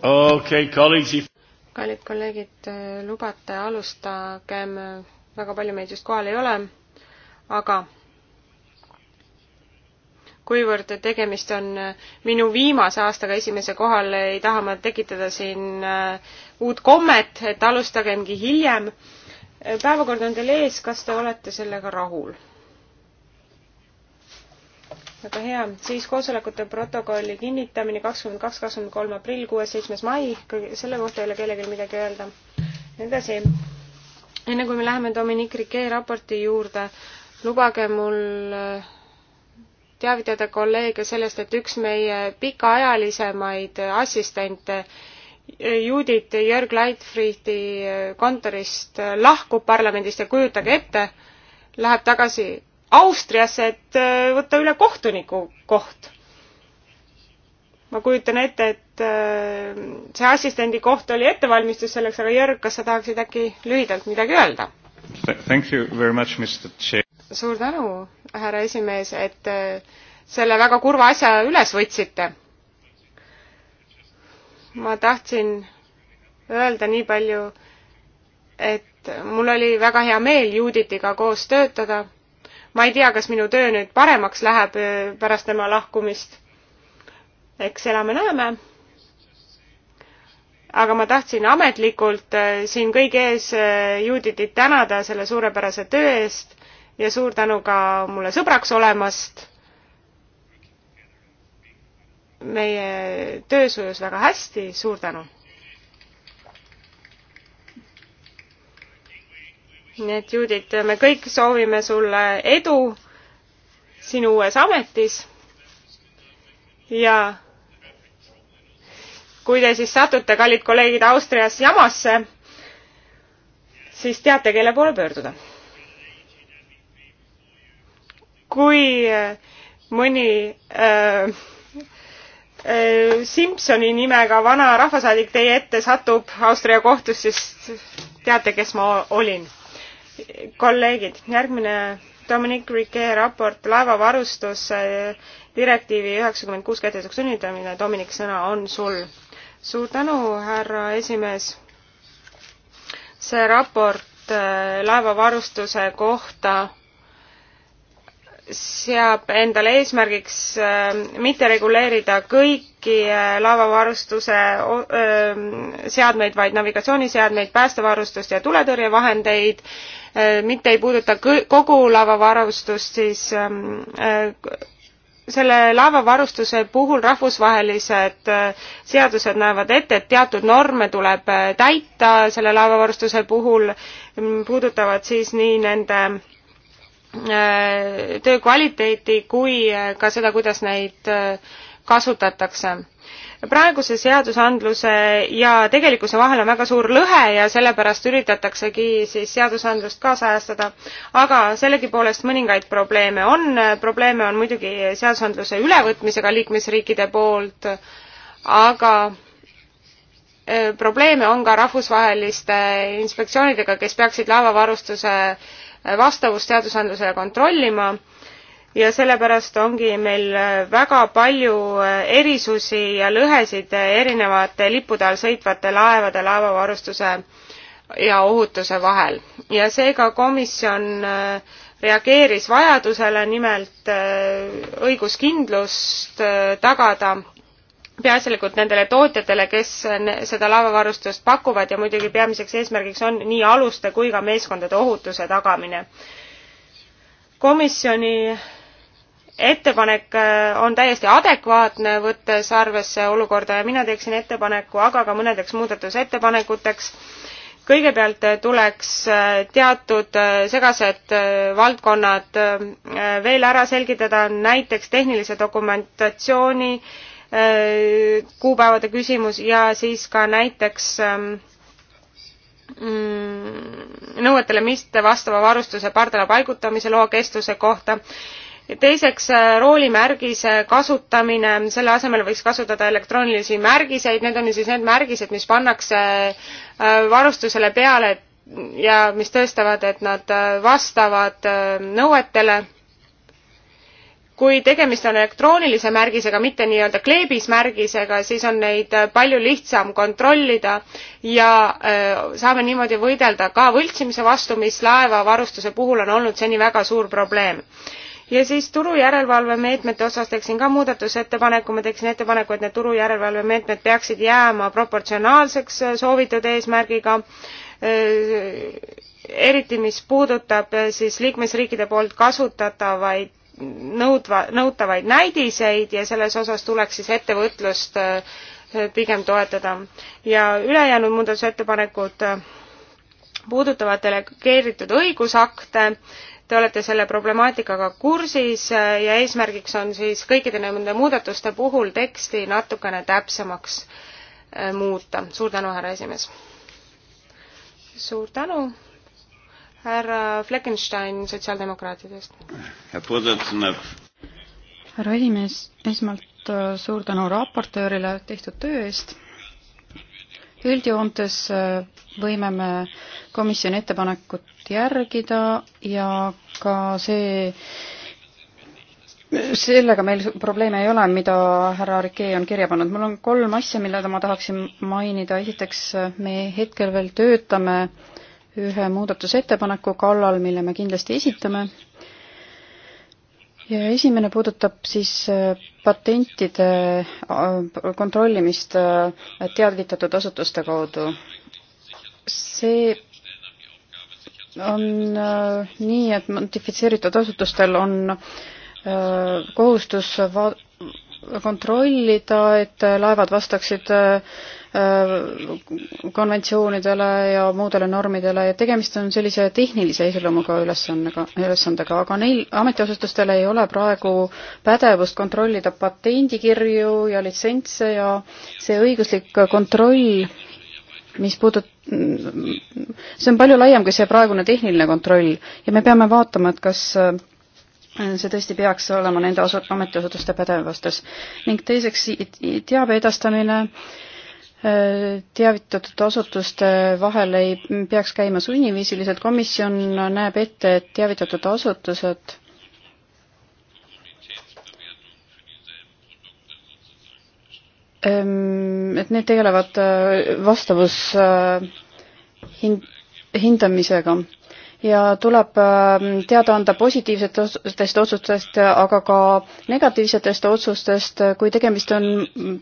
okay, colleagues, if... kallid kolleegid, lubate, alustagem, väga palju meid just kohal ei ole, aga kuivõrd tegemist on äh, minu viimase aastaga esimese kohal, ei taha ma tekitada siin äh, uut kommet, et alustagemgi hiljem. Äh, päevakord on teil ees, kas te olete sellega rahul? väga hea, siis koosolekute protokolli kinnitamine kakskümmend kaks, kakskümmend kolm aprill, kuues, seitsmes mai, selle kohta ei ole kellelgi midagi öelda. edasi, enne kui me läheme Dominic Riquet raporti juurde, lubage mul teavitada kolleege sellest, et üks meie pikaajalisemaid assistente Judith Jörg Leitfriedi kontorist lahkub parlamendist ja kujutage ette, läheb tagasi Austriasse, et äh, võtta üle kohtuniku koht. ma kujutan ette, et äh, see assistendi koht oli ettevalmistus selleks, aga Jörg, kas sa tahaksid äkki lühidalt midagi öelda? Thank you very much, Mr Chair suur tänu, härra esimees, et äh, selle väga kurva asja üles võtsite. ma tahtsin öelda nii palju, et mul oli väga hea meel Juuditiga koos töötada. ma ei tea, kas minu töö nüüd paremaks läheb äh, pärast tema lahkumist. eks elame-näeme. aga ma tahtsin ametlikult äh, siin kõigi ees Juuditit tänada selle suurepärase töö eest ja suur tänu ka mulle sõbraks olemast. meie töö sujus väga hästi, suur tänu. nii et Judit, me kõik soovime sulle edu sinu uues ametis ja kui te siis satute, kallid kolleegid, Austrias jamasse, siis teate, kelle poole pöörduda kui äh, mõni äh, äh, Simsoni nimega vana rahvasaadik teie ette satub Austria kohtus, siis teate, kes ma olin. kolleegid, järgmine Dominic Riquet raport laevavarustus äh, direktiivi üheksakümmend kuus kehtetuks sunnitamine. Dominic, sõna on sul. suur tänu, härra esimees. see raport äh, laevavarustuse kohta seab endale eesmärgiks äh, mitte reguleerida kõiki äh, laevavarustuse äh, seadmeid, vaid navigatsiooniseadmeid, päästevarustust ja tuletõrjevahendeid, mitte ei puuduta kogu laevavarustust, siis ähm, selle laevavarustuse puhul rahvusvahelised seadused näevad ette, et teatud norme tuleb täita selle laevavarustuse puhul, mm, puudutavad siis nii nende Äh, töö kvaliteeti kui äh, ka seda, kuidas neid äh, kasutatakse. praeguse seadusandluse ja tegelikkuse vahel on väga suur lõhe ja sellepärast üritataksegi siis seadusandlust kaasajastada, aga sellegipoolest mõningaid probleeme on, probleeme on muidugi seadusandluse ülevõtmisega liikmesriikide poolt, aga probleeme on ka rahvusvaheliste inspektsioonidega, kes peaksid laevavarustuse vastavust seadusandlusele kontrollima ja sellepärast ongi meil väga palju erisusi ja lõhesid erinevate lippude all sõitvate laevade laevavarustuse ja ohutuse vahel ja seega komisjon äh, reageeris vajadusele nimelt äh, õiguskindlust äh, tagada peaasjalikult nendele tootjatele, kes seda laevavarustust pakuvad ja muidugi peamiseks eesmärgiks on nii aluste kui ka meeskondade ohutuse tagamine. komisjoni ettepanek äh, on täiesti adekvaatne, võttes arvesse olukorda ja mina teeksin ettepaneku, aga ka mõnedeks muudatusettepanekuteks. kõigepealt äh, tuleks äh, teatud segased valdkonnad veel ära selgitada, näiteks tehnilise dokumentatsiooni äh, Äh, kuupäevade küsimus ja siis ka näiteks ähm, mm, nõuetele mitte vastava varustuse pardale paigutamise loa kestuse kohta. teiseks äh, roolimärgise kasutamine, selle asemel võiks kasutada elektroonilisi märgiseid, need on ju siis need märgised, mis pannakse äh, varustusele peale ja mis tõestavad, et nad vastavad nõuetele kui tegemist on elektroonilise märgisega, mitte nii-öelda kleebismärgisega, siis on neid äh, palju lihtsam kontrollida ja äh, saame niimoodi võidelda ka võltsimise vastu, mis laevavarustuse puhul on olnud seni väga suur probleem ja siis turujärelevalve meetmete osas teeksin ka muudatusettepaneku, ma teeksin ettepaneku, et need turujärelevalve meetmed peaksid jääma proportsionaalseks äh, soovitud eesmärgiga, eriti mis puudutab siis liikmesriikide poolt kasutatavaid nõudva, nõutavaid näidiseid ja selles osas tuleks siis ettevõtlust äh, pigem toetada. ja ülejäänud muudatusettepanekud äh, puudutavad delegeeritud õigusakte, te olete selle problemaatikaga kursis äh, ja eesmärgiks on siis kõikide nende muudatuste puhul teksti natukene täpsemaks muuta. suur tänu, härra esimees! suur tänu! härra Fleckenstein sotsiaaldemokraatidest. härra esimees, esmalt äh, suur tänu raportöörile tehtud töö eest. üldjoontes äh, võime me komisjoni ettepanekut järgida ja ka see sellega meil probleeme ei ole, mida härra Arikee on kirja pannud. mul on kolm asja, mille ma tahaksin mainida. esiteks, me hetkel veel töötame äh, ühe muudatusettepaneku kallal, mille me kindlasti esitame. ja esimene puudutab siis äh, patentide äh, kontrollimist äh, teadvitatud asutuste kaudu. see on nii, et modifitseeritud asutustel on kohustus va-, kontrollida, et laevad vastaksid äh, konventsioonidele ja muudele normidele ja tegemist on sellise tehnilise iseloomuga ülesandega, ülesandega, aga neil ametiasutustel ei ole praegu pädevust kontrollida patendikirju ja litsentse ja see õiguslik kontroll, mis puudut-, see on palju laiem kui see praegune tehniline kontroll ja me peame vaatama, et kas äh, see tõesti peaks olema nende asu-, ametiasutuste pädevustes. ning teiseks teabe edastamine teavitatud asutuste vahel ei peaks käima sunniviisiliselt, komisjon näeb ette, et teavitatud asutused ehm, et need tegelevad äh, vastavus äh, hind-, hindamisega ja tuleb ähm, teada anda positiivsetest otsustest, aga ka negatiivsetest otsustest, kui tegemist on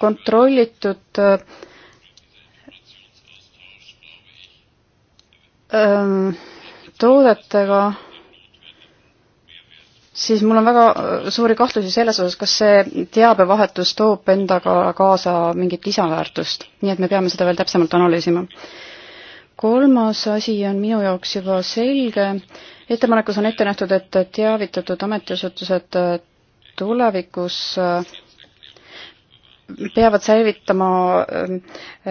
kontrollitud ähm, toodetega, siis mul on väga äh, suuri kahtlusi selles osas, kas see teabevahetus toob endaga kaasa mingit lisaväärtust, nii et me peame seda veel täpsemalt analüüsima kolmas asi on minu jaoks juba selge. ettepanekus on ette nähtud, et teavitatud ametiasutused tulevikus peavad säilitama ähm,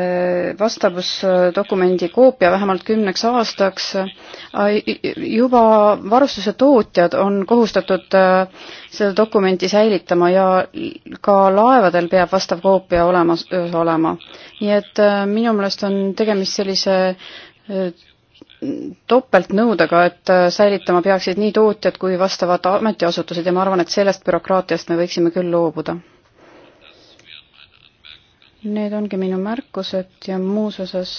äh, vastavusdokumendi koopia vähemalt kümneks aastaks. juba varustuse tootjad on kohustatud äh, seda dokumenti säilitama ja ka laevadel peab vastav koopia olemas olema. nii et äh, minu meelest on tegemist sellise topeltnõudega, et säilitama peaksid nii tootjad kui vastavad ametiasutused ja ma arvan, et sellest bürokraatiast me võiksime küll loobuda Need ongi minu märkused ja muus osas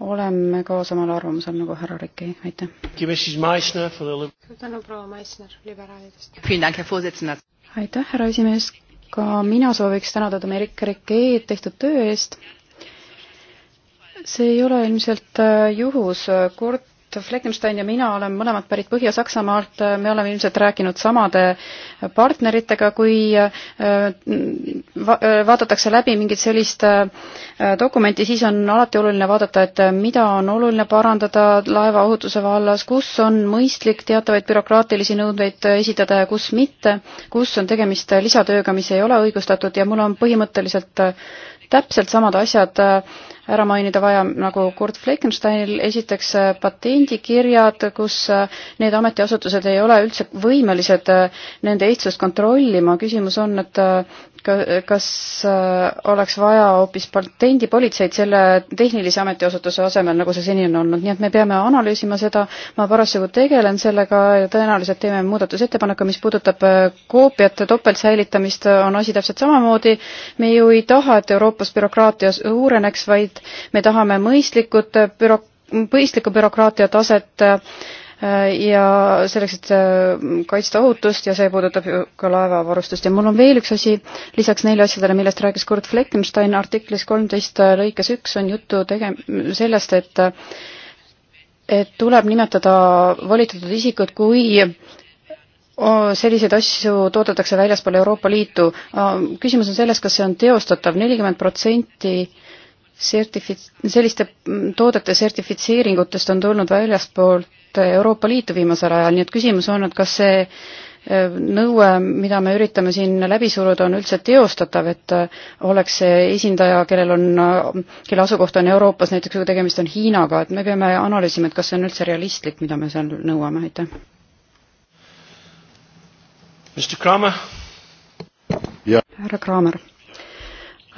oleme ka samal arvamusel nagu härra Rikki, aitäh. suur tänu, proua Meissner liberaalidest. aitäh, härra esimees, ka mina sooviks tänada Ameerika Rikki tehtud töö eest. see ei ole ilmselt äh, juhus, kord Fleckenstein ja mina oleme mõlemad pärit Põhja-Saksamaalt, me oleme ilmselt rääkinud samade partneritega, kui äh, äh, vaadatakse läbi mingit sellist äh, dokumenti, siis on alati oluline vaadata, et mida on oluline parandada laevaohutuse vallas, kus on mõistlik teatavaid bürokraatilisi nõudeid esitada ja kus mitte, kus on tegemist lisatööga, mis ei ole õigustatud ja mul on põhimõtteliselt täpselt samad asjad äh, ära mainida vaja nagu Kurt Fleckensteinil, esiteks äh, patendikirjad, kus äh, need ametiasutused ei ole üldse võimelised nende ehtsust kontrollima, küsimus on, et kas äh, oleks vaja hoopis patendipolitseid selle tehnilise ametiasutuse asemel, nagu see seni on olnud, nii et me peame analüüsima seda, ma parasjagu tegelen sellega ja tõenäoliselt teeme muudatusettepaneku, mis puudutab äh, koopiate topeltsäilitamist, on asi täpselt samamoodi. me ju ei taha, et Euroopas bürokraatia suureneks, vaid me tahame mõistlikud äh, büro-, mõistlikku bürokraatia taset äh, Äh, ja selleks, et äh, kaitsta ohutust ja see puudutab ju ka laevavarustust ja mul on veel üks asi, lisaks neile asjadele, millest rääkis Kurt Fleckenstein artiklis kolmteist äh, lõikes üks on juttu tege-, sellest, et et tuleb nimetada volitatud isikud kui selliseid asju toodetakse väljaspool Euroopa Liitu. küsimus on selles, kas see on teostatav, nelikümmend protsenti sertifi-, selliste mm, toodete sertifitseeringutest on tulnud väljaspoolt Euroopa Liitu viimasel ajal, nii et küsimus on, et kas see e, nõue, mida me üritame siin läbi suruda, on üldse teostatav, et e, oleks see esindaja, kellel on, e, kelle asukoht on Euroopas, näiteks kui tegemist on Hiinaga, et me peame analüüsima, et kas see on üldse realistlik, mida me seal nõuame, aitäh. härra Kramer.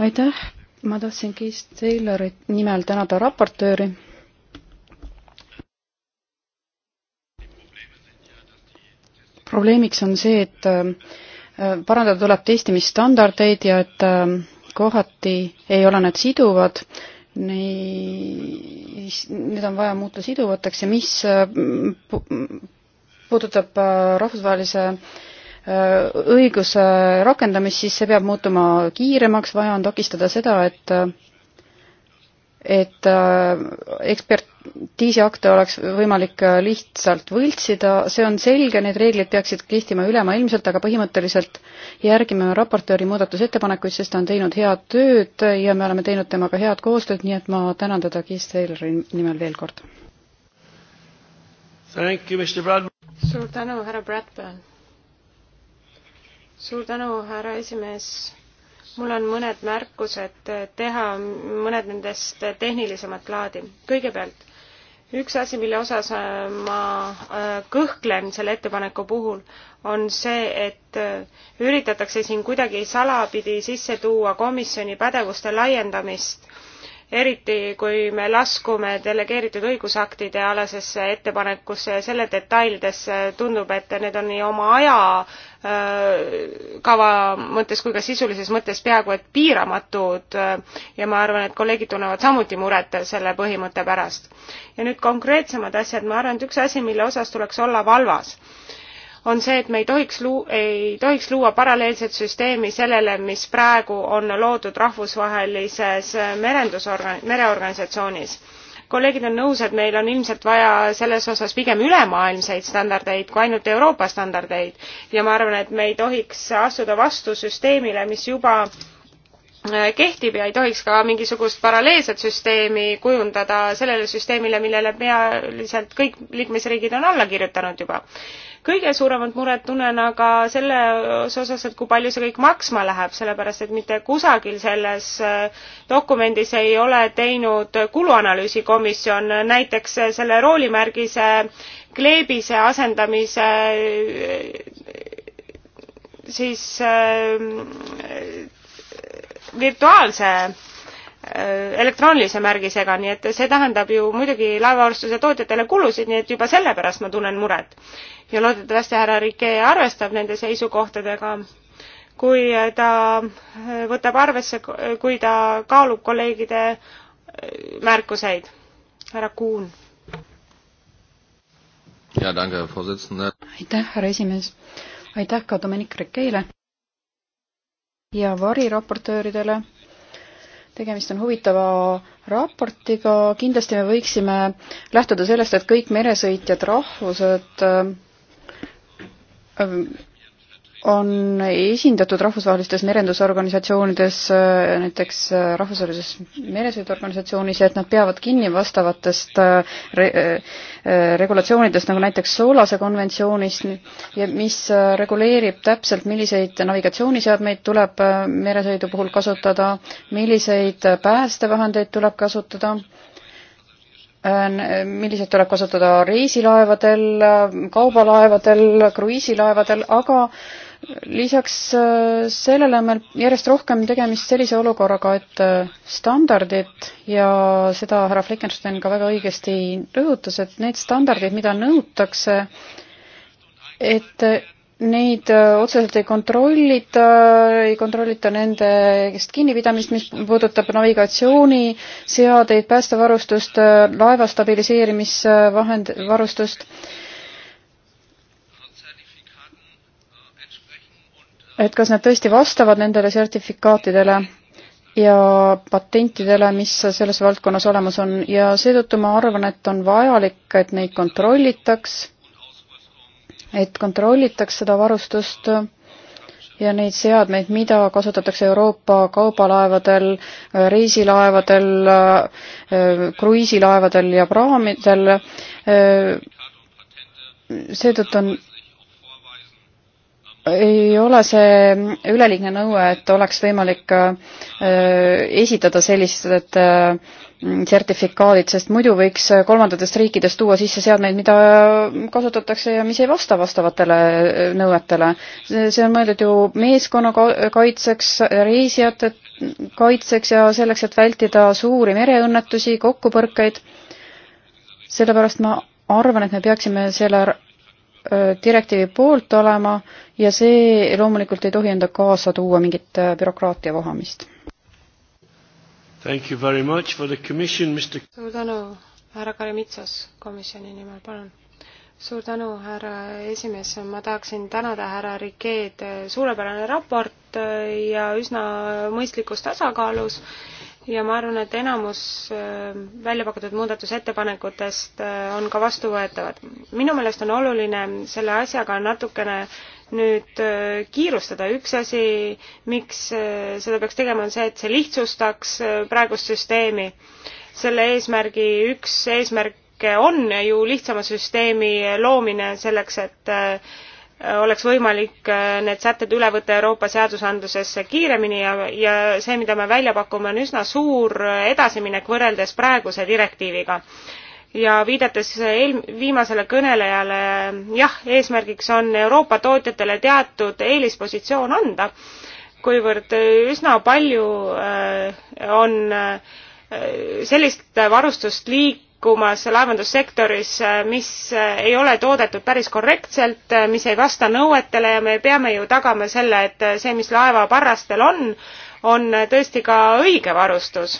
aitäh, ma tahtsin Keith Taylori nimel tänada raportööri probleemiks on see, et äh, parandada tuleb testimisstandardeid ja et äh, kohati ei ole need siduvad, nii, need on vaja muuta siduvateks ja mis äh, puudutab rahvusvahelise õiguse rakendamist, siis see peab muutuma kiiremaks, vaja on takistada seda, et et äh, ekspertiisiakte oleks võimalik äh, lihtsalt võltsida, see on selge, need reeglid peaksid kehtima ülemaailmselt, aga põhimõtteliselt järgime raportööri muudatusettepanekuid, sest ta on teinud head tööd ja me oleme teinud temaga head koostööd, nii et ma tänan teda Keith Taylori nimel veel kord. suur tänu, härra Bradburn. suur tänu, härra esimees mul on mõned märkused äh, teha, mõned nendest tehnilisemat laadi. kõigepealt, üks asi, mille osas äh, ma äh, kõhklen selle ettepaneku puhul, on see, et üritatakse siin kuidagi salapidi sisse tuua komisjoni pädevuste laiendamist eriti kui me laskume delegeeritud õigusaktide alasesse ettepanekusse ja selle detailidesse, tundub, et need on nii oma ajakava äh, mõttes kui ka sisulises mõttes peaaegu et piiramatud äh, ja ma arvan, et kolleegid tunnevad samuti muret selle põhimõtte pärast. ja nüüd konkreetsemad asjad, ma arvan, et üks asi, mille osas tuleks olla valvas on see, et me ei tohiks luu-, ei tohiks luua paralleelset süsteemi sellele, mis praegu on loodud rahvusvahelises merendusorgan-, mereorganisatsioonis. kolleegid on nõus, et meil on ilmselt vaja selles osas pigem ülemaailmseid standardeid kui ainult Euroopa standardeid ja ma arvan, et me ei tohiks astuda vastu süsteemile, mis juba äh, kehtib ja ei tohiks ka mingisugust paralleelset süsteemi kujundada sellele süsteemile, millele pealiselt kõik liikmesriigid on alla kirjutanud juba kõige suuremat muret tunnen aga selles osas, et kui palju see kõik maksma läheb, sellepärast et mitte kusagil selles äh, dokumendis ei ole teinud kuluanalüüsi komisjon, näiteks selle roolimärgise kleebise asendamise äh, siis äh, virtuaalse elektroonilise märgisega, nii et see tähendab ju muidugi laevavarustuse tootjatele kulusid, nii et juba sellepärast ma tunnen muret ja loodetavasti härra Rike arvestab nende seisukohtadega. kui ta võtab arvesse, kui ta kaalub kolleegide märkuseid. härra Kuhn. aitäh, härra esimees. aitäh ka Dominic Rikeile ja variraportööridele tegemist on huvitava raportiga, kindlasti me võiksime lähtuda sellest, et kõik meresõitjad, rahvused on esindatud rahvusvahelistes merendusorganisatsioonides, näiteks rahvusvahelises meresõiduorganisatsioonis ja et nad peavad kinni vastavatest re regulatsioonidest, nagu näiteks Soolase konventsioonist ja mis reguleerib täpselt, milliseid navigatsiooniseadmeid tuleb meresõidu puhul kasutada, milliseid päästevahendeid tuleb kasutada Äh, milliseid tuleb kasutada reisilaevadel, kaubalaevadel, kruiisilaevadel, aga lisaks äh, sellele on meil järjest rohkem tegemist sellise olukorraga, et äh, standardid ja seda härra Fleckenstein ka väga õigesti rõhutas, et need standardid, mida nõutakse, et neid äh, otseselt ei kontrollita, ei kontrollita nende käest kinnipidamist, mis puudutab navigatsiooniseadeid, päästevarustust, äh, laeva stabiliseerimisvahend, varustust. et kas nad tõesti vastavad nendele sertifikaatidele ja patentidele, mis selles valdkonnas olemas on ja seetõttu ma arvan, et on vajalik, et neid kontrollitaks et kontrollitaks seda varustust ja neid seadmeid, mida kasutatakse Euroopa kaubalaevadel, reisilaevadel, kruiisilaevadel ja praamidel. seetõttu on, ei ole see üleliigne nõue, et oleks võimalik äh, esitada sellised äh, Mm, sertifikaadid, sest muidu võiks äh, kolmandatest riikidest tuua sisse seadmeid, mida kasutatakse ja mis ei vasta vastavatele äh, nõuetele. see on mõeldud ju meeskonna kaitseks, reisijate kaitseks ja selleks, et vältida suuri mereõnnetusi, kokkupõrkeid. sellepärast ma arvan, et me peaksime selle äh, direktiivi poolt olema ja see loomulikult ei tohi enda kaasa tuua mingit bürokraatia vohamist Thank you very much for the commission, Mr. suur tänu, härra Karimitsas komisjoni nimel, palun. suur tänu, härra esimees, ma tahaksin tänada härra Rikeed, suurepärane raport ja üsna mõistlikus tasakaalus ja ma arvan, et enamus äh, välja pakutud muudatusettepanekutest äh, on ka vastuvõetavad. minu meelest on oluline selle asjaga natukene nüüd äh, kiirustada. üks asi, miks äh, seda peaks tegema, on see, et see lihtsustaks äh, praegust süsteemi. selle eesmärgi üks eesmärke on ju lihtsama süsteemi loomine selleks, et oleks võimalik need sätted üle võtta Euroopa seadusandlusesse kiiremini ja, ja see, mida me välja pakume, on üsna suur edasiminek võrreldes praeguse direktiiviga ja viidates eel-, viimasele kõnelejale, jah, eesmärgiks on Euroopa tootjatele teatud eelispositsioon anda, kuivõrd üsna palju äh, on äh, sellist varustust liikumas laevandussektoris, äh, mis ei ole toodetud päris korrektselt, mis ei vasta nõuetele ja me peame ju tagama selle, et see, mis laeva parrastel on, on tõesti ka õige varustus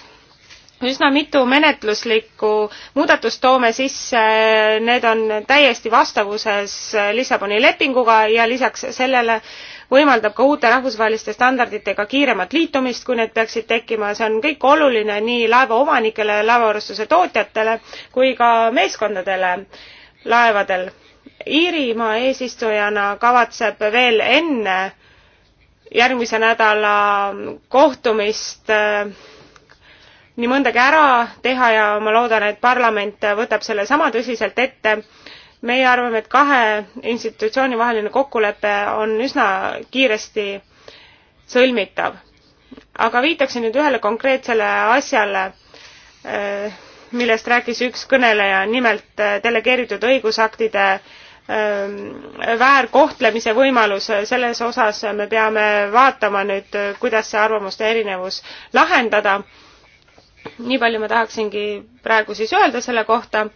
üsna mitu menetluslikku muudatust toome sisse, need on täiesti vastavuses Lissaboni lepinguga ja lisaks sellele võimaldab ka uute rahvusvaheliste standarditega kiiremat liitumist, kui need peaksid tekkima, see on kõik oluline nii laevaomanikele, laevavarustuse tootjatele kui ka meeskondadele laevadel. Iirimaa eesistujana kavatseb veel enne järgmise nädala kohtumist äh, nii mõndagi ära teha ja ma loodan, et parlament võtab selle sama tõsiselt ette. meie arvame, et kahe institutsiooni vaheline kokkulepe on üsna kiiresti sõlmitav. aga viitaksin nüüd ühele konkreetsele asjale, eh, millest rääkis üks kõneleja, nimelt eh, delegeeritud õigusaktide eh, väärkohtlemise võimalus, selles osas me peame vaatama nüüd, kuidas see arvamuste erinevus lahendada nii palju ma tahaksingi praegu siis öelda selle kohta.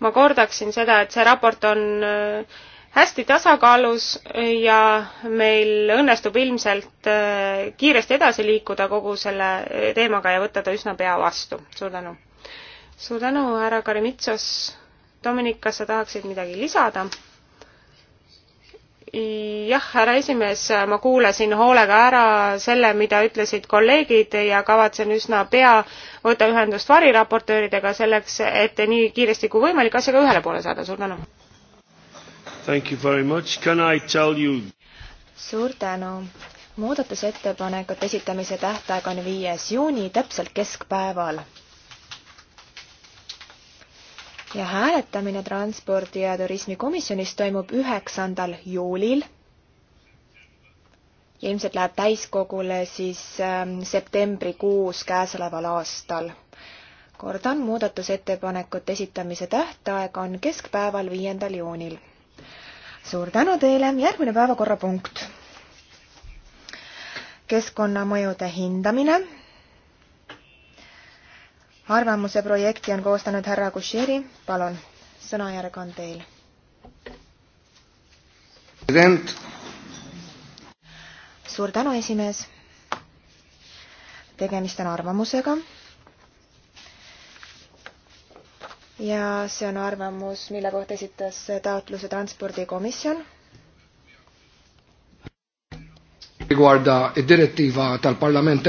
ma kordaksin seda, et see raport on äh, hästi tasakaalus ja meil õnnestub ilmselt äh, kiiresti edasi liikuda kogu selle äh, teemaga ja võtta ta üsna pea vastu. suur tänu. suur tänu, härra Karimitsos. Dominik, kas sa tahaksid midagi lisada? jah, härra esimees, ma kuulasin hoolega ära selle, mida ütlesid kolleegid ja kavatsen üsna pea võtta ühendust variraportööridega selleks, et nii kiiresti kui võimalik asjaga ühele poole saada, suur tänu! suur tänu! muudatusettepanekute esitamise tähtaeg on viies juuni, täpselt keskpäeval ja hääletamine Transpordi- ja Turismikomisjonis toimub üheksandal juulil. ja ilmselt läheb täiskogule siis ähm, septembrikuus käesoleval aastal. kordan, muudatusettepanekute esitamise tähtaeg on keskpäeval, viiendal juunil. suur tänu teile, järgmine päevakorrapunkt. keskkonnamõjude hindamine arvamuse projekti on koostanud härra Kushiri, palun, sõnajärg on teil. president. suur tänu, esimees. tegemist on arvamusega. ja see on arvamus, mille kohta esitas taotluse Transpordikomisjon. Riguarda e direttiiva tal parlament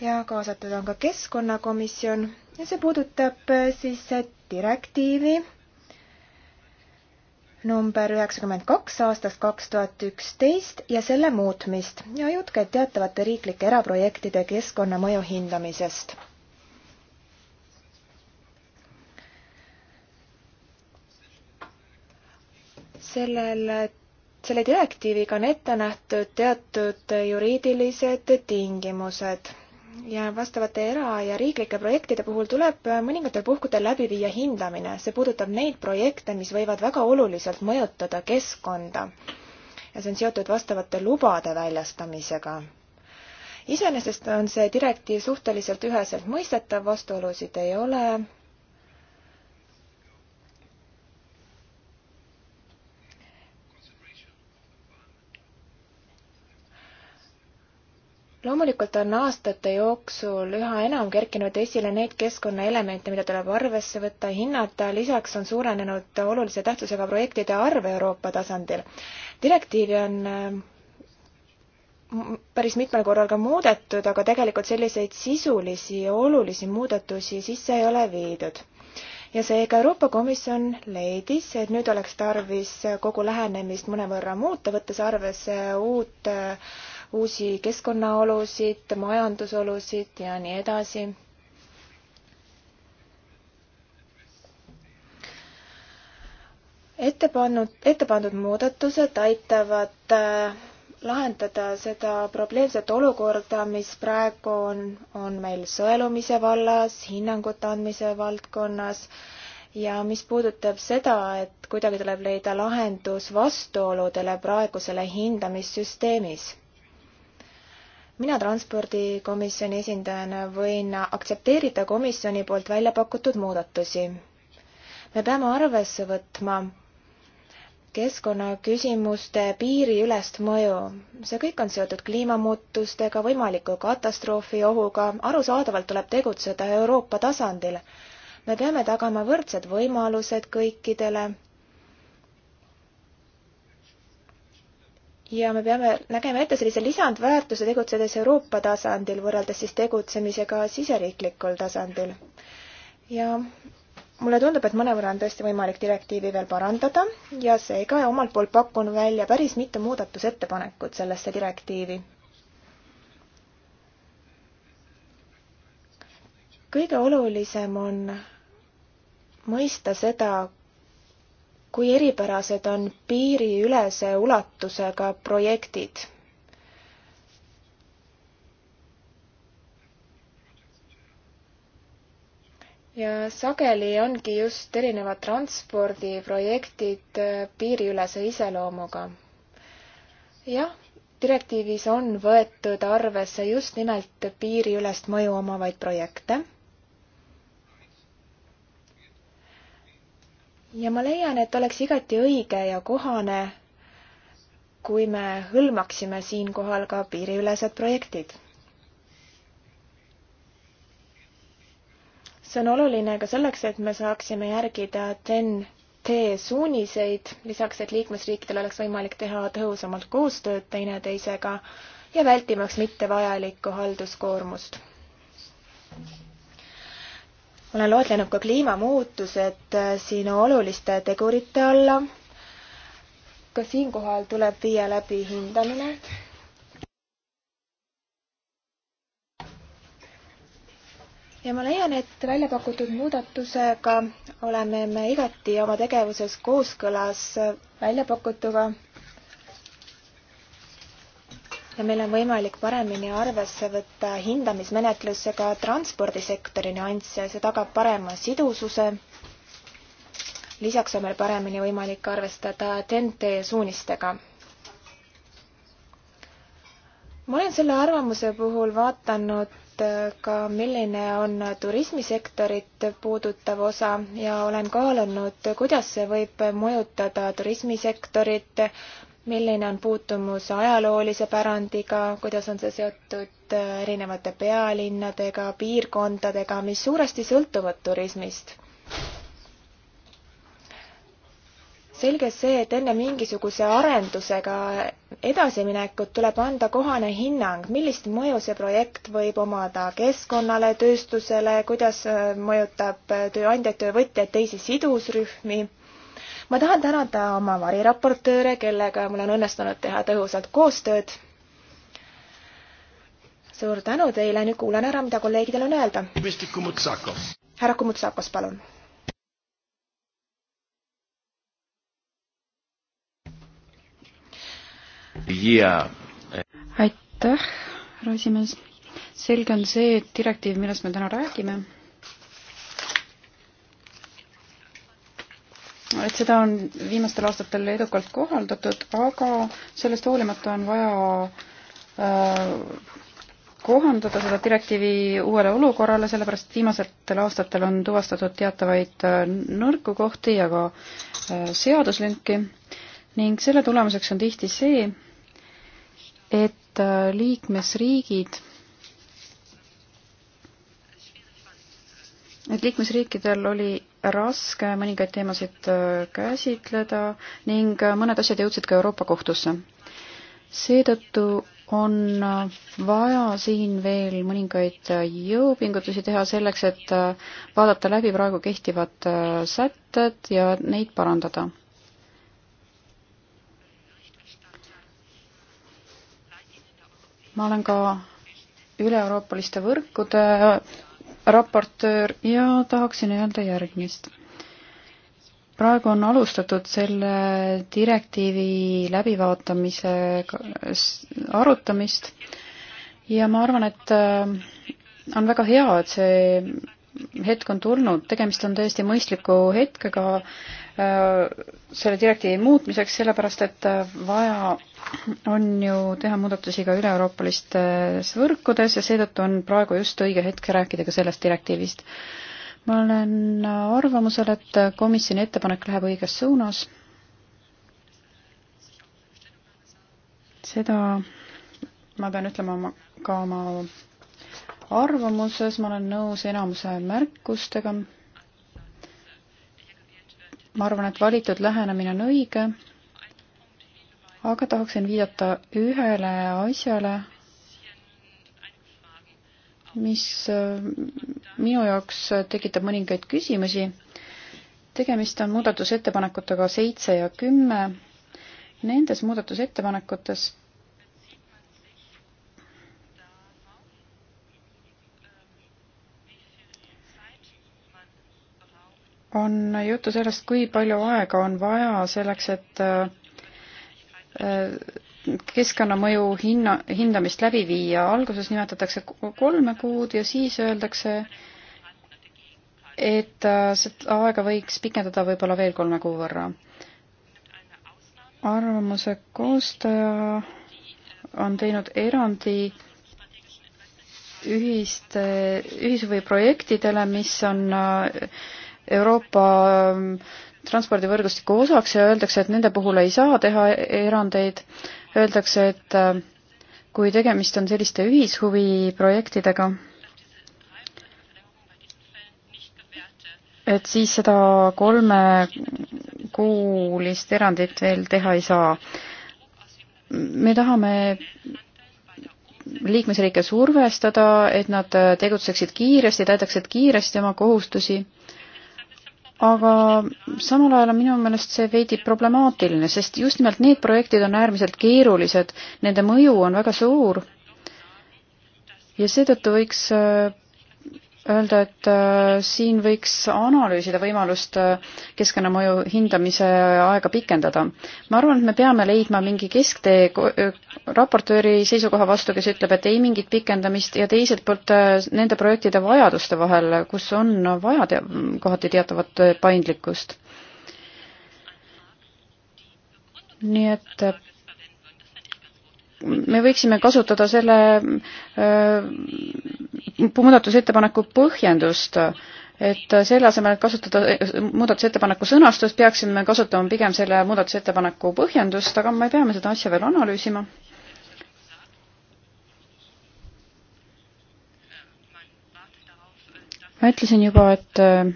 ja kaasatud on ka keskkonnakomisjon ja see puudutab äh, siis äh, direktiivi number üheksakümmend kaks aastast kaks tuhat üksteist ja selle muutmist ja jutt käib teatavate riiklike eraprojektide keskkonnamõju hindamisest. sellel, selle direktiiviga on ette nähtud teatud juriidilised tingimused ja vastavate era- ja riiklike projektide puhul tuleb mõningatel puhkudel läbi viia hindamine. see puudutab neid projekte, mis võivad väga oluliselt mõjutada keskkonda. ja see on seotud vastavate lubade väljastamisega. iseenesest on see direktiiv suhteliselt üheselt mõistetav, vastuolusid ei ole loomulikult on aastate jooksul üha enam kerkinud esile neid keskkonnaelemente, mida tuleb arvesse võtta, hinnata, lisaks on suurenenud olulise tähtsusega projektide arv Euroopa tasandil. direktiivi on äh, päris mitmel korral ka muudetud, aga tegelikult selliseid sisulisi ja olulisi muudatusi sisse ei ole viidud. ja seega Euroopa Komisjon leidis, et nüüd oleks tarvis kogu lähenemist mõnevõrra muuta, võttes arvesse uut äh, uusi keskkonnaolusid, majandusolusid ja nii edasi. ette pannud, ette pandud muudatused aitavad äh, lahendada seda probleemset olukorda, mis praegu on, on meil sõelumise vallas, hinnangute andmise valdkonnas ja mis puudutab seda, et kuidagi tuleb leida lahendus vastuoludele praegusele hindamissüsteemis mina transpordikomisjoni esindajana võin aktsepteerida komisjoni poolt välja pakutud muudatusi. me peame arvesse võtma keskkonnaküsimuste piiriülest mõju. see kõik on seotud kliimamuutustega, võimaliku katastroofi ohuga, arusaadavalt tuleb tegutseda Euroopa tasandil. me peame tagama võrdsed võimalused kõikidele ja me peame nägema ette sellise lisandväärtuse tegutsedes Euroopa tasandil, võrreldes siis tegutsemisega siseriiklikul tasandil. ja mulle tundub, et mõnevõrra on tõesti võimalik direktiivi veel parandada ja seega omalt poolt pakun välja päris mitu muudatusettepanekut sellesse direktiivi. kõige olulisem on mõista seda, kui eripärased on piiriülese ulatusega projektid. ja sageli ongi just erinevad transpordiprojektid äh, piiriülese iseloomuga. jah, direktiivis on võetud arvesse just nimelt piiriülest mõju omavaid projekte ja ma leian, et oleks igati õige ja kohane, kui me hõlmaksime siinkohal ka piiriülesed projektid. see on oluline ka selleks, et me saaksime järgida TEN-T suuniseid, lisaks, et liikmesriikidel oleks võimalik teha tõhusamalt koostööd teineteisega ja vältimaks mittevajaliku halduskoormust olen loetlenud ka kliimamuutused äh, sinu oluliste tegurite alla. ka siinkohal tuleb viia läbi hindamine. ja ma leian, et välja pakutud muudatusega oleme me igati oma tegevuses kooskõlas välja pakutuga ja meil on võimalik paremini arvesse võtta hindamismenetlusega transpordisektori nüansse, see tagab parema sidususe. lisaks on meil paremini võimalik arvestada TNT suunistega. ma olen selle arvamuse puhul vaatanud äh, ka, milline on turismisektorit puudutav osa ja olen kaalunud, kuidas see võib mõjutada turismisektorit, milline on puutumus ajaloolise pärandiga, kuidas on see seotud äh, erinevate pealinnadega, piirkondadega, mis suuresti sõltuvad turismist? selge see, et enne mingisuguse arendusega edasiminekut tuleb anda kohane hinnang, millist mõju see projekt võib omada keskkonnale, tööstusele, kuidas äh, mõjutab äh, tööandjaid, töövõtjaid, teisi sidusrühmi ma tahan tänada oma variraportööre, kellega mul on õnnestunud teha tõhusat koostööd. suur tänu teile, nüüd kuulan ära, mida kolleegidel on öelda. härra Kumutsakos, palun. aitäh, härra esimees. selge on see, et direktiiv, millest me täna räägime et seda on viimastel aastatel edukalt kohaldatud, aga sellest hoolimata on vaja äh, kohandada seda direktiivi uuele olukorrale, sellepärast et viimastel aastatel on tuvastatud teatavaid äh, nõrku kohti ja ka äh, seaduslünki ning selle tulemuseks on tihti see, et äh, liikmesriigid, et liikmesriikidel oli raske mõningaid teemasid äh, käsitleda ning äh, mõned asjad jõudsid ka Euroopa Kohtusse. seetõttu on äh, vaja siin veel mõningaid jõupingutusi teha selleks, et vaadata läbi praegu kehtivad sätted ja neid parandada. ma olen ka üle-euroopaliste võrkude raportöör ja tahaksin öelda järgmist. praegu on alustatud selle direktiivi läbivaatamise arutamist ja ma arvan, et äh, on väga hea, et see hetk on tulnud, tegemist on täiesti mõistliku hetkega äh, selle direktiivi muutmiseks, sellepärast et äh, vaja on ju teha muudatusi ka üle-euroopalistes võrkudes ja seetõttu on praegu just õige hetk rääkida ka sellest direktiivist. ma olen arvamusel, et komisjoni ettepanek läheb õiges suunas. seda ma pean ütlema oma, ka oma arvamuses, ma olen nõus enamuse märkustega. ma arvan, et valitud lähenemine on õige, aga tahaksin viidata ühele asjale, mis äh, minu jaoks tekitab mõningaid küsimusi. tegemist on muudatusettepanekutega seitse ja kümme. Nendes muudatusettepanekutes on juttu sellest, kui palju aega on vaja selleks, et äh, keskkonnamõju hinna, hindamist läbi viia. alguses nimetatakse kolme kuud ja siis öeldakse, et äh, seda aega võiks pikendada võib-olla veel kolme kuu võrra. arvamuse koostaja on teinud erandi ühiste, ühishuviprojektidele, mis on äh, Euroopa ähm, transpordivõrgustiku osaks ja öeldakse, et nende puhul ei saa teha erandeid. Öeldakse, et ähm, kui tegemist on selliste ühishuviprojektidega, et siis seda kolmekuulist erandit veel teha ei saa. me tahame liikmesriike survestada, et nad tegutseksid kiiresti, täidaksid kiiresti oma kohustusi aga samal ajal on minu meelest see veidi problemaatiline, sest just nimelt need projektid on äärmiselt keerulised, nende mõju on väga suur ja seetõttu võiks äh, öelda, et äh, siin võiks analüüsida võimalust äh, keskkonnamõju hindamise aega pikendada. ma arvan, et me peame leidma mingi kesktee äh, raportööri seisukoha vastu, kes ütleb, et ei mingit pikendamist ja teiselt poolt nende projektide vajaduste vahel, kus on vaja te kohati teatavat paindlikkust. nii et me võiksime kasutada selle äh, muudatusettepaneku põhjendust, et selle asemel, et kasutada äh, muudatusettepaneku sõnastust, peaksime kasutama pigem selle muudatusettepaneku põhjendust, aga me peame seda asja veel analüüsima. ma ütlesin juba, et äh,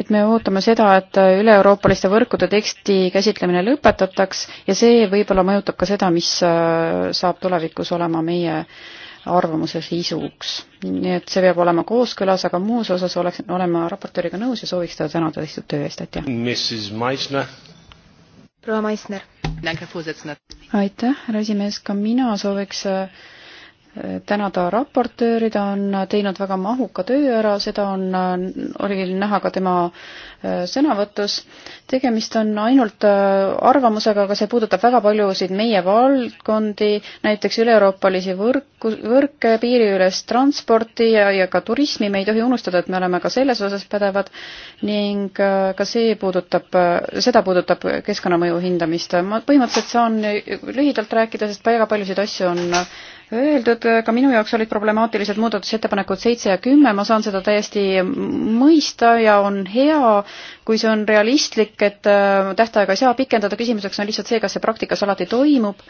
et me ootame seda, et üle-euroopaliste võrkude teksti käsitlemine lõpetataks ja see võib-olla mõjutab ka seda, mis äh, saab tulevikus olema meie arvamuse sisuks. nii et see peab olema kooskõlas, aga muus osas oleks, olen ma raportööriga nõus ja sooviks teda tänada tehtud töö eest, aitäh! proua Maisner! aitäh, härra esimees, ka mina sooviks äh, tänada raportööri, ta on teinud väga mahuka töö ära, seda on, oli näha ka tema äh, sõnavõtus. tegemist on ainult äh, arvamusega, aga see puudutab väga paljusid meie valdkondi, näiteks üle-euroopalisi võrku, võrke, piiriülest transporti ja, ja ka turismi, me ei tohi unustada, et me oleme ka selles osas pädevad ning äh, ka see puudutab, seda puudutab keskkonnamõju hindamist. ma põhimõtteliselt saan lühidalt rääkida, sest väga paljusid asju on öeldud, ka minu jaoks olid problemaatilised muudatusettepanekud seitse ja kümme, ma saan seda täiesti mõista ja on hea, kui see on realistlik, et äh, tähtaega ei saa pikendada, küsimuseks on lihtsalt see, kas see praktikas alati toimub,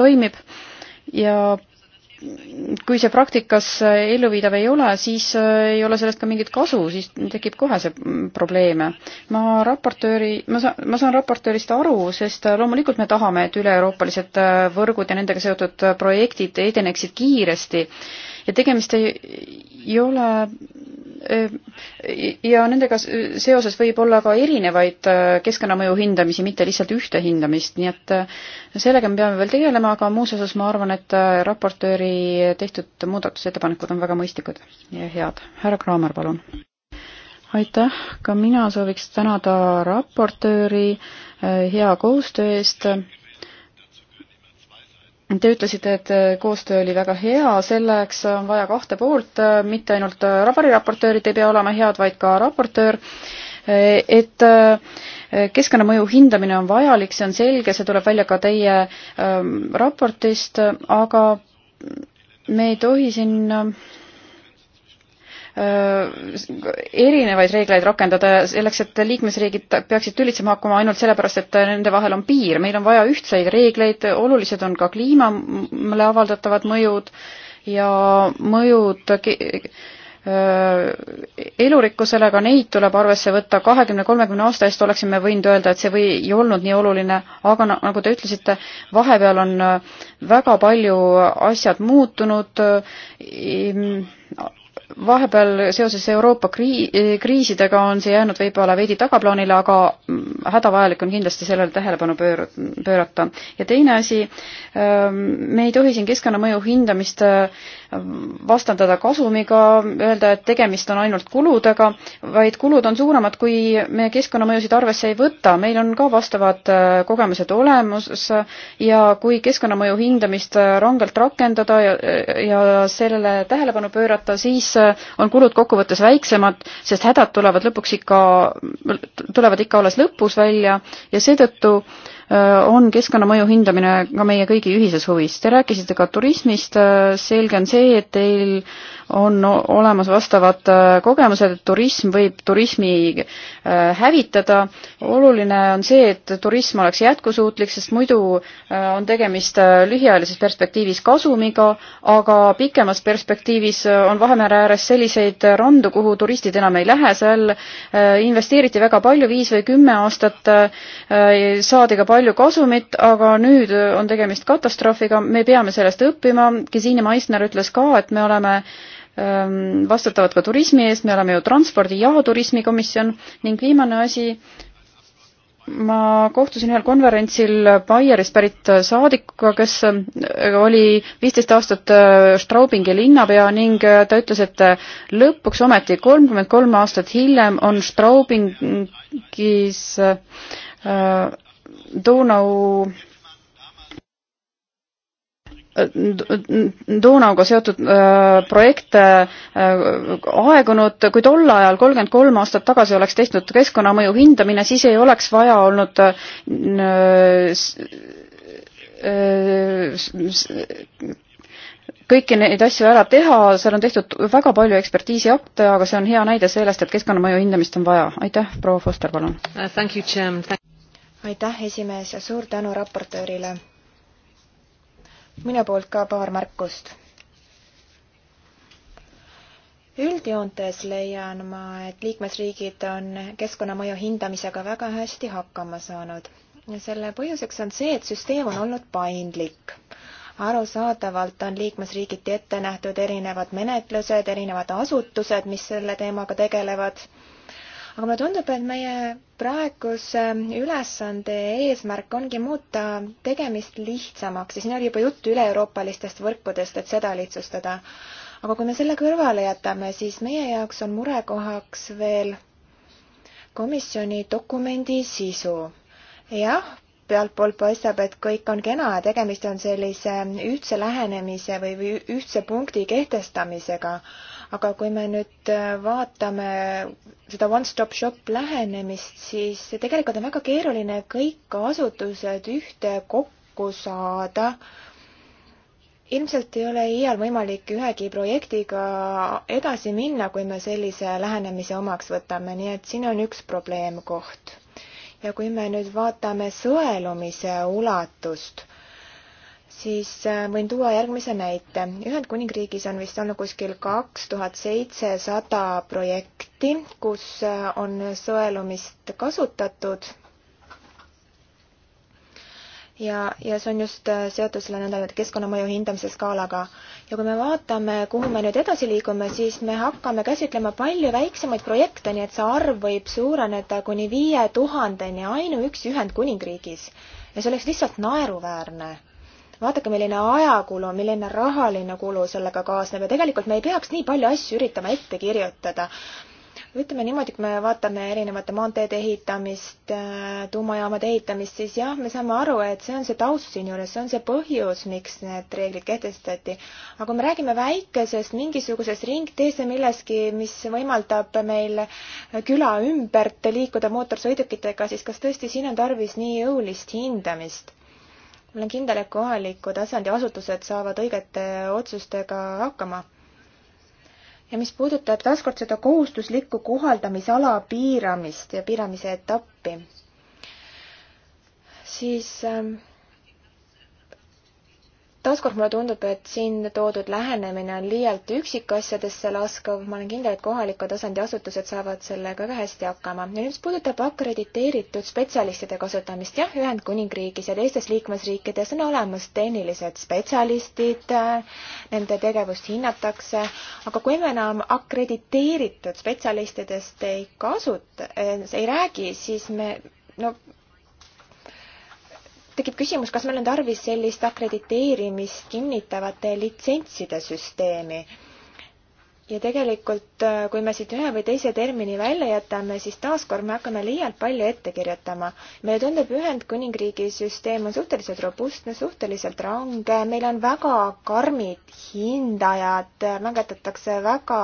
toimib ja kui see praktikas elluviidav ei ole, siis äh, ei ole sellest ka mingit kasu, siis tekib kohe see probleeme. ma raportööri, ma saan, ma saan raportöörist aru, sest äh, loomulikult me tahame, et üle-euroopalised äh, võrgud ja nendega seotud projektid edeneksid kiiresti ja tegemist ei, ei ole ja nendega seoses võib olla ka erinevaid keskkonnamõju hindamisi, mitte lihtsalt ühte hindamist, nii et sellega me peame veel tegelema, aga muus osas ma arvan, et raportööri tehtud muudatusettepanekud on väga mõistlikud ja head. härra Kraamer, palun. aitäh, ka mina sooviks tänada raportööri hea koostöö eest Te ütlesite, et äh, koostöö oli väga hea, selleks on vaja kahte poolt, äh, mitte ainult äh, rabariraportöörid ei pea olema head, vaid ka raportöör. et keskkonnamõju hindamine on vajalik, see on selge, see tuleb välja ka teie ähm, raportist, aga me ei tohi siin Äh, erinevaid reegleid rakendada selleks, et liikmesriigid peaksid tülitsema hakkama ainult sellepärast, et nende vahel on piir. meil on vaja ühtseid reegleid, olulised on ka kliimale avaldatavad mõjud ja mõjud äh, elurikkusele, ka neid tuleb arvesse võtta. kahekümne, kolmekümne aasta eest oleksime võinud öelda, et see või ei olnud nii oluline, aga nagu te ütlesite, vahepeal on väga palju asjad muutunud vahepeal seoses Euroopa krii-, kriisidega on see jäänud võib-olla veidi tagaplaanile, aga mm, hädavajalik on kindlasti sellele tähelepanu pöör-, pöörata. ja teine asi, ähm, me ei tohi siin keskkonnamõju hindamist äh, vastandada kasumiga, öelda, et tegemist on ainult kuludega, vaid kulud on suuremad, kui me keskkonnamõjusid arvesse ei võta. meil on ka vastavad äh, kogemused olemas ja kui keskkonnamõju hindamist äh, rangelt rakendada ja, äh, ja sellele tähelepanu pöörata, siis on kulud kokkuvõttes väiksemad, sest hädad tulevad lõpuks ikka, tulevad ikka alles lõpus välja ja seetõttu äh, Äh, on keskkonnamõju hindamine ka meie kõigi ühises huvis. Te rääkisite ka turismist, äh, selge on see, et teil on olemas vastavad äh, kogemused, et turism võib turismi hävitada. oluline on see, et turism oleks jätkusuutlik, sest muidu on tegemist lühiajalises perspektiivis kasumiga, aga pikemas perspektiivis on Vahemere ääres selliseid randu, kuhu turistid enam ei lähe, seal investeeriti väga palju, viis või kümme aastat saadi ka palju palju kasumit, aga nüüd on tegemist katastroofiga, me peame sellest õppima, Gesine Meissner ütles ka, et me oleme ähm, vastutavad ka turismi eest, me oleme ju transpordi ja turismikomisjon ning viimane asi, ma kohtusin ühel konverentsil Baierist pärit saadikuga, kes äh, oli viisteist aastat äh, Straubingi linnapea ning äh, ta ütles, et lõpuks ometi kolmkümmend kolm aastat hiljem on Straubingis äh, Donau Donauga seotud äh, projekte äh, aegunud, kui tol ajal, kolmkümmend kolm aastat tagasi oleks tehtud keskkonnamõju hindamine, siis ei oleks vaja olnud äh, kõiki neid asju ära teha, seal on tehtud väga palju ekspertiisiakte, aga see on hea näide sellest, et keskkonnamõju hindamist on vaja. aitäh, proua Foster, palun! Uh, aitäh, esimees, ja suur tänu raportöörile. minu poolt ka paar märkust. üldjoontes leian ma, et liikmesriigid on keskkonnamõju hindamisega väga hästi hakkama saanud ja selle põhjuseks on see, et süsteem on olnud paindlik arusaadavalt on liikmesriigiti ette nähtud erinevad menetlused, erinevad asutused, mis selle teemaga tegelevad aga mulle tundub, et meie praeguse ülesande eesmärk ongi muuta tegemist lihtsamaks ja siin oli juba juttu üle-euroopalistest võrkudest, et seda lihtsustada. aga kui me selle kõrvale jätame, siis meie jaoks on murekohaks veel komisjoni dokumendi sisu. jah, pealtpoolt paistab, et kõik on kena ja tegemist on sellise ühtse lähenemise või, või ühtse punkti kehtestamisega aga kui me nüüd äh, vaatame seda one-stop shop lähenemist, siis tegelikult on väga keeruline kõik asutused ühte kokku saada ilmselt ei ole iial võimalik ühegi projektiga edasi minna, kui me sellise lähenemise omaks võtame, nii et siin on üks probleemkoht. ja kui me nüüd vaatame sõelumise ulatust, siis äh, võin tuua järgmise näite. Ühendkuningriigis on vist olnud kuskil kaks tuhat seitsesada projekti, kus äh, on sõelumist kasutatud. ja, ja see on just äh, seotud selle nõndanimetatud keskkonnamõju hindamise skaalaga. ja kui me vaatame, kuhu me nüüd edasi liigume, siis me hakkame käsitlema palju väiksemaid projekte, nii et see arv võib suureneda kuni viie tuhandeni ainuüksi Ühendkuningriigis. ja see oleks lihtsalt naeruväärne vaadake, milline ajakulu, milline rahaline kulu sellega kaasneb ja tegelikult me ei peaks nii palju asju üritama ette kirjutada. ütleme niimoodi, kui me vaatame erinevate maanteede ehitamist, äh, tuumajaamade ehitamist, siis jah, me saame aru, et see on see taust siinjuures, see on see põhjus, miks need reeglid kehtestati. aga kui me räägime väikesest mingisugusest ringteest ja millestki, mis võimaldab meil küla ümbert liikuda mootorsõidukitega, siis kas tõesti siin on tarvis nii jõulist hindamist? ma olen kindel, et kohaliku tasandi asutused saavad õigete otsustega hakkama. ja mis puudutab taaskord seda kohustuslikku kohaldamisala piiramist ja piiramise etappi, siis äh, taaskord mulle tundub, et siin toodud lähenemine on liialt üksikasjadesse laskav, ma olen kindel, et kohaliku tasandi asutused saavad sellega väga hästi hakkama. ja nüüd, mis puudutab akrediteeritud spetsialistide kasutamist, jah, Ühendkuningriigis ja teistes liikmesriikides on olemas tehnilised spetsialistid, nende tegevust hinnatakse, aga kui me enam akrediteeritud spetsialistidest ei kasuta, ei räägi, siis me no tekib küsimus, kas meil on tarvis sellist akrediteerimist kinnitavate litsentside süsteemi. ja tegelikult, äh, kui me siit ühe või teise termini välja jätame, siis taaskord me hakkame liialt palju ette kirjutama. meile tundub Ühendkuningriigi süsteem on suhteliselt robustne, suhteliselt range, meil on väga karmid hindajad, langetatakse väga,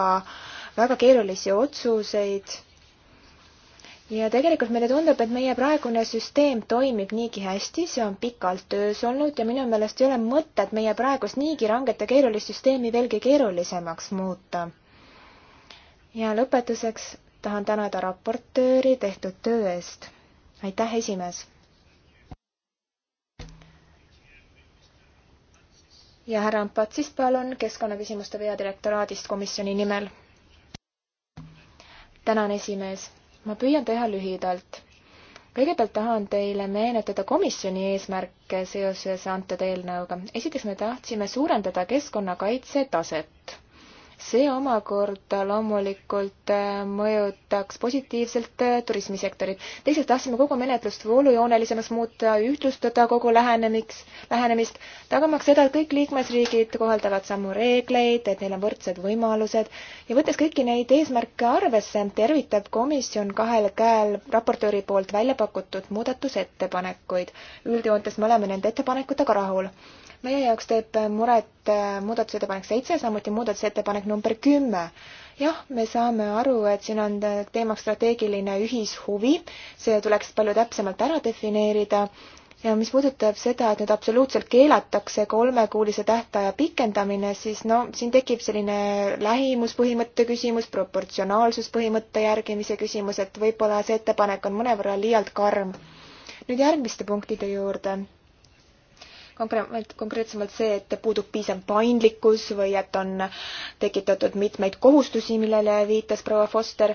väga keerulisi otsuseid ja tegelikult meile tundub, et meie praegune süsteem toimib niigi hästi, see on pikalt töös olnud ja minu meelest ei ole mõtet meie praegust niigi ranget ja keerulist süsteemi veelgi keerulisemaks muuta. ja lõpetuseks tahan tänada raportööri tehtud töö eest. aitäh, esimees! ja härra Ampatsist palun keskkonnaküsimuste peadirektoraadist komisjoni nimel. tänan, esimees ma püüan teha lühidalt. kõigepealt tahan teile meenutada komisjoni eesmärke seoses antud eelnõuga. esiteks me tahtsime suurendada keskkonnakaitse taset see omakorda loomulikult äh, mõjutaks positiivselt äh, turismisektorit. teiseks tahtsime kogu menetlust voolujoonelisemaks muuta, ühtlustada kogu lähenemist, lähenemist, tagamaks seda, et kõik liikmesriigid kohaldavad samu reegleid, et neil on võrdsed võimalused ja võttes kõiki neid eesmärke arvesse, tervitab komisjon kahel käel raportööri poolt välja pakutud muudatusettepanekuid. üldjoontes me oleme nende ettepanekutega rahul meie jaoks teeb muret äh, muudatusettepanek seitse, samuti muudatusettepanek number kümme. jah, me saame aru, et siin on teemaks strateegiline ühishuvi, see tuleks palju täpsemalt ära defineerida ja mis puudutab seda, et nüüd absoluutselt keelatakse kolmekuulise tähtaja pikendamine, siis no siin tekib selline lähimuspõhimõtte küsimus, proportsionaalsuspõhimõtte järgimise küsimus, et võib-olla see ettepanek on mõnevõrra liialt karm. nüüd järgmiste punktide juurde konkreetsemalt, konkreetsemalt see, et puudub piisav paindlikkus või et on tekitatud mitmeid kohustusi, millele viitas proua Foster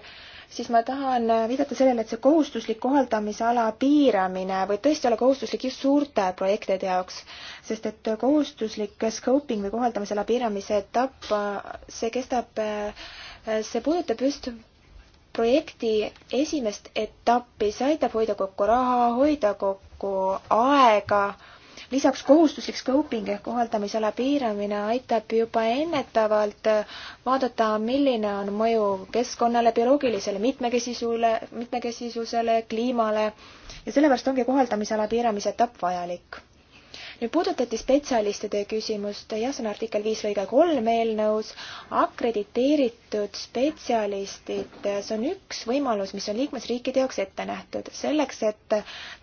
siis ma tahan viidata sellele, et see kohustuslik kohaldamisala piiramine võib tõesti olla kohustuslik just suurte projektide jaoks, sest et kohustuslik scoping või kohaldamisala piiramise etapp, see kestab, see puudutab just projekti esimest etappi, see aitab hoida kokku raha, hoida kokku aega lisaks kohustuslik scoping ehk kohaldamisala piiramine aitab juba ennetavalt vaadata, milline on mõju keskkonnale, bioloogilisele mitmekesisule, mitmekesisusele, kliimale ja sellepärast ongi kohaldamisala piiramise etapp vajalik nüüd puudutati spetsialistide küsimust, jah, see on artikkel viis lõige kolm eelnõus, akrediteeritud spetsialistid, see on üks võimalus, mis on liikmesriikide jaoks ette nähtud, selleks et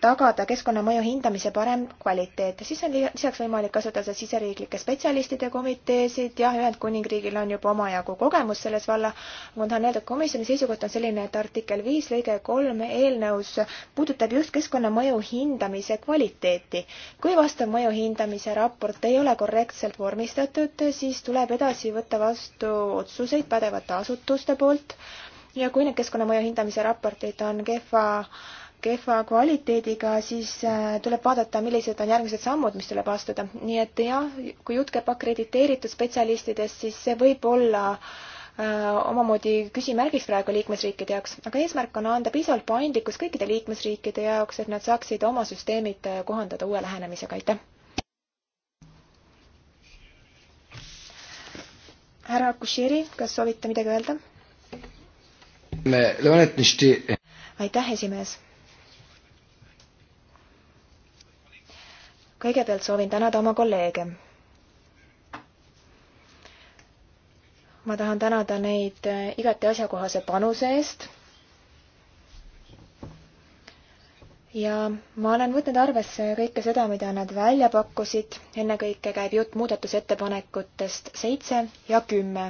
tagada keskkonnamõju hindamise parem kvaliteet. siis on lisaks võimalik kasutada siseriiklikke spetsialistide komiteesid, jah, Ühendkuningriigil on juba omajagu kogemus selles valla, ma tahan öelda, et komisjoni seisukoht on selline, et artikkel viis lõige kolm eelnõus puudutab just keskkonnamõju hindamise kvaliteeti. kui vastav mõju mõju hindamise raport ei ole korrektselt vormistatud, siis tuleb edasi võtta vastu otsuseid pädevate asutuste poolt ja kui need keskkonnamõju hindamise raportid on kehva, kehva kvaliteediga, siis äh, tuleb vaadata, millised on järgmised sammud, mis tuleb astuda. nii et jah, kui jutt käib akrediteeritud spetsialistidest, siis see võib olla äh, omamoodi küsimärgiks praegu liikmesriikide jaoks, aga eesmärk on anda piisavalt paindlikkus kõikide liikmesriikide jaoks, et nad saaksid oma süsteemid äh, kohandada uue lähenemisega, aitäh! härra Akushiri, kas soovite midagi öelda? aitäh, esimees. kõigepealt soovin tänada oma kolleege. ma tahan tänada neid igati asjakohase panuse eest ja ma olen võtnud arvesse kõike seda, mida nad välja pakkusid, ennekõike käib jutt muudatusettepanekutest seitse ja kümme.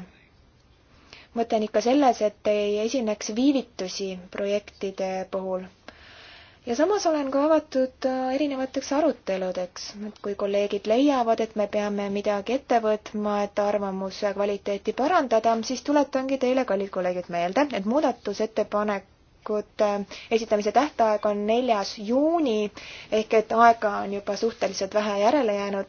mõte on ikka selles, et ei esineks viivitusi projektide puhul. ja samas olen ka avatud äh, erinevateks aruteludeks, et kui kolleegid leiavad, et me peame midagi ette võtma, et arvamuse kvaliteeti parandada, siis tuletangi teile, kallid kolleegid, meelde, et muudatusettepanek ettepanekute äh, esitamise tähtaeg on neljas juuni ehk et aega on juba suhteliselt vähe järele jäänud.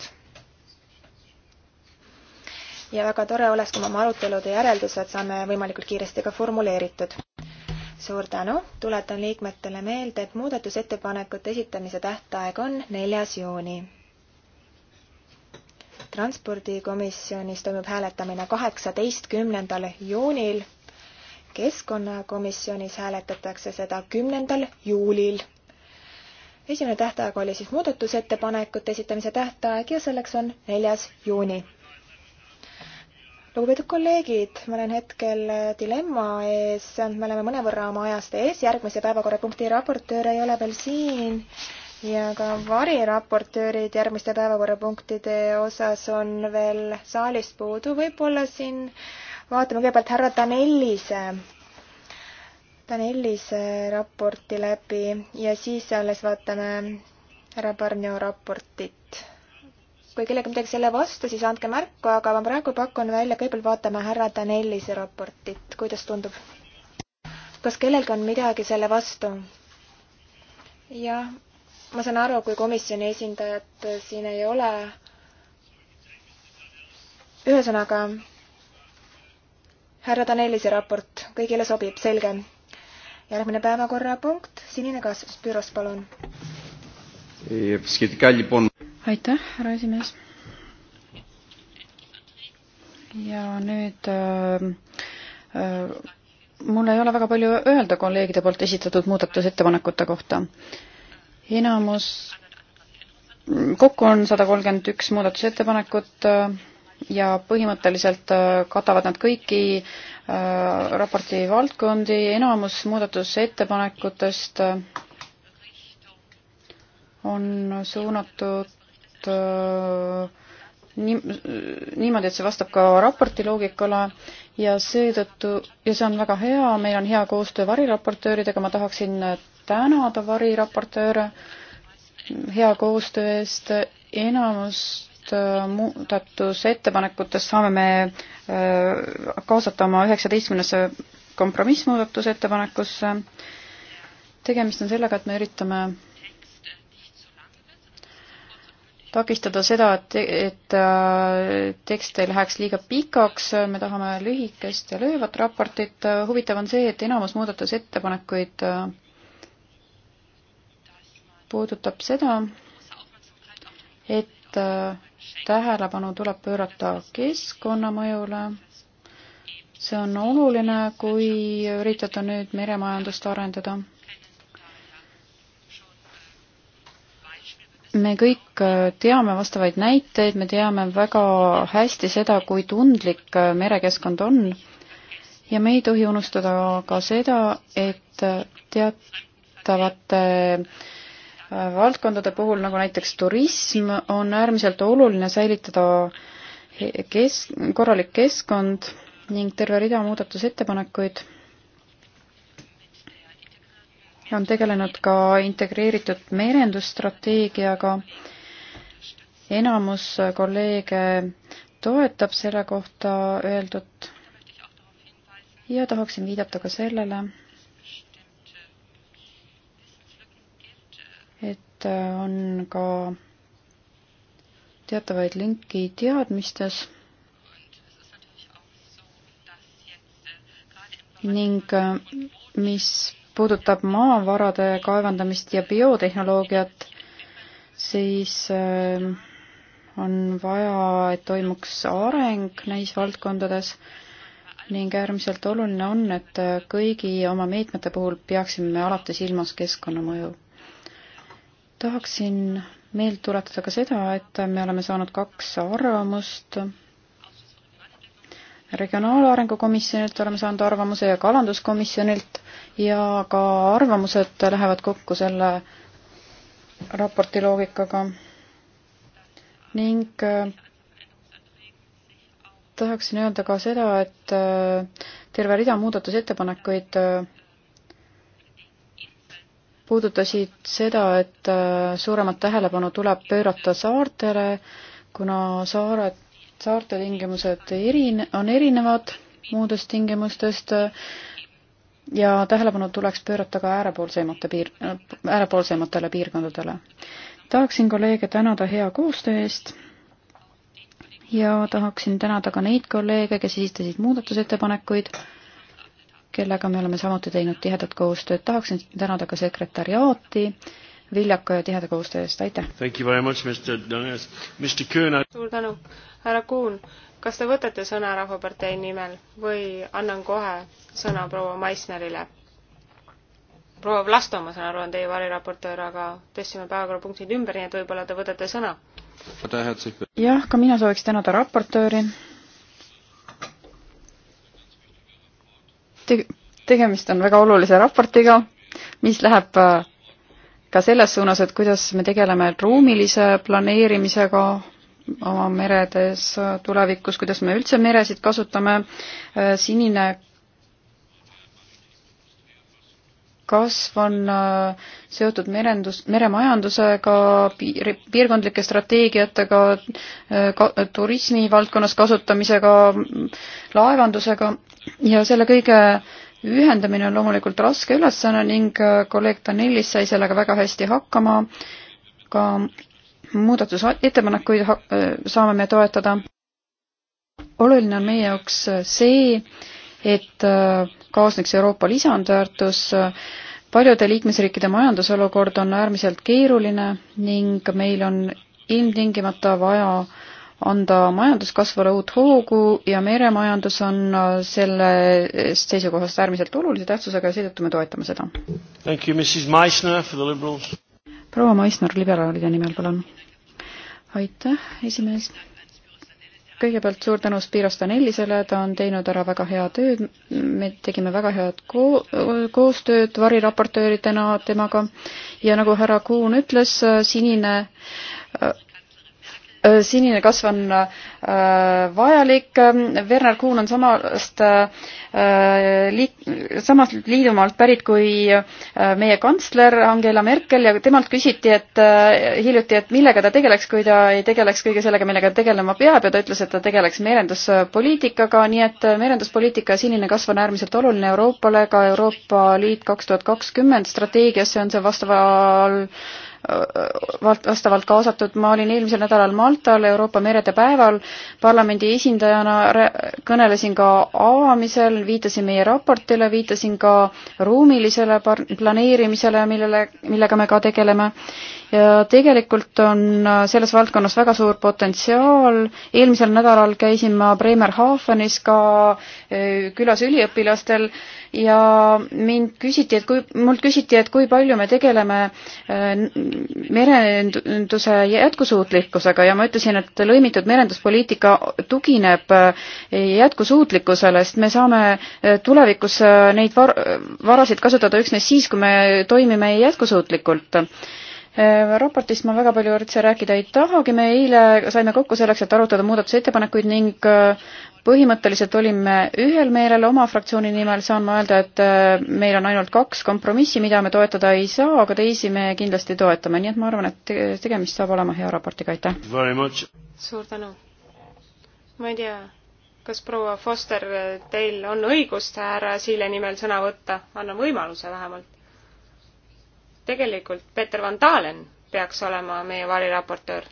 ja väga tore oleks, kui me oma arutelude järeldused saame võimalikult kiiresti ka formuleeritud. suur tänu, tuletan liikmetele meelde, et muudatusettepanekute esitamise tähtaeg on neljas juuni transpordikomisjonis toimub hääletamine kaheksateistkümnendal juunil keskkonnakomisjonis hääletatakse seda kümnendal juulil. esimene tähtaeg oli siis muudatusettepanekute esitamise tähtaeg ja selleks on neljas juuni. lugupeetud kolleegid, ma olen hetkel dilemma ees, me oleme mõnevõrra oma ajast ees, järgmise päevakorrapunkti raportöör ei ole veel siin ja ka variraportöörid järgmiste päevakorrapunktide osas on veel saalist puudu, võib-olla siin vaatame kõigepealt härra Danellise, Danellise raporti läbi ja siis alles vaatame härra Barnio raportit. kui kellelgi midagi selle vastu, siis andke märku, aga ma praegu pakun välja, kõigepealt vaatame härra Danellise raportit, kuidas tundub? kas kellelgi on midagi selle vastu? jah, ma saan aru, kui komisjoni esindajat siin ei ole. ühesõnaga härra Danelise raport, kõigile sobib, selge. järgmine päevakorrapunkt, sinine kasv, Spyros, palun. aitäh, härra esimees. ja nüüd äh, äh, mul ei ole väga palju öelda kolleegide poolt esitatud muudatusettepanekute kohta. enamus, kokku on sada kolmkümmend üks muudatusettepanekut äh, ja põhimõtteliselt äh, katavad nad kõiki äh, raporti valdkondi, enamus muudatusettepanekutest äh, on suunatud niimoodi, et see vastab ka raporti loogikale ja seetõttu, ja see on väga hea, meil on hea koostöö variraportööridega, ma tahaksin tänada variraportööre hea koostöö eest, enamus Äh, muudatusettepanekutest saame me äh, kaasata oma üheksateistkümnesse kompromissmuudatusettepanekusse. tegemist on sellega, et me üritame takistada seda, et, et äh, tekst ei läheks liiga pikaks, me tahame lühikest ja löövat raportit. huvitav on see, et enamus muudatusettepanekuid puudutab seda, et tähelepanu tuleb pöörata keskkonnamõjule. see on oluline, kui üritada nüüd meremajandust arendada. me kõik teame vastavaid näiteid, me teame väga hästi seda, kui tundlik merekeskkond on ja me ei tohi unustada ka seda, et teatavate äh, valdkondade puhul, nagu näiteks turism, on äärmiselt oluline säilitada kes-, korralik keskkond ning terve rida muudatusettepanekuid on tegelenud ka integreeritud merendusstrateegiaga. enamus kolleege toetab selle kohta öeldut ja tahaksin viidata ka sellele, on ka teatavaid linki teadmistes ning äh, mis puudutab maavarade kaevandamist ja biotehnoloogiat, siis äh, on vaja, et toimuks areng neis valdkondades ning äärmiselt oluline on, et kõigi oma meetmete puhul peaksime alati silmas keskkonnamõju tahaksin meelt tuletada ka seda, et me oleme saanud kaks arvamust. regionaalarengu komisjonilt oleme saanud arvamuse ja kalanduskomisjonilt ja ka arvamused lähevad kokku selle raporti loogikaga. ning äh, tahaksin öelda ka seda, et äh, terve rida muudatusettepanekuid äh, puudutasid seda, et äh, suuremat tähelepanu tuleb pöörata saartele, kuna saared, saarte tingimused erine-, on erinevad muudest tingimustest ja tähelepanu tuleks pöörata ka äärepoolseimate piir-, äärepoolseimatele piirkondadele. tahaksin kolleege tänada hea koostöö eest ja tahaksin tänada ka neid kolleege, kes esitasid muudatusettepanekuid kellega me oleme samuti teinud tihedat koostööd. tahaksin tänada ka sekretariaati viljaka ja tiheda koostöö eest, aitäh! suur tänu, härra Kuhn, kas te võtate sõna Rahvapartei nimel või annan kohe sõna proua Maisnerile? proua Vlasto, ma saan aru, on teie variraportöör, aga tõstsime päevakorrapunktid ümber, nii et võib-olla te võtate sõna? jah, ka mina sooviks tänada raportööri te-, tegemist on väga olulise raportiga, mis läheb äh, ka selles suunas, et kuidas me tegeleme ruumilise planeerimisega oma meredes äh, tulevikus, kuidas me üldse meresid kasutame. Äh, sinine kasv on äh, seotud merendus, meremajandusega, piir, piirkondlike strateegiatega äh, ka,, turismivaldkonnas kasutamisega, laevandusega ja selle kõige ühendamine on loomulikult raske ülesanne ning äh, kolleeg Danelis sai sellega väga hästi hakkama. ka muudatusettepanekuid saame me toetada. oluline on meie jaoks see, et äh, kaasneks Euroopa lisandväärtus. paljude liikmesriikide majandusolukord on äärmiselt keeruline ning meil on ilmtingimata vaja anda majanduskasvule uut hoogu ja meremajandus on äh, sellest seisukohast äärmiselt olulise tähtsusega ja seetõttu me toetame seda. proua Maisner liberaalide nimel, palun. aitäh, esimees kõigepealt suur tänu Spiros Danellisele, ta on teinud ära väga hea tööd, me tegime väga head ko koostööd variraportööridena temaga ja nagu härra Kuhn ütles, sinine Äh, sinine kasv on äh, vajalik, ähm, Werner Kuhn on samast äh, liik-, samast liidumaalt pärit kui meie kantsler Angela Merkel ja temalt küsiti, et hiljuti, et millega ta tegeleks, kui ta ei tegeleks kõige sellega, millega ta tegelema peab ja ta ütles, et ta tegeleks merenduspoliitikaga, nii et merenduspoliitika ja sinine kasv on äärmiselt oluline Euroopale, ka Euroopa Liit kaks tuhat kakskümmend strateegiasse on see vastaval Äh, vastavalt kaasatud. ma olin eelmisel nädalal Maltal Euroopa merede päeval parlamendi esindajana, kõnelesin ka avamisel, viitasin meie raportile, viitasin ka ruumilisele planeerimisele, millele, millega me ka tegeleme. ja tegelikult on äh, selles valdkonnas väga suur potentsiaal. eelmisel nädalal käisin ma Bremerhavenis ka äh, külas üliõpilastel ja mind küsiti, et kui, mult küsiti, et kui palju me tegeleme äh, merenduse jätkusuutlikkusega ja ma ütlesin, et lõimitud merenduspoliitika tugineb äh, jätkusuutlikkusele, sest me saame äh, tulevikus neid var-, varasid kasutada üksnes siis, kui me toimime jätkusuutlikult raportist ma väga palju üldse rääkida ei tahagi, me eile saime kokku selleks, et arutada muudatusettepanekuid ning põhimõtteliselt olime ühel meelel oma fraktsiooni nimel, saan ma öelda, et äh, meil on ainult kaks kompromissi, mida me toetada ei saa, aga teisi me kindlasti toetame, nii et ma arvan, et tegemist saab olema hea raportiga, aitäh! suur tänu! ma ei tea, kas proua Foster, teil on õigust härra Siile nimel sõna võtta, annan võimaluse vähemalt. tegelikult Peeter Van Dalen peaks olema meie variraportöör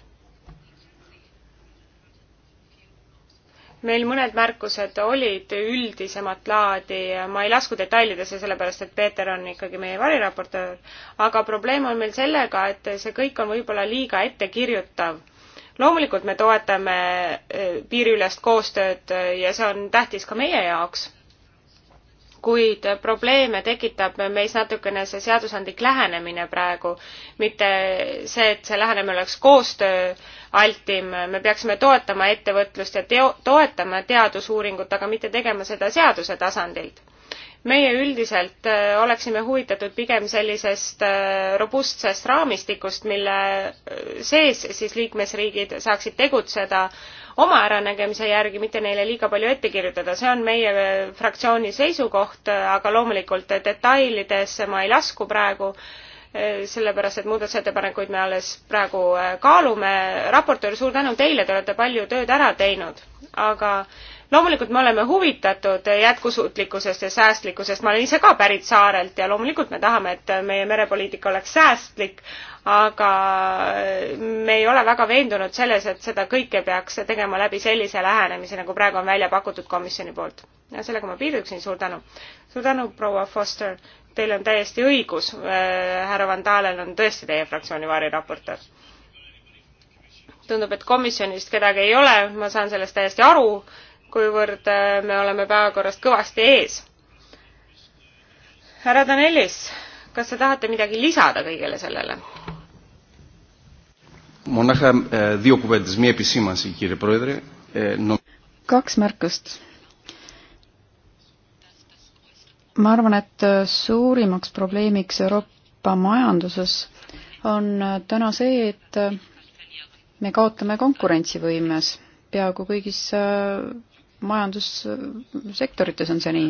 meil mõned märkused olid üldisemat laadi, ma ei lasku detailidesse, sellepärast et Peeter on ikkagi meie variraportöör, aga probleem on meil sellega, et see kõik on võib-olla liiga ettekirjutav. loomulikult me toetame eh, piiriülest koostööd eh, ja see on tähtis ka meie jaoks kuid probleeme tekitab meis natukene see seadusandlik lähenemine praegu, mitte see, et see lähenemine oleks koostööaltim, me peaksime toetama ettevõtlust ja teo-, toetama teadusuuringut, aga mitte tegema seda seaduse tasandilt. meie üldiselt äh, oleksime huvitatud pigem sellisest äh, robustsest raamistikust, mille äh, sees siis liikmesriigid saaksid tegutseda oma äranägemise järgi, mitte neile liiga palju ette kirjutada, see on meie äh, fraktsiooni seisukoht, äh, aga loomulikult detailidesse ma ei lasku praegu, äh, sellepärast et muudatusettepanekuid me alles praegu kaalume. raportöör, suur tänu teile, te olete palju tööd ära teinud, aga loomulikult me oleme huvitatud jätkusuutlikkusest ja säästlikkusest, ma olen ise ka pärit saarelt ja loomulikult me tahame, et meie merepoliitika oleks säästlik, aga me ei ole väga veendunud selles, et seda kõike peaks tegema läbi sellise lähenemise, nagu praegu on välja pakutud komisjoni poolt. ja sellega ma piirduksin, suur tänu. suur tänu, proua Foster, teil on täiesti õigus, äh, härra Van Dalen on tõesti teie fraktsiooni variraportöör. tundub, et komisjonist kedagi ei ole, ma saan sellest täiesti aru, kuivõrd äh, me oleme päevakorrast kõvasti ees. härra Danelis, kas te tahate midagi lisada kõigele sellele? Μονάχα δύο κουβέντες, μία επισήμανση κύριε Πρόεδρε. Kaks märkust. ma arvan, et äh, suurimaks probleemiks Euroopa majanduses on äh, täna see, et äh, me kaotame konkurentsivõimes, peaaegu kõigis majandussektorites on see nii.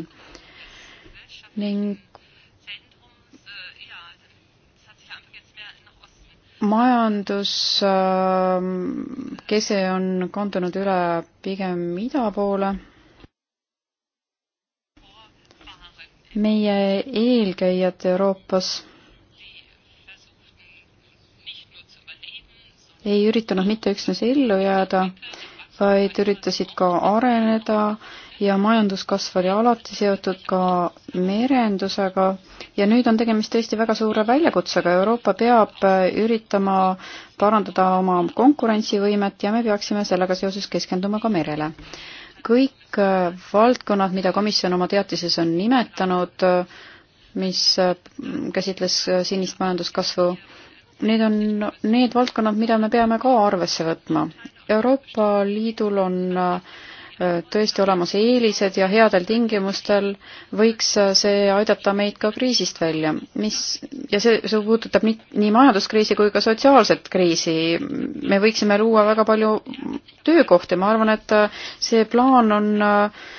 ning majanduskese ähm, on kandunud üle pigem ida poole. meie eelkäijad Euroopas ei üritanud mitte üksnes ellu jääda, vaid üritasid ka areneda, ja majanduskasv oli alati seotud ka merendusega ja nüüd on tegemist tõesti väga suure väljakutsega. Euroopa peab äh, üritama parandada oma konkurentsivõimet ja me peaksime sellega seoses keskenduma ka merele. kõik äh, valdkonnad, mida komisjon oma teatises on nimetanud, äh, mis käsitles sinist majanduskasvu, need on need valdkonnad, mida me peame ka arvesse võtma. Euroopa Liidul on äh, tõesti olemas eelised ja headel tingimustel võiks äh, see aidata meid ka kriisist välja, mis ja see, see puudutab nii majanduskriisi kui ka sotsiaalset kriisi. me võiksime luua väga palju töökohti, ma arvan, et äh, see plaan on äh,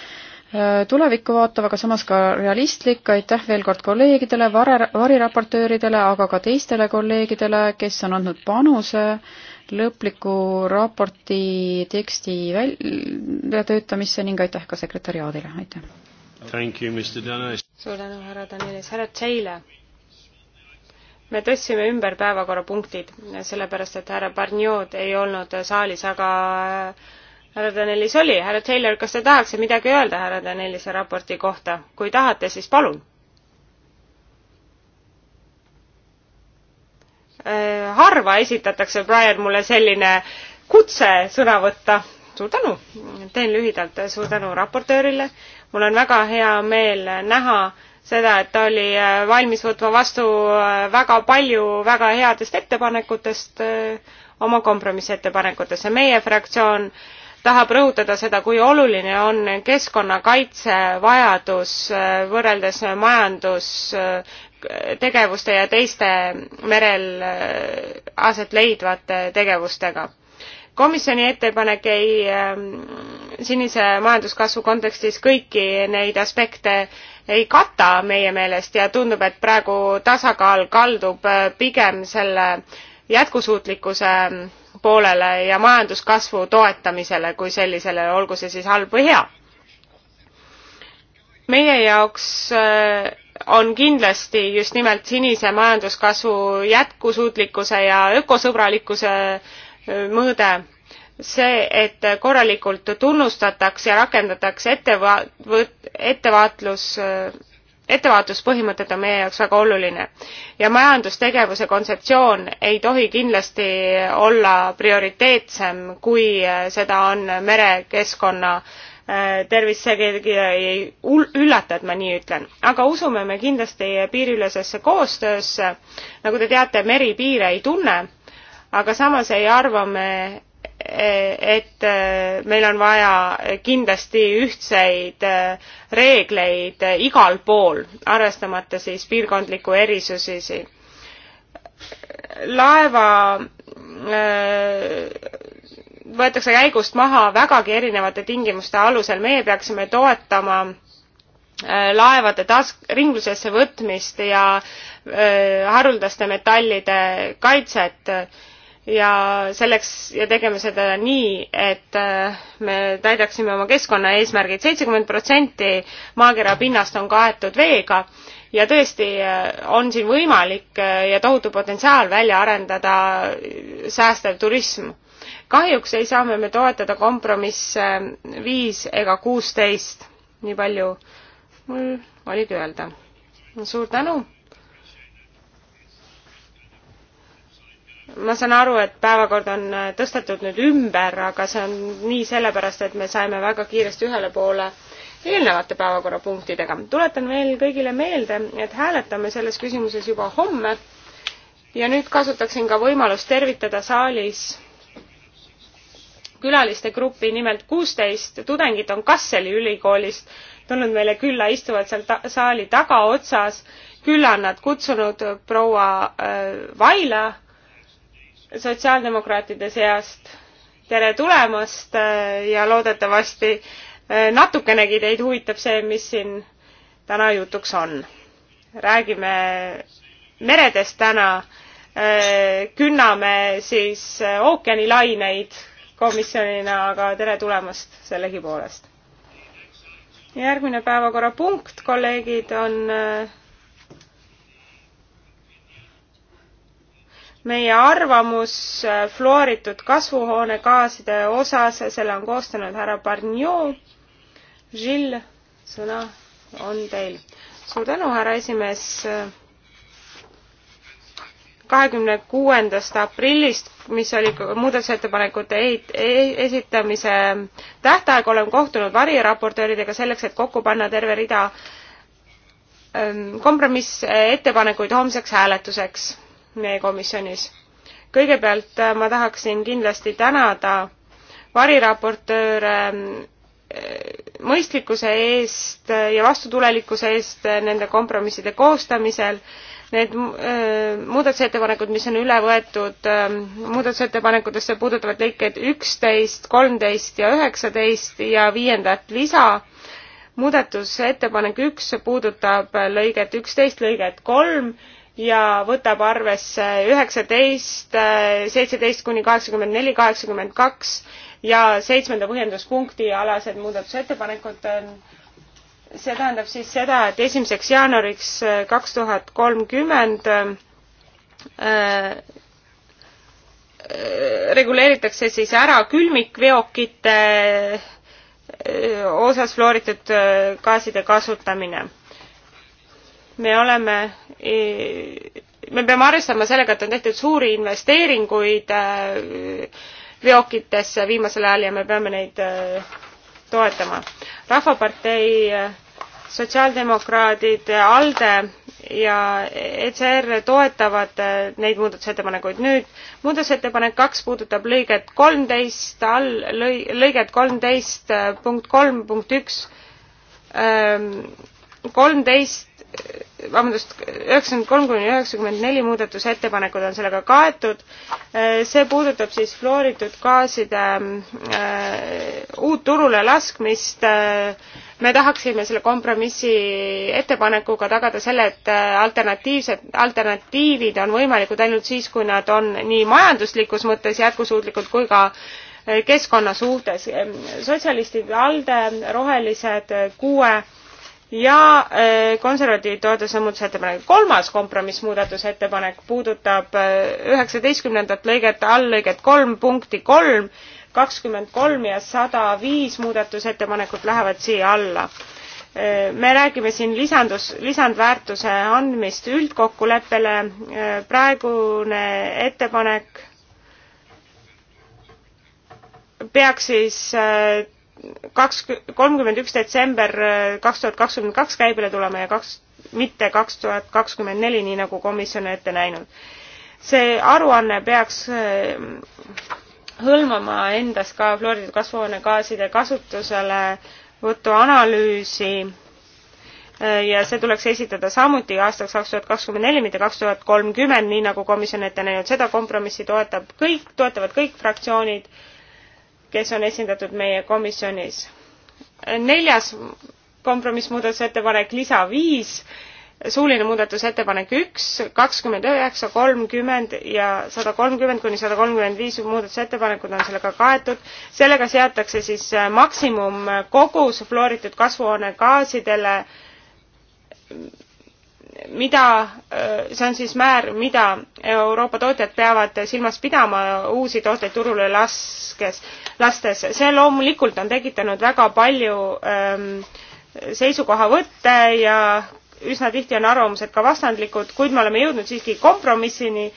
tulevikku vaatav, aga samas ka realistlik, aitäh veel kord kolleegidele, vare, variraportööridele, aga ka teistele kolleegidele, kes on andnud panuse äh, lõpliku raporti teksti väljatöötamisse ning aitäh ka sekretäriaadile, aitäh! suur tänu, härra Danielis, härra Tšeile! me tõstsime ümber päevakorrapunktid, sellepärast et härra Barniod ei olnud saalis, aga äh, härra Danielis oli. härra Taylor, kas te tahaksite midagi öelda härra Danielise raporti kohta? kui tahate, siis palun Äh, harva esitatakse Brian mulle selline kutse sõna võtta. suur tänu, teen lühidalt, suur tänu raportöörile. mul on väga hea meel näha seda, et ta oli äh, valmis võtma vastu äh, väga palju väga headest ettepanekutest oma kompromissettepanekutesse. meie fraktsioon tahab rõhutada seda, kui oluline on keskkonnakaitse vajadus võrreldes majandus tegevuste ja teiste merel äh, aset leidvate tegevustega. komisjoni ettepanek ei ähm, sinise majanduskasvu kontekstis kõiki neid aspekte ei kata meie meelest ja tundub, et praegu tasakaal kaldub äh, pigem selle jätkusuutlikkuse poolele ja majanduskasvu toetamisele kui sellisele, olgu see siis halb või hea meie jaoks äh, on kindlasti just nimelt sinise majanduskasvu jätkusuutlikkuse ja ökosõbralikkuse äh, mõõde see, et korralikult tunnustatakse ja rakendatakse etteva-, ettevaatlus, äh, ettevaatuspõhimõtted on meie jaoks väga oluline. ja majandustegevuse kontseptsioon ei tohi kindlasti olla prioriteetsem, kui seda on merekeskkonna tervist, see kedagi ei üllata, et ma nii ütlen. aga usume me kindlasti piiriülesesse koostöösse. nagu te teate, meri piire ei tunne, aga samas ei arva me, e-, et e, meil on vaja kindlasti ühtseid e, reegleid igal pool, arvestamata siis piirkondlikku erisusi. laeva võetakse käigust maha vägagi erinevate tingimuste alusel, meie peaksime toetama äh, laevade taas ringlusesse võtmist ja äh, haruldaste metallide kaitset ja selleks ja tegema seda nii, et äh, me täidaksime oma keskkonnaeesmärgid. seitsekümmend protsenti maakera pinnast on kaetud veega ja tõesti on siin võimalik ja tohutu potentsiaal välja arendada säästev turism kahjuks ei saa me me toetada kompromisse viis ega kuusteist, nii palju mul oligi öelda. suur tänu! ma saan aru, et päevakord on tõstetud nüüd ümber, aga see on nii sellepärast, et me saime väga kiiresti ühele poole eelnevate päevakorrapunktidega. tuletan veel kõigile meelde, et hääletame selles küsimuses juba homme ja nüüd kasutaksin ka võimalust tervitada saalis külaliste gruppi, nimelt kuusteist tudengit on Kasseli ülikoolist tulnud meile külla, istuvad seal ta saali tagaotsas. külla on nad kutsunud proua äh, Vaila sotsiaaldemokraatide seast. tere tulemast äh, ja loodetavasti äh, natukenegi teid huvitab see, mis siin täna jutuks on. räägime meredest täna äh, künname siis äh, ookeanilaineid komisjonina, aga tere tulemast sellegipoolest. järgmine päevakorrapunkt, kolleegid, on äh, meie arvamus äh, fluoritud kasvuhoonegaaside osas, selle on koostanud härra Barnjou. Žil, sõna on teil. suur tänu, härra esimees kahekümne kuuendast aprillist, mis oli muudatusettepanekute esitamise tähtaeg, olen kohtunud variraportööridega selleks, et kokku panna terve rida ähm, kompromissettepanekuid homseks hääletuseks meie komisjonis. kõigepealt äh, ma tahaksin kindlasti tänada variraportööre ähm, äh, mõistlikkuse eest ja vastutulelikkuse eest äh, nende kompromisside koostamisel need äh, muudatusettepanekud, mis on üle võetud äh, muudatusettepanekutesse, puudutavad lõikeid üksteist, kolmteist ja üheksateist ja viiendat lisa. muudatusettepanek üks puudutab lõiget üksteist, lõiget kolm ja võtab arvesse üheksateist, seitseteist kuni kaheksakümmend neli, kaheksakümmend kaks ja seitsmenda põhjenduspunkti alased muudatusettepanekud on see tähendab siis seda, et esimeseks jaanuariks äh, kaks tuhat kolmkümmend äh, äh, reguleeritakse siis ära külmikveokite osas fluoritud gaaside kasutamine. me oleme, e, me peame arvestama sellega, et on tehtud suuri investeeringuid veokitesse viimasel ajal ja me peame neid toetama. rahvapartei sotsiaaldemokraadid, ALDE ja ECR toetavad äh, neid muudatusettepanekuid. nüüd muudatusettepanek kaks puudutab lõiget kolmteist all, lõi-, lõiget kolmteist äh, punkt kolm punkt üks, ähm, kolmteist vabandust, üheksakümmend kolm kuni üheksakümmend neli muudatusettepanekud on sellega kaetud. Äh, see puudutab siis fluoritud gaaside äh, uut turule laskmist. Äh, me tahaksime selle kompromissi ettepanekuga tagada selle, et äh, alternatiivsed, alternatiivid on võimalikud ainult siis, kui nad on nii majanduslikus mõttes jätkusuutlikud kui ka keskkonna suhtes. sotsialistid, ALDE, Rohelised, kuue ja äh, konservatiivid toetasid muudatusettepaneku. kolmas kompromissmuudatusettepanek puudutab äh, üheksateistkümnendat lõiget, alllõiget kolm punkti kolm, kakskümmend kolm ja sada viis muudatusettepanekut lähevad siia alla. Äh, me räägime siin lisandus, lisandväärtuse andmist üldkokkuleppele, praegune ettepanek peaks siis kaks, kolmkümmend üks detsember äh, kaks tuhat kakskümmend kaks käibele tulema ja kaks, mitte kaks tuhat kakskümmend neli, nii nagu komisjon on ette näinud. see aruanne peaks äh, hõlmama endas ka fluoritud kasvuhoonegaaside kasutuselevõtu analüüsi äh, ja see tuleks esitada samuti aastaks kaks tuhat kakskümmend neli, mitte kaks tuhat kolmkümmend, nii nagu komisjon ette näinud. seda kompromissi toetab kõik, toetavad kõik fraktsioonid kes on esindatud meie komisjonis. neljas kompromissmuudatusettepanek lisa viis, suuline muudatusettepanek üks, kakskümmend üheksa, kolmkümmend ja sada kolmkümmend kuni sada kolmkümmend viis muudatusettepanekud on sellega kaetud. sellega seatakse siis äh, maksimumkogus fluoritud kasvuhoonegaasidele mida, see on siis määr, mida Euroopa tootjad peavad silmas pidama uusi tooteid turule laskes, lastes. see loomulikult on tekitanud väga palju ähm, seisukohavõtte ja üsna tihti on arvamused ka vastandlikud, kuid me oleme jõudnud siiski kompromissini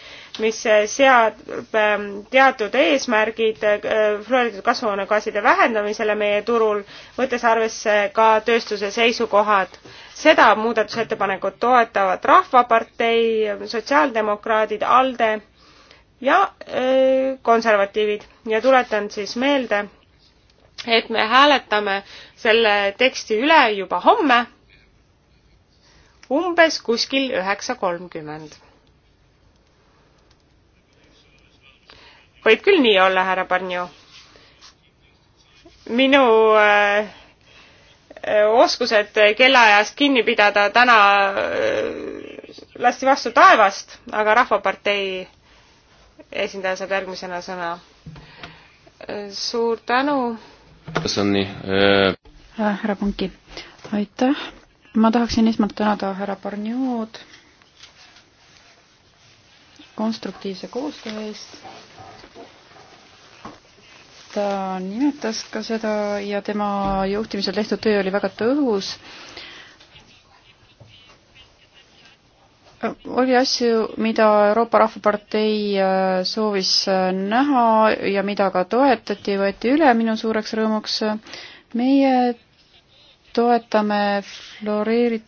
mis seab ähm, teatud eesmärgid äh, fluoritud kasvuhoonegaaside vähendamisele meie turul, võttes arvesse ka tööstuse seisukohad. seda muudatusettepanekut toetavad Rahvapartei, Sotsiaaldemokraadid, ALDE ja öö, äh, konservatiivid ja tuletan siis meelde, et me hääletame selle teksti üle juba homme umbes kuskil üheksa kolmkümmend võib küll nii olla, härra Barnio. minu äh, äh oskused kellaajast kinni pidada täna äh, lasti vastu taevast, aga Rahvapartei esindaja saab järgmisena sõna. Äh, suur tänu. Sõnni äh.... härra Punki, aitäh. ma tahaksin esmalt tänada härra Barniod konstruktiivse koostöö eest ta nimetas ka seda ja tema juhtimisel tehtud töö oli väga tõhus. oli asju, mida Euroopa Rahvapartei äh, soovis äh, näha ja mida ka toetati, võeti üle minu suureks rõõmuks. meie toetame floreeritud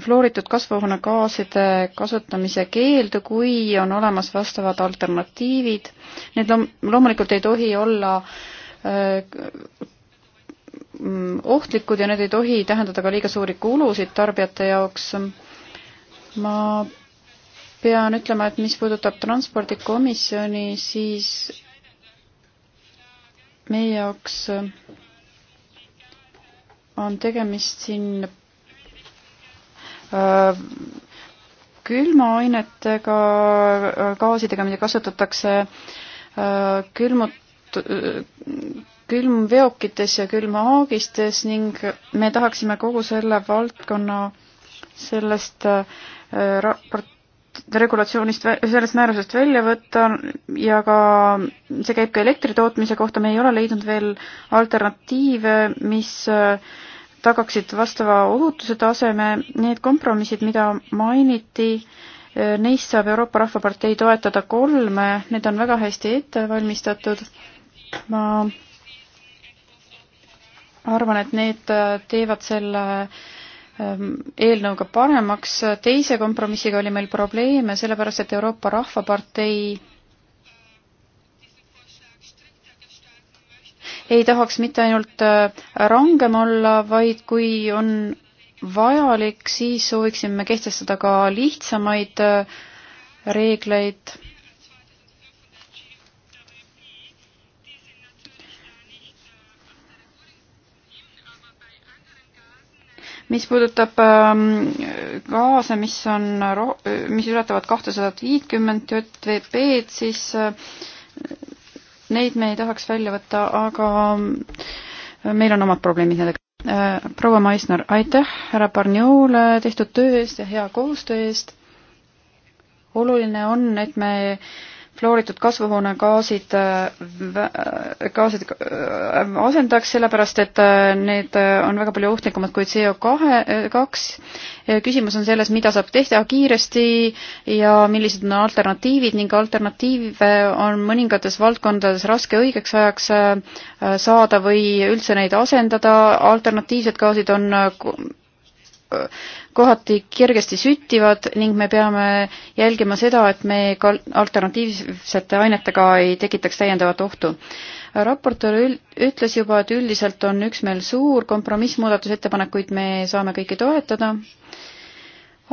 fluoritud kasvuhoonegaaside kasutamise keeldu, kui on olemas vastavad alternatiivid. Need loom-, loomulikult ei tohi olla öö, äh, ohtlikud ja need ei tohi tähendada ka liiga suuri kulusid tarbijate jaoks. ma pean ütlema, et mis puudutab transpordikomisjoni, siis meie jaoks on tegemist siin Äh, külmaainetega, äh, gaasidega, mida kasutatakse äh, külmut-, külmveokites ja külmahaagistes ning me tahaksime kogu selle valdkonna sellest raport-, regulatsioonist, sellest määrusest välja võtta ja ka see käib ka elektri tootmise kohta, me ei ole leidnud veel alternatiive, mis äh, tagaksid vastava ohutuse taseme, need kompromissid, mida mainiti, neist saab Euroopa Rahvapartei toetada kolme, need on väga hästi ette valmistatud. ma arvan, et need teevad selle ähm, eelnõuga paremaks. teise kompromissiga oli meil probleeme, sellepärast et Euroopa Rahvapartei ei tahaks mitte ainult äh, rangem olla, vaid kui on vajalik, siis sooviksime kehtestada ka lihtsamaid äh, reegleid. mis puudutab ähm, gaase, mis on, mis ületavad kahtesadat viitkümmet JVP-d, siis äh, neid me ei tahaks välja võtta, aga äh, meil on omad probleemid nendega. Äh, proua Maisner, aitäh härra Barniole tehtud töö eest ja hea koostöö eest. oluline on, et me fluoritud kasvuhoonegaasid, äh, gaasid äh, asendaks, sellepärast et äh, need on väga palju ohtlikumad kui CO2, kaks. küsimus on selles, mida saab teha kiiresti ja millised on alternatiivid ning alternatiive on mõningates valdkondades raske õigeks ajaks saada või üldse neid asendada, alternatiivsed gaasid on kohati kergesti süttivad ning me peame jälgima seda, et me ka alternatiivsete ainetega ei tekitaks täiendavat ohtu. raportöör ütles juba, et üldiselt on üksmeel suur, kompromissmuudatusettepanekuid me saame kõiki toetada,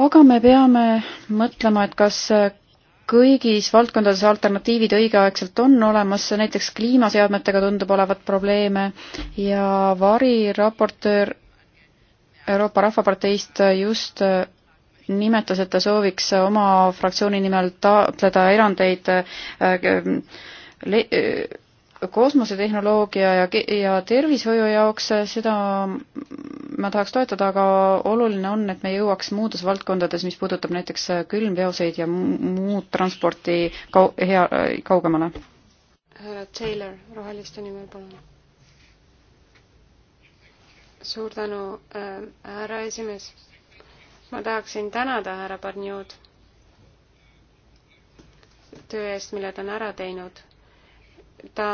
aga me peame mõtlema, et kas kõigis valdkondades alternatiivid õigeaegselt on olemas, näiteks kliimaseadmetega tundub olevat probleeme ja variraportöör Euroopa Rahvaparteist just nimetas, et ta sooviks oma fraktsiooni nimel taotleda erandeid äh, äh, kosmosetehnoloogia ja, ja tervishoiu jaoks, seda ma tahaks toetada, aga oluline on, et me jõuaks muudes valdkondades, mis puudutab näiteks külmveoseid ja muud transporti kau-, hea, kaugemale. härra Taylor, Roheliste nimel, palun suur tänu äh,, härra esimees. ma tahaksin tänada härra Barniod töö eest, mille ta on ära teinud. ta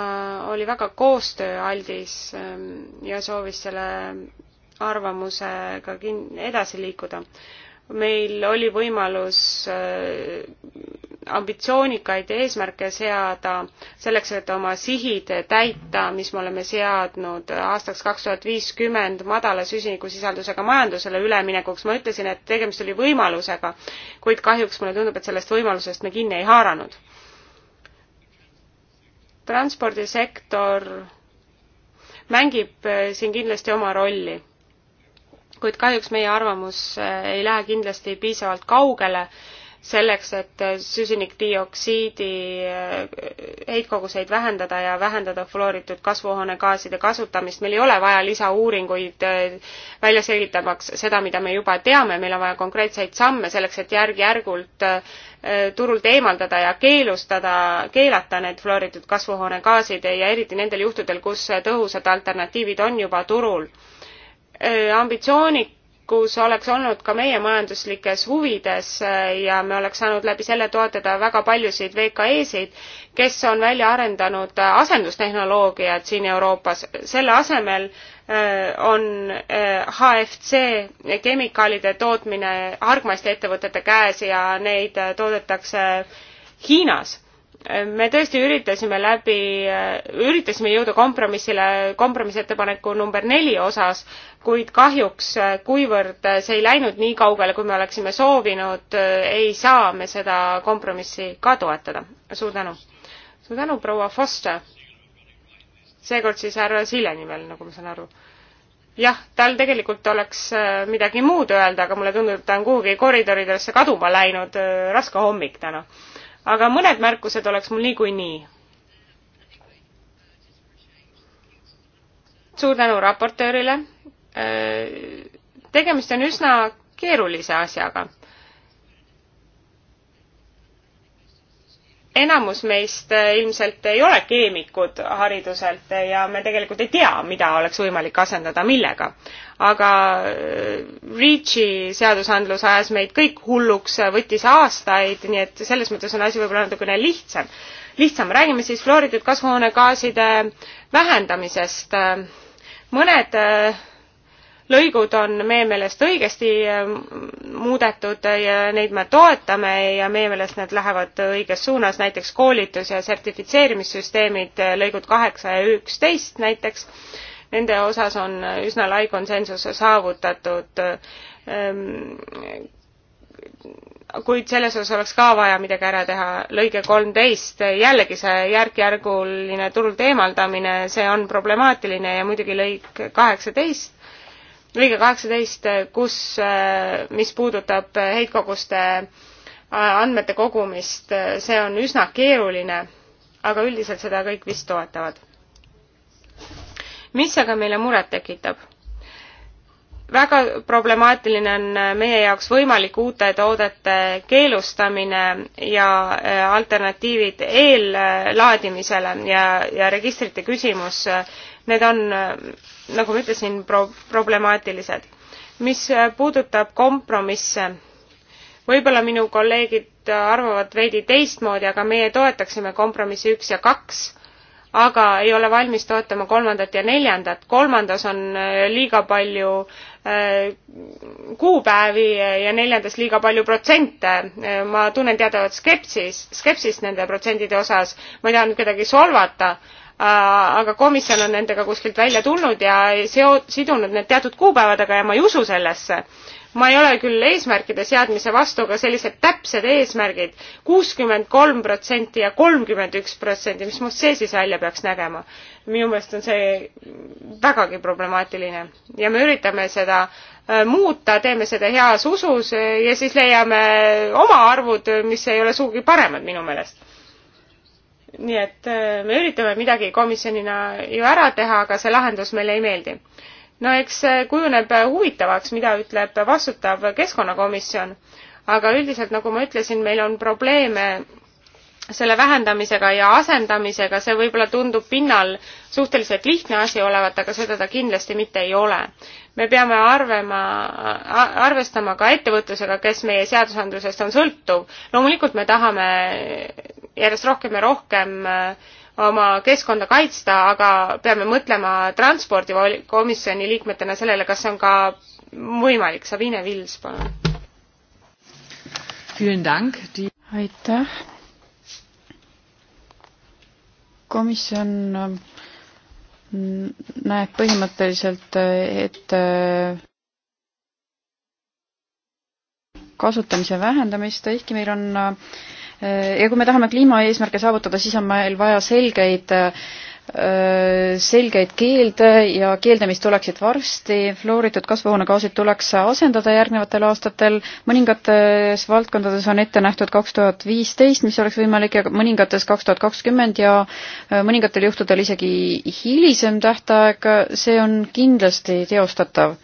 oli väga koostööaldis ähm, ja soovis selle arvamusega kin-, edasi liikuda meil oli võimalus äh, ambitsioonikaid eesmärke seada selleks, et oma sihid täita, mis me oleme seadnud aastaks kaks tuhat viiskümmend madala süsinikusisaldusega majandusele üleminekuks. ma ütlesin, et tegemist oli võimalusega, kuid kahjuks mulle tundub, et sellest võimalusest me kinni ei haaranud. transpordisektor mängib äh, siin kindlasti oma rolli kuid kahjuks meie arvamus äh, ei lähe kindlasti piisavalt kaugele selleks, et äh, süsinikdioksiidi äh, heitkoguseid vähendada ja vähendada fluoritud kasvuhoonegaaside kasutamist. meil ei ole vaja lisauuringuid välja selgitamaks seda, mida me juba teame, meil on vaja konkreetseid samme selleks, et järk-järgult turult eemaldada ja keelustada, keelata need fluoritud kasvuhoonegaasid ja eriti nendel juhtudel, kus tõhusad alternatiivid on juba turul Äh, ambitsioonikus oleks olnud ka meie majanduslikes huvides äh, ja me oleks saanud läbi selle toetada väga paljusid VKE-sid, kes on välja arendanud äh, asendustehnoloogiad siin Euroopas. selle asemel on HFC kemikaalide tootmine hargmaiste ettevõtete käes ja neid toodetakse Hiinas me tõesti üritasime läbi, üritasime jõuda kompromissile kompromissettepaneku number neli osas, kuid kahjuks, kuivõrd see ei läinud nii kaugele, kui me oleksime soovinud, ei saa me seda kompromissi ka toetada. suur tänu. suur tänu, proua Foster. seekord siis härra Sille nimel, nagu ma saan aru jah, tal tegelikult oleks äh, midagi muud öelda, aga mulle tundub, et ta on kuhugi koridoridesse kaduma läinud, äh, raske hommik täna no aga mõned märkused oleks mul niikuinii. suur tänu raportöörile. Äh, tegemist on üsna keerulise asjaga enamus meist äh, ilmselt ei ole keemikud hariduselt äh, ja me tegelikult ei tea, mida oleks võimalik asendada millega. aga äh, REACH-i seadusandlus ajas meid kõik hulluks, võttis aastaid, nii et selles mõttes on asi võib-olla natukene lihtsam. lihtsam, räägime siis fluoritud kasvuhoonegaaside vähendamisest. mõned äh, lõigud on meie meelest õigesti ehm, muudetud ja neid me toetame ja meie meelest need lähevad õiges suunas, näiteks koolitus ja sertifitseerimissüsteemid, eh, lõigud kaheksa ja üksteist näiteks, nende osas on üsna lai konsensus saavutatud. Ehm, kuid selles osas oleks ka vaja midagi ära teha, lõige kolmteist, jällegi see järk-järguline turult eemaldamine, see on problemaatiline ja muidugi lõik kaheksateist, lõige kaheksateist, kus, äh, mis puudutab äh, heitkoguste äh, andmete kogumist, see on üsna keeruline, aga üldiselt seda kõik vist toetavad. mis aga meile muret tekitab? väga problemaatiline on meie jaoks võimalik uute toodete keelustamine ja alternatiivid eellaadimisele ja, ja registrite küsimus need on, äh, nagu ma ütlesin, pro-, problemaatilised. mis äh, puudutab kompromisse, võib-olla minu kolleegid äh, arvavad veidi teistmoodi, aga meie toetaksime kompromissi üks ja kaks, aga ei ole valmis toetama kolmandat ja neljandat. kolmandas on liiga palju kuupäevi ja neljandas liiga palju protsente. ma tunnen teatavat skepsis, skepsist nende protsendide osas. ma ei taha nüüd kedagi solvata Äh, aga komisjon on nendega kuskilt välja tulnud ja seo-, sidunud need teatud kuupäevadega ja ma ei usu sellesse. ma ei ole küll eesmärkide seadmise vastu, aga sellised täpsed eesmärgid, kuuskümmend kolm protsenti ja kolmkümmend üks protsenti, mis must see siis välja peaks nägema? minu meelest on see vägagi problemaatiline ja me üritame seda äh, muuta, teeme seda heas usus äh, ja siis leiame oma arvud, mis ei ole sugugi paremad minu meelest nii et äh, me üritame midagi komisjonina ju ära teha, aga see lahendus meile ei meeldi. no eks kujuneb huvitavaks, mida ütleb vastutav keskkonnakomisjon, aga üldiselt, nagu ma ütlesin, meil on probleeme selle vähendamisega ja asendamisega, see võib-olla tundub pinnal suhteliselt lihtne asi olevat, aga seda ta kindlasti mitte ei ole. me peame arvema, arvestama ka ettevõtlusega, kes meie seadusandlusest on sõltuv. loomulikult me tahame järjest rohkem ja rohkem äh, oma keskkonda kaitsta, aga peame mõtlema transpordikomisjoni liikmetena sellele, kas see on ka võimalik. Sabine Vils, palun. aitäh. komisjon äh, näeb põhimõtteliselt, äh, et kasutamise vähendamist, ehkki meil on äh, ja kui me tahame kliimaeesmärke saavutada, siis on meil vaja selgeid äh, selgeid keelde ja keelde, mis tuleksid varsti, fluoritud kasvuhoonegaasid tuleks asendada järgnevatel aastatel, mõningates valdkondades on ette nähtud kaks tuhat viisteist, mis oleks võimalik, ja mõningates kaks tuhat kakskümmend ja äh, mõningatel juhtudel isegi hilisem tähtaeg, see on kindlasti teostatav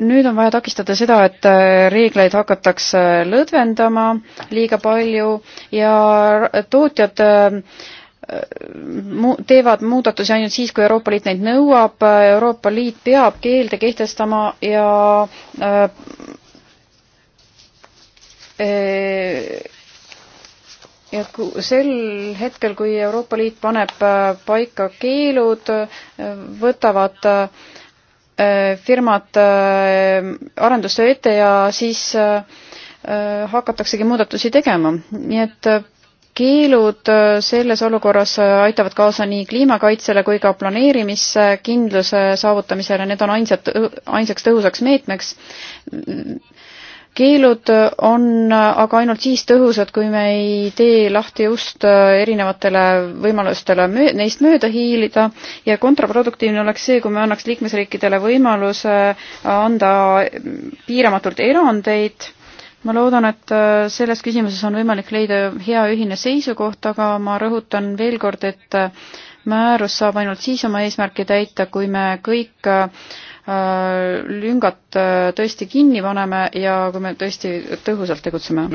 nüüd on vaja takistada seda, et äh, reegleid hakatakse lõdvendama liiga palju ja tootjad äh, teevad muudatusi ainult siis, kui Euroopa Liit neid nõuab, Euroopa Liit peab keelde kehtestama ja äh, ja sel hetkel, kui Euroopa Liit paneb paika keelud, võtavad äh, Äh, firmad äh, arendustöö ette ja siis äh, hakataksegi muudatusi tegema. nii et keelud selles olukorras aitavad kaasa nii kliimakaitsele kui ka planeerimiskindluse saavutamisele, need on ainsad, ainsaks tõhusaks meetmeks keelud on aga ainult siis tõhusad, kui me ei tee lahti ust erinevatele võimalustele möö-, neist mööda hiilida ja kontraproduktiivne oleks see, kui me annaks liikmesriikidele võimaluse anda piiramatult erandeid, ma loodan, et selles küsimuses on võimalik leida hea ühine seisukoht, aga ma rõhutan veel kord, et määrus saab ainult siis oma eesmärki täita, kui me kõik lüngad äh, tõesti kinni paneme ja kui me tõesti tõhusalt tegutseme.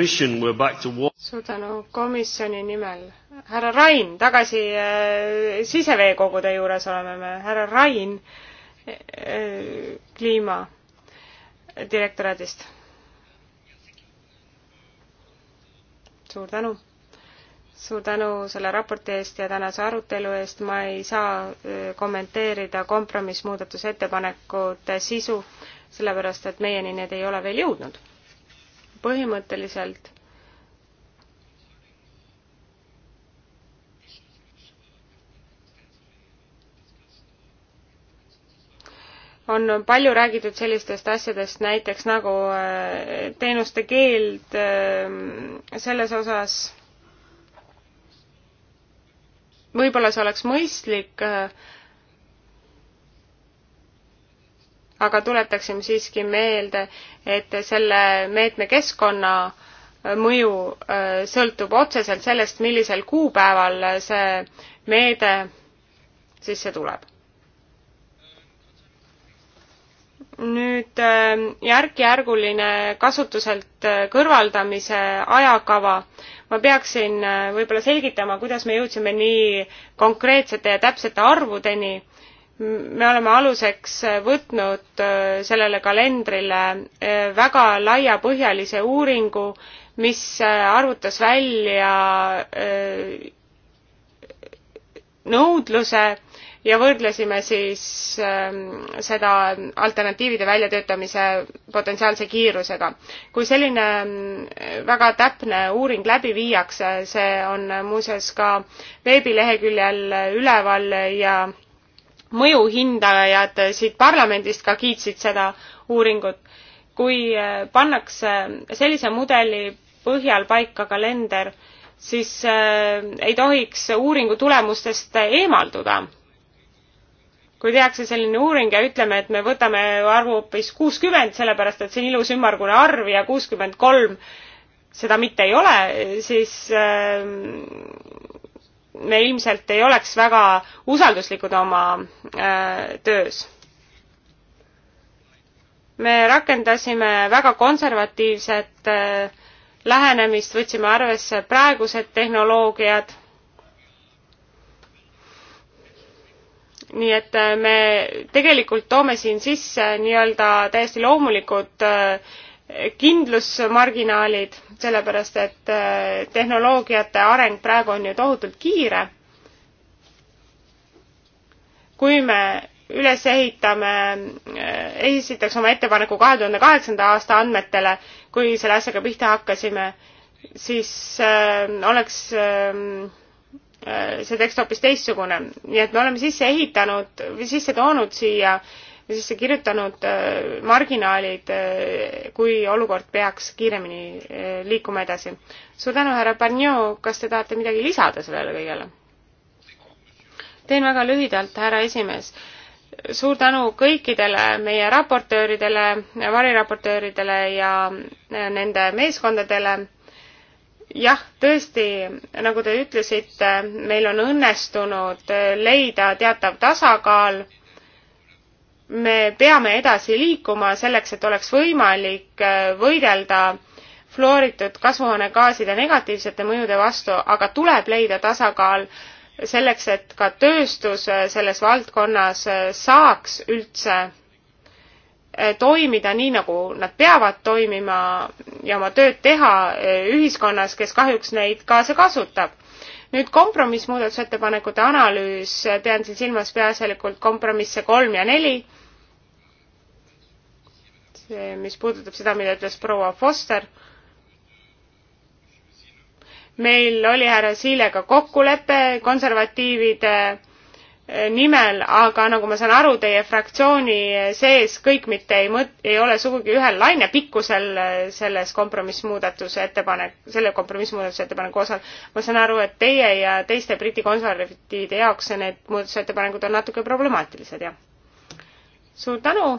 suur tänu komisjoni nimel. härra Rain, tagasi äh, siseveekogude juures oleme me, härra Rain äh, kliima direktoraadist. suur tänu suur tänu selle raporti eest ja tänase arutelu eest. ma ei saa kommenteerida kompromissmuudatusettepanekute sisu, sellepärast et meieni need ei ole veel jõudnud. põhimõtteliselt on palju räägitud sellistest asjadest, näiteks nagu teenuste keeld selles osas võib-olla see oleks mõistlik, äh, aga tuletaksime siiski meelde, et selle meetme keskkonna äh, mõju äh, sõltub otseselt sellest, millisel kuupäeval see meede sisse tuleb. nüüd järk-järguline kasutuselt kõrvaldamise ajakava ma peaksin äh, võib-olla selgitama, kuidas me jõudsime nii konkreetsete ja täpsete arvudeni. me oleme aluseks äh, võtnud äh, sellele kalendrile väga laiapõhjalise uuringu, mis arvutas välja nõudluse ja võrdlesime siis ähm, seda alternatiivide väljatöötamise potentsiaalse kiirusega. kui selline ähm, väga täpne uuring läbi viiakse, see on muuseas ka veebileheküljel üleval ja mõjuhindajad siit parlamendist ka kiitsid seda uuringut. kui äh, pannakse sellise mudeli põhjal paika kalender, siis äh, ei tohiks uuringu tulemustest eemalduda kui tehakse selline uuring ja ütleme, et me võtame arvu hoopis kuuskümmend, sellepärast et see on ilus ümmargune arv ja kuuskümmend kolm seda mitte ei ole, siis ähm, me ilmselt ei oleks väga usalduslikud oma äh, töös. me rakendasime väga konservatiivset äh, lähenemist, võtsime arvesse praegused tehnoloogiad nii et äh, me tegelikult toome siin sisse nii-öelda täiesti loomulikud äh, kindlusmarginaalid, sellepärast et äh, tehnoloogiate areng praegu on ju tohutult kiire. kui me üles ehitame, esitaks oma ettepaneku kahe tuhande kaheksanda aasta andmetele, kui selle asjaga pihta hakkasime, siis oleks äh, Äh, see tekst hoopis teistsugune. nii et me oleme sisse ehitanud või sisse toonud siia, sisse kirjutanud äh, marginaalid, äh, kui olukord peaks kiiremini liikuma edasi. suur tänu, härra Barnio, kas te tahate midagi lisada sellele kõigele? teen väga lühidalt, härra esimees suur tänu kõikidele meie raportööridele, variraportööridele ja nende meeskondadele jah, tõesti, nagu te ütlesite, meil on õnnestunud leida teatav tasakaal. me peame edasi liikuma selleks, et oleks võimalik võidelda fluoritud kasvuhoonegaaside negatiivsete mõjude vastu, aga tuleb leida tasakaal selleks, et ka tööstus selles valdkonnas saaks üldse Eh, toimida nii, nagu nad peavad toimima ja oma tööd teha eh, ühiskonnas, kes kahjuks neid kaasa kasutab. nüüd kompromissmuudatusettepanekute analüüs, eh, pean siin silmas peaasjalikult kompromisse kolm ja neli, see, mis puudutab seda, mida ütles proua Foster meil oli härra Siilega kokkulepe konservatiivide nimel, aga nagu ma saan aru, teie fraktsiooni sees kõik mitte ei mõt-, ei ole sugugi ühel lainepikkusel äh, selles kompromissmuudatuse ettepanek, selle kompromissmuudatuse ettepaneku osal. ma saan aru, et teie ja teiste Briti konservatiivide jaoks need muudatusettepanekud on natuke problemaatilised, jah. suur tänu!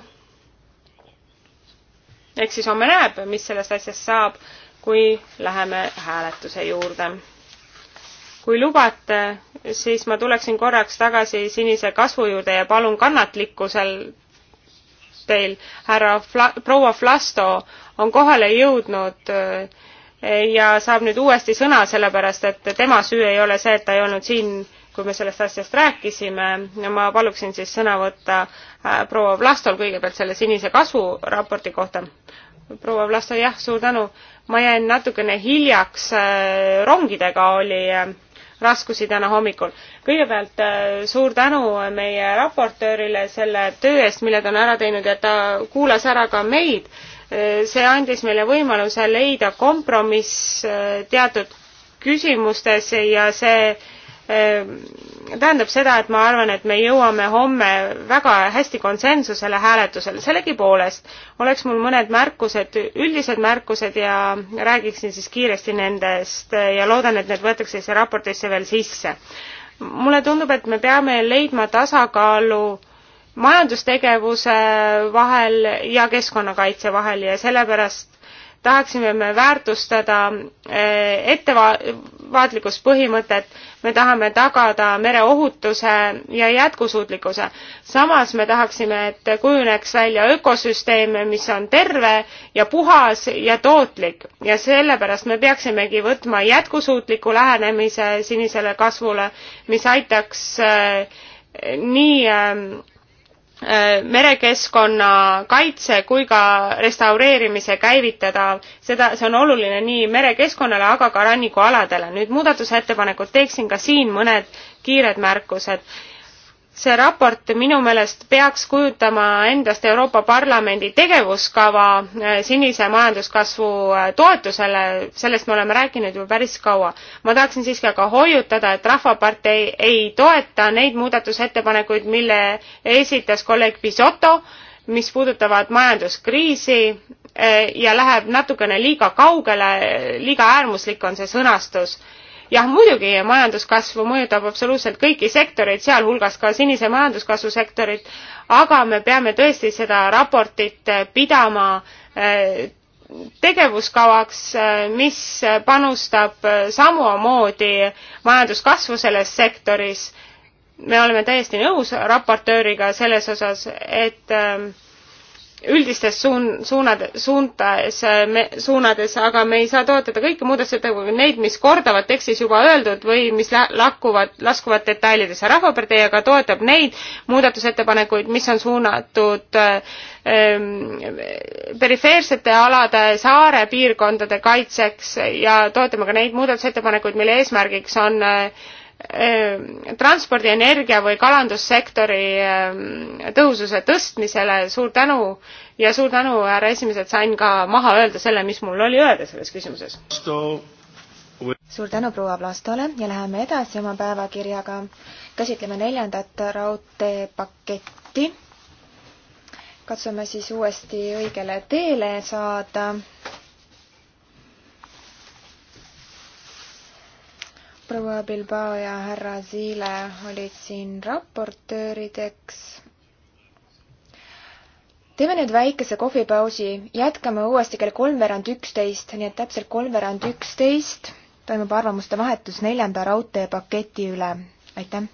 eks siis homme näeb, mis sellest asjast saab, kui läheme hääletuse juurde kui lubate, siis ma tuleksin korraks tagasi sinise kasvu juurde ja palun kannatlikkusel teil, härra Fla-, proua Flasto on kohale jõudnud äh, ja saab nüüd uuesti sõna, sellepärast et tema süü ei ole see, et ta ei olnud siin, kui me sellest asjast rääkisime ja ma paluksin siis sõna võtta äh, proua Vlastol kõigepealt selle sinise kasvu raporti kohta. proua Vlasto, jah, suur tänu. ma jäin natukene hiljaks, äh, rongidega oli raskusi täna hommikul. kõigepealt äh, suur tänu meie raportöörile selle töö eest, mille ta on ära teinud ja ta kuulas ära ka meid. Äh, see andis meile võimaluse leida kompromiss äh, teatud küsimustes ja see Ehm, tähendab seda, et ma arvan, et me jõuame homme väga hästi konsensusele hääletusel. sellegipoolest oleks mul mõned märkused, üldised märkused ja räägiksin siis kiiresti nendest ja loodan, et need võetakse siia raportisse veel sisse. mulle tundub, et me peame leidma tasakaalu majandustegevuse vahel ja keskkonnakaitse vahel ja sellepärast tahaksime me väärtustada eh, etteva-, vaatlikkuspõhimõtet, me tahame tagada mereohutuse ja jätkusuutlikkuse. samas me tahaksime, et kujuneks välja ökosüsteem, mis on terve ja puhas ja tootlik ja sellepärast me peaksimegi võtma jätkusuutliku lähenemise sinisele kasvule, mis aitaks äh, nii ähm, Äh, merekeskkonna kaitse kui ka restaureerimise käivitada, seda, see on oluline nii merekeskkonnale, aga ka rannikualadele. nüüd muudatusettepanekud, teeksin ka siin mõned kiired märkused see raport minu meelest peaks kujutama endast Euroopa Parlamendi tegevuskava äh, sinise majanduskasvu äh, toetusele, sellest me oleme rääkinud ju päris kaua. ma tahaksin siiski aga hoiutada, et Rahvapartei ei toeta neid muudatusettepanekuid, mille esitas kolleeg Pisoto, mis puudutavad majanduskriisi äh, ja läheb natukene liiga kaugele, liiga äärmuslik on see sõnastus jah, muidugi majanduskasvu mõjutab absoluutselt kõiki sektoreid, sealhulgas ka sinise majanduskasvu sektorit, aga me peame tõesti seda raportit äh, pidama äh, tegevuskavaks, äh, mis panustab samamoodi majanduskasvu selles sektoris. me oleme täiesti nõus raportööriga selles osas, et äh, üldistes suun-, suunad, suuntas, suunades, aga me ei saa toetada kõiki muudatusettepanekuid, neid, mis kordavad tekstis juba öeldud või mis lä-, lakkuvad, laskuvad detailidesse. rahvapartei aga toetab neid muudatusettepanekuid, mis on suunatud ähm, perifeersete alade saare piirkondade kaitseks ja toetame ka neid muudatusettepanekuid, mille eesmärgiks on äh, Äh, transpordi, energia või kalandussektori äh, tõhususe tõstmisele, suur tänu ja suur tänu, härra esimees, et sain ka maha öelda selle, mis mul oli öelda selles küsimuses. suur tänu proua Plastole ja läheme edasi oma päevakirjaga. käsitleme neljandat raudteepaketti. katsume siis uuesti õigele teele saada proua Bilbao ja härra Ziile olid siin raportöörideks. teeme nüüd väikese kohvipausi, jätkame uuesti kell kolmveerand üksteist, nii et täpselt kolmveerand üksteist toimub arvamuste vahetus neljanda raudteepaketi üle. aitäh!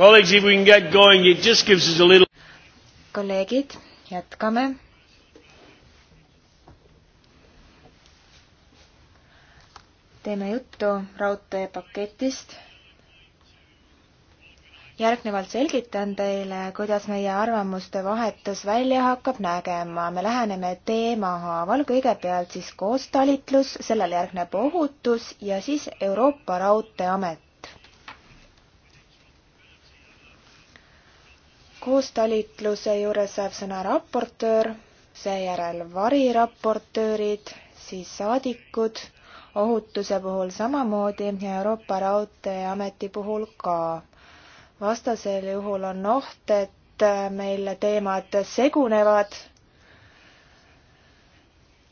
Colleagues, if we can get going, it just gives us a little... kolleegid, jätkame. teeme juttu raudteepaketist. järgnevalt selgitan teile, kuidas meie arvamuste vahetus välja hakkab nägema. me läheneme teemahaaval, kõigepealt siis koostalitlus, sellele järgneb ohutus ja siis Euroopa Raudteeamet koostalitluse juures saab sõna raportöör, seejärel variraportöörid, siis saadikud, ohutuse puhul samamoodi ja Euroopa Raudteeameti puhul ka. vastasel juhul on oht, et meil teemad segunevad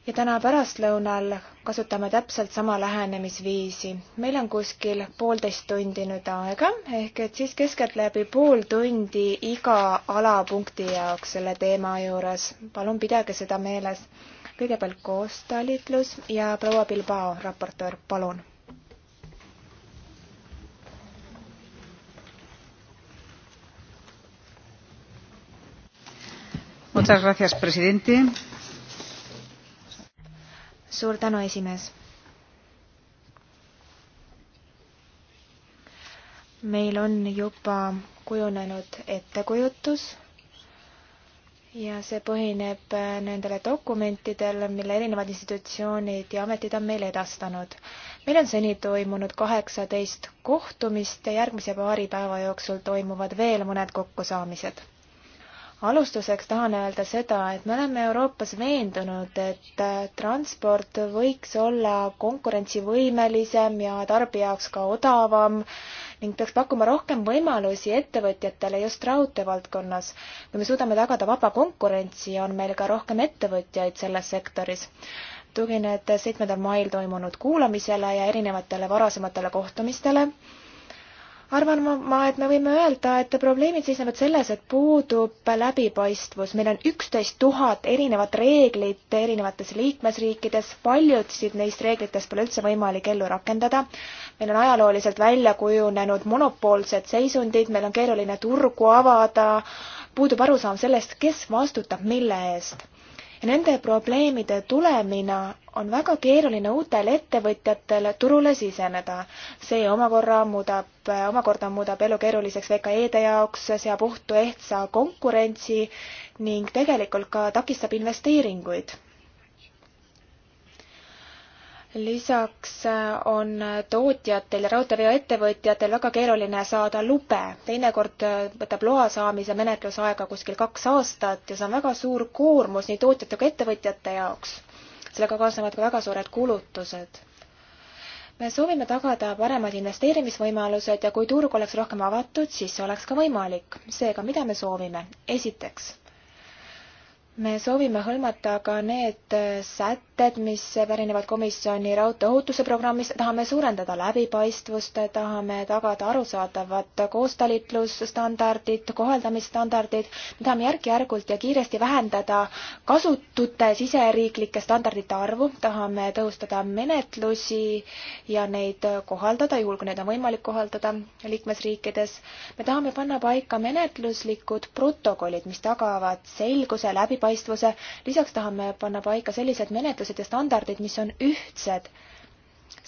ja täna pärastlõunal kasutame täpselt sama lähenemisviisi. meil on kuskil poolteist tundi nüüd aega, ehk et siis keskeltläbi pool tundi iga alapunkti jaoks selle teema juures. palun pidage seda meeles. kõigepealt koostalitlus ja proua Bilbao, raportöör, palun. Muchas gracias, presidente suur tänu, esimees. meil on juba kujunenud ettekujutus ja see põhineb nendele dokumentidel, mille erinevad institutsioonid ja ametid on meile edastanud. meil on seni toimunud kaheksateist kohtumist ja järgmise paari päeva jooksul toimuvad veel mõned kokkusaamised alustuseks tahan öelda seda, et me oleme Euroopas veendunud, et äh, transport võiks olla konkurentsivõimelisem ja tarbija jaoks ka odavam ning peaks pakkuma rohkem võimalusi ettevõtjatele just raudtee valdkonnas. kui me suudame tagada vaba konkurentsi, on meil ka rohkem ettevõtjaid selles sektoris. tuginedes seitsmendal mail toimunud kuulamisele ja erinevatele varasematele kohtumistele, arvan ma, ma, et me võime öelda, et probleemid seisnevad selles, et puudub läbipaistvus. meil on üksteist tuhat erinevat reeglit erinevates liikmesriikides, paljusid neist reeglitest pole üldse võimalik ellu rakendada. meil on ajalooliselt välja kujunenud monopoolsed seisundid, meil on keeruline turgu avada, puudub arusaam sellest, kes vastutab mille eest ja nende probleemide tulemina on väga keeruline uutel ettevõtjatel turule siseneda. see omakorra muudab, omakorda muudab elu keeruliseks VKE-de jaoks, seab ohtu ehtsa konkurentsi ning tegelikult ka takistab investeeringuid lisaks äh, on tootjatel ja raudteeveoettevõtjatel väga keeruline saada lube. teinekord äh, võtab loa saamise menetlus aega kuskil kaks aastat ja see on väga suur koormus nii tootjate kui ettevõtjate jaoks. sellega kaasnevad ka väga suured kulutused. me soovime tagada paremad investeerimisvõimalused ja kui turg oleks rohkem avatud, siis see oleks ka võimalik. seega, mida me soovime? esiteks me soovime hõlmata ka need sätted, mis pärinevad komisjoni raudteeohutuse programmist, tahame suurendada läbipaistvust, tahame tagada arusaadavad koostalitlusstandardid, kohaldamisstandardid, me tahame järk-järgult ja kiiresti vähendada kasutute siseriiklike standardite arvu, tahame tõhustada menetlusi ja neid kohaldada, juhul kui neid on võimalik kohaldada liikmesriikides. me tahame panna paika menetluslikud protokollid, mis tagavad selguse, läbipaistvuse, läbipaistvuse, lisaks tahame panna paika sellised menetlused ja standardid, mis on ühtsed,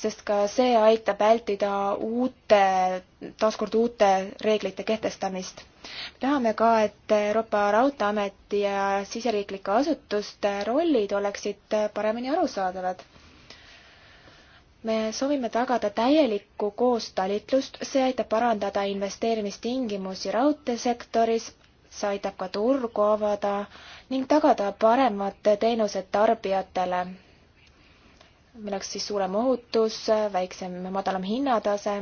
sest ka see aitab vältida uute, taaskord uute reeglite kehtestamist. tahame ka, et Euroopa Raudteeameti ja siseriiklike asutuste rollid oleksid paremini arusaadavad me soovime tagada täielikku koostalitlust, see aitab parandada investeerimistingimusi raudteesektoris, see aitab ka turgu avada ning tagada paremad teenused tarbijatele, milleks siis suurem ohutus, väiksem, madalam hinnatase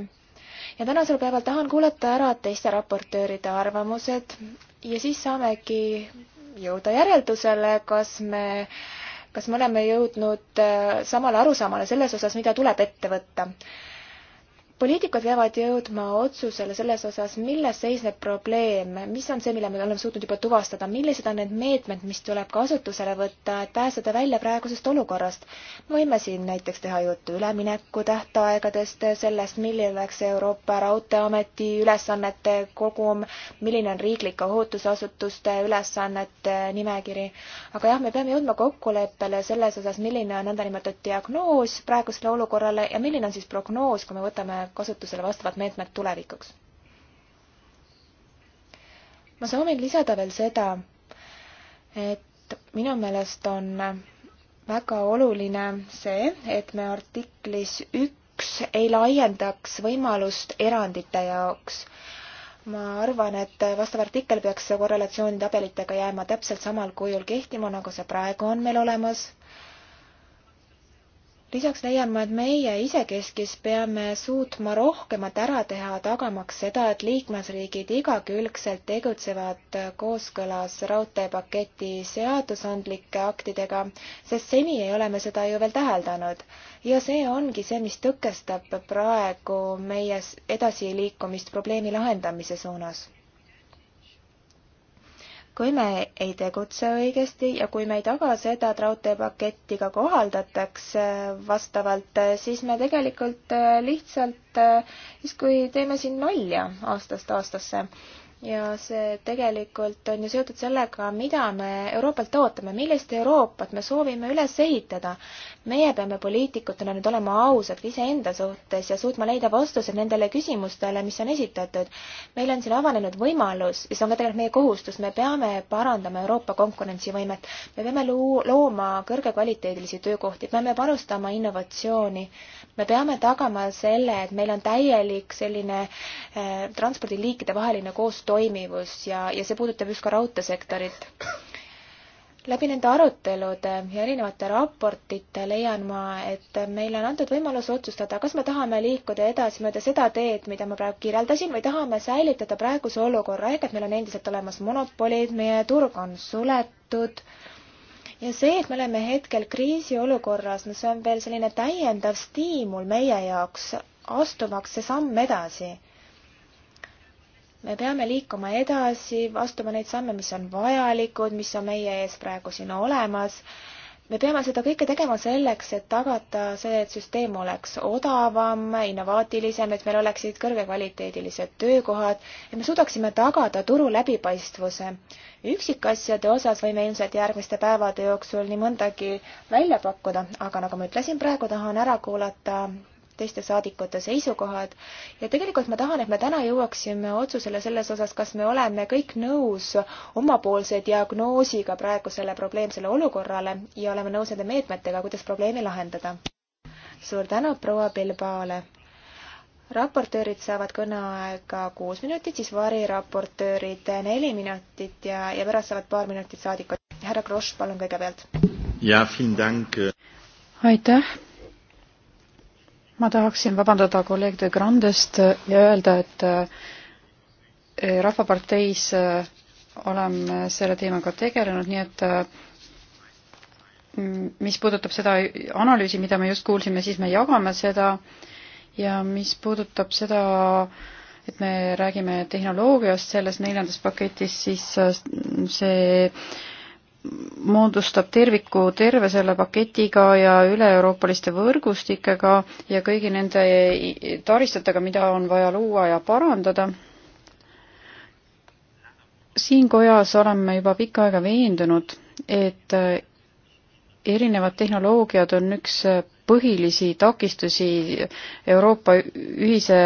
ja tänasel päeval tahan kuulata ära teiste raportööride arvamused ja siis saamegi jõuda järeldusele, kas me, kas me oleme jõudnud äh, samale arusaamale selles osas, mida tuleb ette võtta poliitikud peavad jõudma otsusele selles osas, milles seisneb probleem, mis on see, mille me oleme suutnud juba tuvastada, millised on need meetmed, mis tuleb kasutusele võtta, et pääseda välja praegusest olukorrast. võime siin näiteks teha juttu ülemineku tähtaegadest, sellest, milline oleks Euroopa Raudteeameti ülesannete kogum, milline on riiklike ohutusasutuste ülesannete nimekiri. aga jah, me peame jõudma kokkuleppele selles osas, milline on nõndanimetatud diagnoos praegusele olukorrale ja milline on siis prognoos, kui me võtame kasutusele vastavad meetmed tulevikuks. ma soovin lisada veel seda, et minu meelest on väga oluline see, et me artiklis üks ei laiendaks võimalust erandite jaoks ma arvan, et vastav artikkel peaks korrelatsioonitabelitega jääma täpselt samal kujul kehtima, nagu see praegu on meil olemas lisaks leian ma, et meie isekeskis peame suutma rohkemat ära teha, tagamaks seda, et liikmesriigid igakülgselt tegutsevad kooskõlas raudteepaketi seadusandlike aktidega, sest seni ei ole me seda ju veel täheldanud. ja see ongi see, mis tõkestab praegu meie edasiliikumist probleemi lahendamise suunas kui me ei tegutse õigesti ja kui me ei taga seda, et raudteepaketti ka kohaldatakse vastavalt, siis me tegelikult lihtsalt justkui eh, teeme siin nalja aastast aastasse ja see tegelikult on ju seotud sellega, mida me Euroopalt ootame, millist Euroopat me soovime üles ehitada. meie peame poliitikutena nüüd olema ausad iseenda suhtes ja suutma leida vastused nendele küsimustele, mis on esitatud. meil on siin avanenud võimalus ja see on ka tegelikult meie kohustus, me peame parandama Euroopa konkurentsivõimet. me peame luu-, looma kõrgekvaliteedilisi töökohti, me peame panustama innovatsiooni me peame tagama selle, et meil on täielik selline eh, transpordiliikide vaheline koostöö toimivus ja, ja see puudutab just ka raudteesektorit. läbi nende arutelude ja erinevate raportite leian ma, et meile on antud võimalus otsustada, kas me tahame liikuda edasi mööda seda teed, mida ma praegu kirjeldasin, või tahame säilitada praeguse olukorra, ehk et meil on endiselt olemas monopolid, meie turg on suletud ja see, et me oleme hetkel kriisiolukorras, no see on veel selline täiendav stiimul meie jaoks, astumaks see samm edasi me peame liikuma edasi, astuma neid samme, mis on vajalikud, mis on meie ees praegu siin olemas. me peame seda kõike tegema selleks, et tagada see, et süsteem oleks odavam, innovaatilisem, et meil oleksid kõrgekvaliteedilised töökohad, et me suudaksime tagada turu läbipaistvuse. üksikasjade osas võime ilmselt järgmiste päevade jooksul nii mõndagi välja pakkuda, aga nagu ma ütlesin, praegu tahan ära kuulata teiste saadikute seisukohad ja tegelikult ma tahan, et me täna jõuaksime otsusele selles osas, kas me oleme kõik nõus omapoolse diagnoosiga praegusele probleemsele olukorrale ja oleme nõus nende meetmetega, kuidas probleemi lahendada. suur tänu proua Bilbaole! raportöörid saavad kõneaega kuus minutit, siis variraportöörid neli minutit ja, ja pärast saavad paar minutit saadikud. härra Kross, palun kõigepealt. jah, aitäh ma tahaksin vabandada kolleeg De Grandest ja öelda, et eh, Rahvaparteis eh, oleme selle teemaga tegelenud, nii et eh, mis puudutab seda analüüsi, mida me just kuulsime, siis me jagame seda ja mis puudutab seda, et me räägime tehnoloogiast selles neljandas paketis, siis see moodustab terviku terve selle paketiga ja üle-euroopaliste võrgustikega ja kõigi nende taristutega, mida on vaja luua ja parandada. siin kojas oleme juba pikka aega veendunud, et erinevad tehnoloogiad on üks põhilisi takistusi Euroopa ühise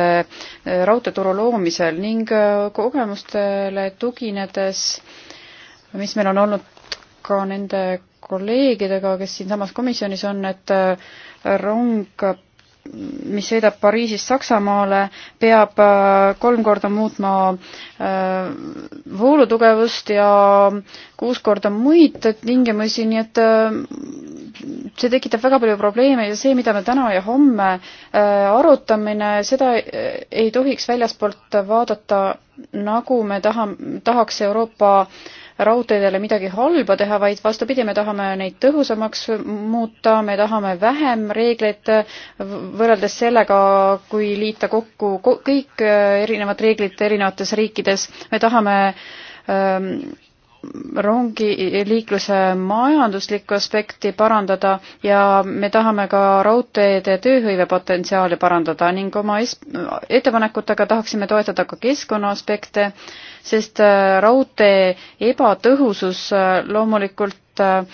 raudteeturu loomisel ning kogemustele tuginedes mis meil on olnud ka nende kolleegidega, kes siinsamas komisjonis on, et äh, rong, mis sõidab Pariisist Saksamaale, peab äh, kolm korda muutma äh, voolutugevust ja kuus korda muid tingimusi, nii et see tekitab väga palju probleeme ja see, mida me täna ja homme arutamine, seda ei tohiks väljaspoolt vaadata, nagu me taha, tahaks Euroopa äh, raudteedele midagi halba teha, vaid vastupidi, me tahame neid tõhusamaks muuta, me tahame vähem reegleid võrreldes sellega, kui liita kokku kõik erinevad reeglid erinevates riikides, me tahame ähm, rongiliikluse majanduslikku aspekti parandada ja me tahame ka raudteede tööhõive potentsiaali parandada ning oma ettepanekutega tahaksime toetada ka keskkonna aspekte, sest äh, raudtee ebatõhusus äh, loomulikult äh,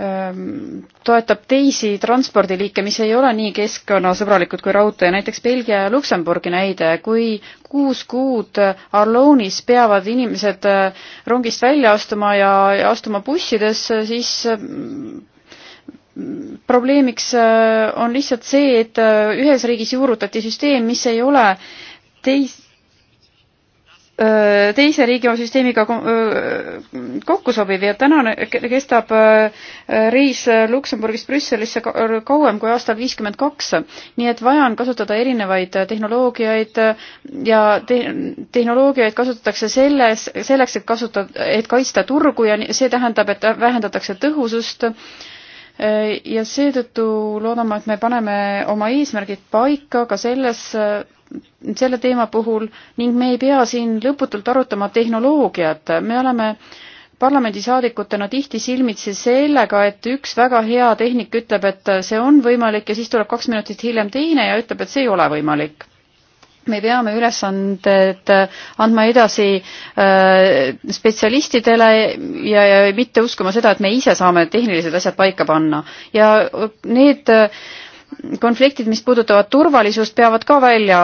Ähm, toetab teisi transpordiliike, mis ei ole nii keskkonnasõbralikud kui raudtee, näiteks Belgia ja Luksemburgi näide, kui kuus kuud Arlonis peavad inimesed äh, rongist välja astuma ja, ja astuma bussidesse, siis mm, probleemiks äh, on lihtsalt see, et äh, ühes riigis juurutati süsteem, mis ei ole teis-, teise riigi süsteemiga kokku sobiv ja tänane kestab reis Luksemburgist Brüsselisse kauem kui aastal viiskümmend kaks. nii et vaja on kasutada erinevaid tehnoloogiaid ja te tehnoloogiaid kasutatakse selles, selleks, et kasutada, et kaitsta turgu ja see tähendab, et vähendatakse tõhusust ja seetõttu loodame, et me paneme oma eesmärgid paika ka selles selle teema puhul ning me ei pea siin lõputult arutama tehnoloogiat, me oleme parlamendisaadikutena tihti silmitsi sellega, et üks väga hea tehnik ütleb, et see on võimalik ja siis tuleb kaks minutit hiljem teine ja ütleb, et see ei ole võimalik me peame ülesanded andma edasi äh, spetsialistidele ja, ja mitte uskuma seda, et me ise saame tehnilised asjad paika panna ja need äh, konfliktid, mis puudutavad turvalisust, peavad ka välja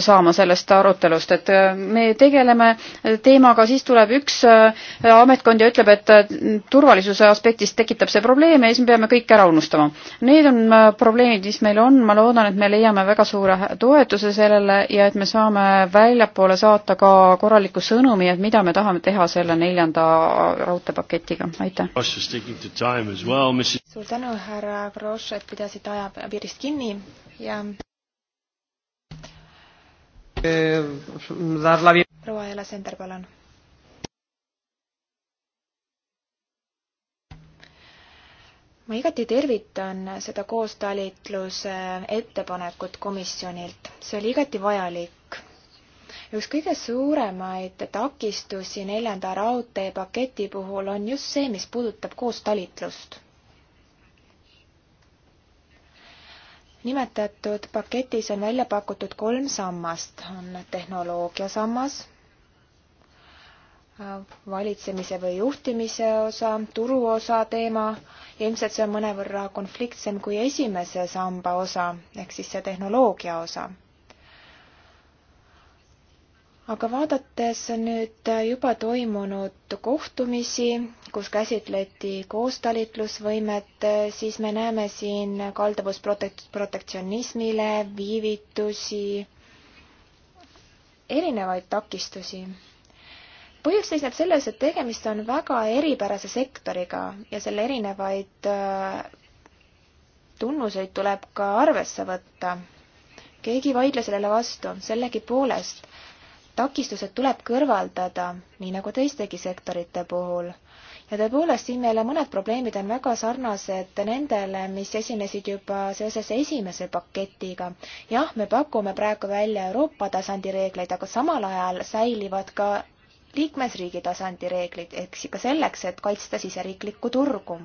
saama sellest arutelust, et äh, me tegeleme teemaga, siis tuleb üks äh, ametkond ja ütleb, et äh, turvalisuse aspektist tekitab see probleeme ja siis me peame kõik ära unustama. Need on probleemid, mis meil on, ma loodan, et me leiame väga suure toetuse sellele ja et me saame väljapoole saata ka korraliku sõnumi, et mida me tahame teha selle neljanda raudteepaketiga, aitäh. suur tänu, härra Grosch, et pidasite ajapiirist mikrofonidest kinni ja proua Ela Sender, palun. ma igati tervitan seda koostalitluse ettepanekut komisjonilt, see oli igati vajalik. üks kõige suuremaid takistusi neljanda raudteepaketi puhul on just see, mis puudutab koostalitlust nimetatud paketis on välja pakutud kolm sammast, on tehnoloogia sammas, äh, valitsemise või juhtimise osa, turuosa teema, ilmselt see on mõnevõrra konfliktsem kui esimese samba osa, ehk siis see tehnoloogia osa aga vaadates nüüd juba toimunud kohtumisi, kus käsitleti koostalitlusvõimet, siis me näeme siin kalduvust protek-, protektsionismile, viivitusi, erinevaid takistusi. põhjus seisneb selles, et tegemist on väga eripärase sektoriga ja selle erinevaid äh, tunnuseid tuleb ka arvesse võtta. keegi ei vaidle sellele vastu, sellegipoolest takistused tuleb kõrvaldada, nii nagu teistegi sektorite puhul. ja tõepoolest, siin meile mõned probleemid on väga sarnased nendele, mis esinesid juba seoses esimese paketiga. jah, me pakume praegu välja Euroopa tasandi reegleid, aga samal ajal säilivad ka liikmesriigi tasandi reeglid, ehk siis ka selleks, et kaitsta siseriiklikku turgu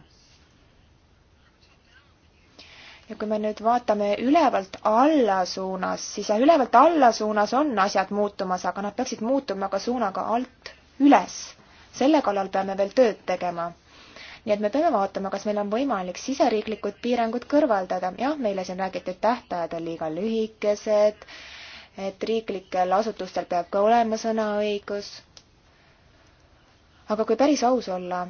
ja kui me nüüd vaatame ülevalt alla suunas, siis ülevalt alla suunas on asjad muutumas, aga nad peaksid muutuma ka suunaga alt üles. selle kallal peame veel tööd tegema nii et me peame vaatama, kas meil on võimalik siseriiklikud piirangud kõrvaldada. jah, meile siin räägiti, et tähtajad on liiga lühikesed, et riiklikel asutustel peab ka olema sõnaõigus. aga kui päris aus olla,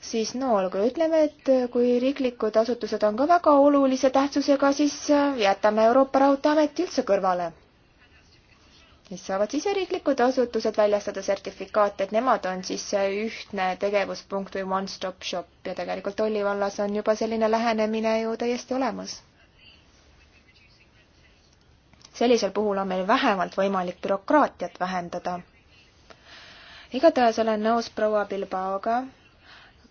siis no olgu, ütleme, et kui riiklikud asutused on ka väga olulise tähtsusega, siis jätame Euroopa Raudteeameti üldse kõrvale. siis saavad siseriiklikud asutused väljastada sertifikaate, et nemad on siis see ühtne tegevuspunkt või one-stop shop ja tegelikult Olli vallas on juba selline lähenemine ju täiesti olemas. sellisel puhul on meil vähemalt võimalik bürokraatiat vähendada. igatahes olen nõus proua Bilbaoga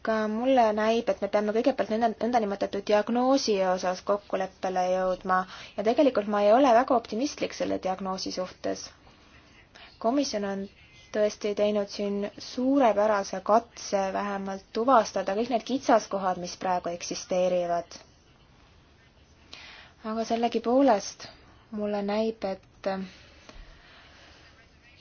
aga mulle näib, et me peame kõigepealt nõnda, nõndanimetatud diagnoosi osas kokkuleppele jõudma ja tegelikult ma ei ole väga optimistlik selle diagnoosi suhtes. komisjon on tõesti teinud siin suurepärase katse vähemalt tuvastada kõik need kitsaskohad, mis praegu eksisteerivad. aga sellegipoolest mulle näib, et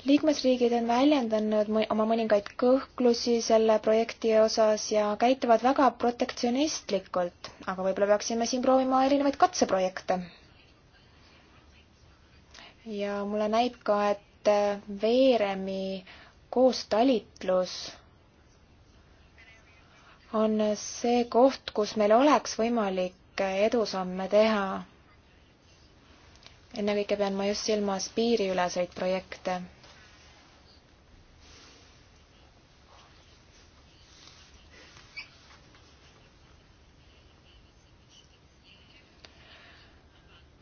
liikmesriigid on väljendanud oma mõningaid kõhklusi selle projekti osas ja käituvad väga protektsionistlikult, aga võib-olla peaksime siin proovima erinevaid katseprojekte. ja mulle näib ka, et Veeremi koostalitlus on see koht, kus meil oleks võimalik edusamme teha. ennekõike pean ma just silmas piiriüleseid projekte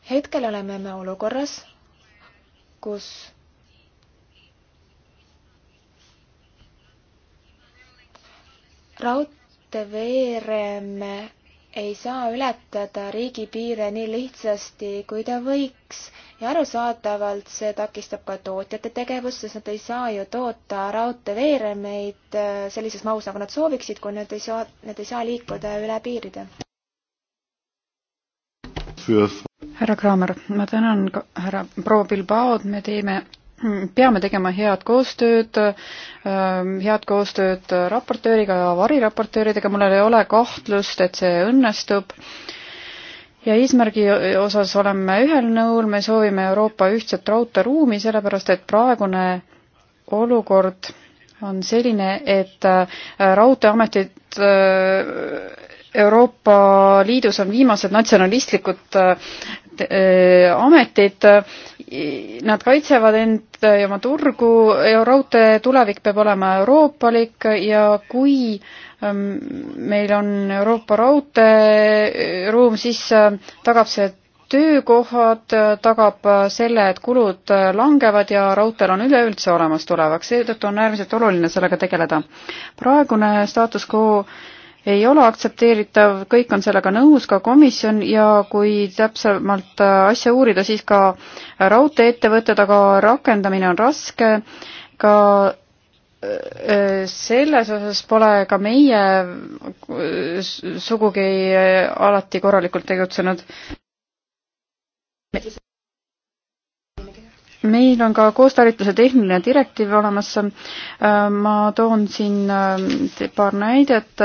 hetkel oleme me olukorras, kus raudteeveeremme ei saa ületada riigipiire nii lihtsasti, kui ta võiks ja arusaadavalt see takistab ka tootjate tegevust, sest nad ei saa ju toota raudteeveeremeid äh, sellises mahus, nagu nad sooviksid, kui nad ei saa, nad ei saa liikuda üle piiride härra Kraamer, ma tänan härra proua Bilbaod, me teeme peame tegema head koostööd, ähm, head koostööd raportööriga ja variraportööridega, mul ei ole kahtlust, et see õnnestub. ja eesmärgi osas oleme ühel nõul, me soovime Euroopa ühtset raudteeruumi, sellepärast et praegune olukord on selline, et äh, raudteeametid äh, Euroopa Liidus on viimased natsionalistlikud äh, ametid, nad kaitsevad end ja oma turgu, raudtee tulevik peab olema euroopalik ja kui ähm, meil on Euroopa raudteeruum, siis äh, tagab see töökohad, tagab äh, selle, et kulud langevad ja raudteel on üleüldse olemas tulevaks, seetõttu on äärmiselt oluline sellega tegeleda. praegune staatus quo ei ole aktsepteeritav, kõik on sellega nõus, ka komisjon ja kui täpsemalt äh, asja uurida, siis ka raudtee-ettevõtted, aga rakendamine on raske, ka äh, selles osas pole ka meie äh, sugugi alati korralikult tegutsenud meil on ka koostalituse tehniline direktiiv olemas. Äh, ma toon siin äh, paar näidet.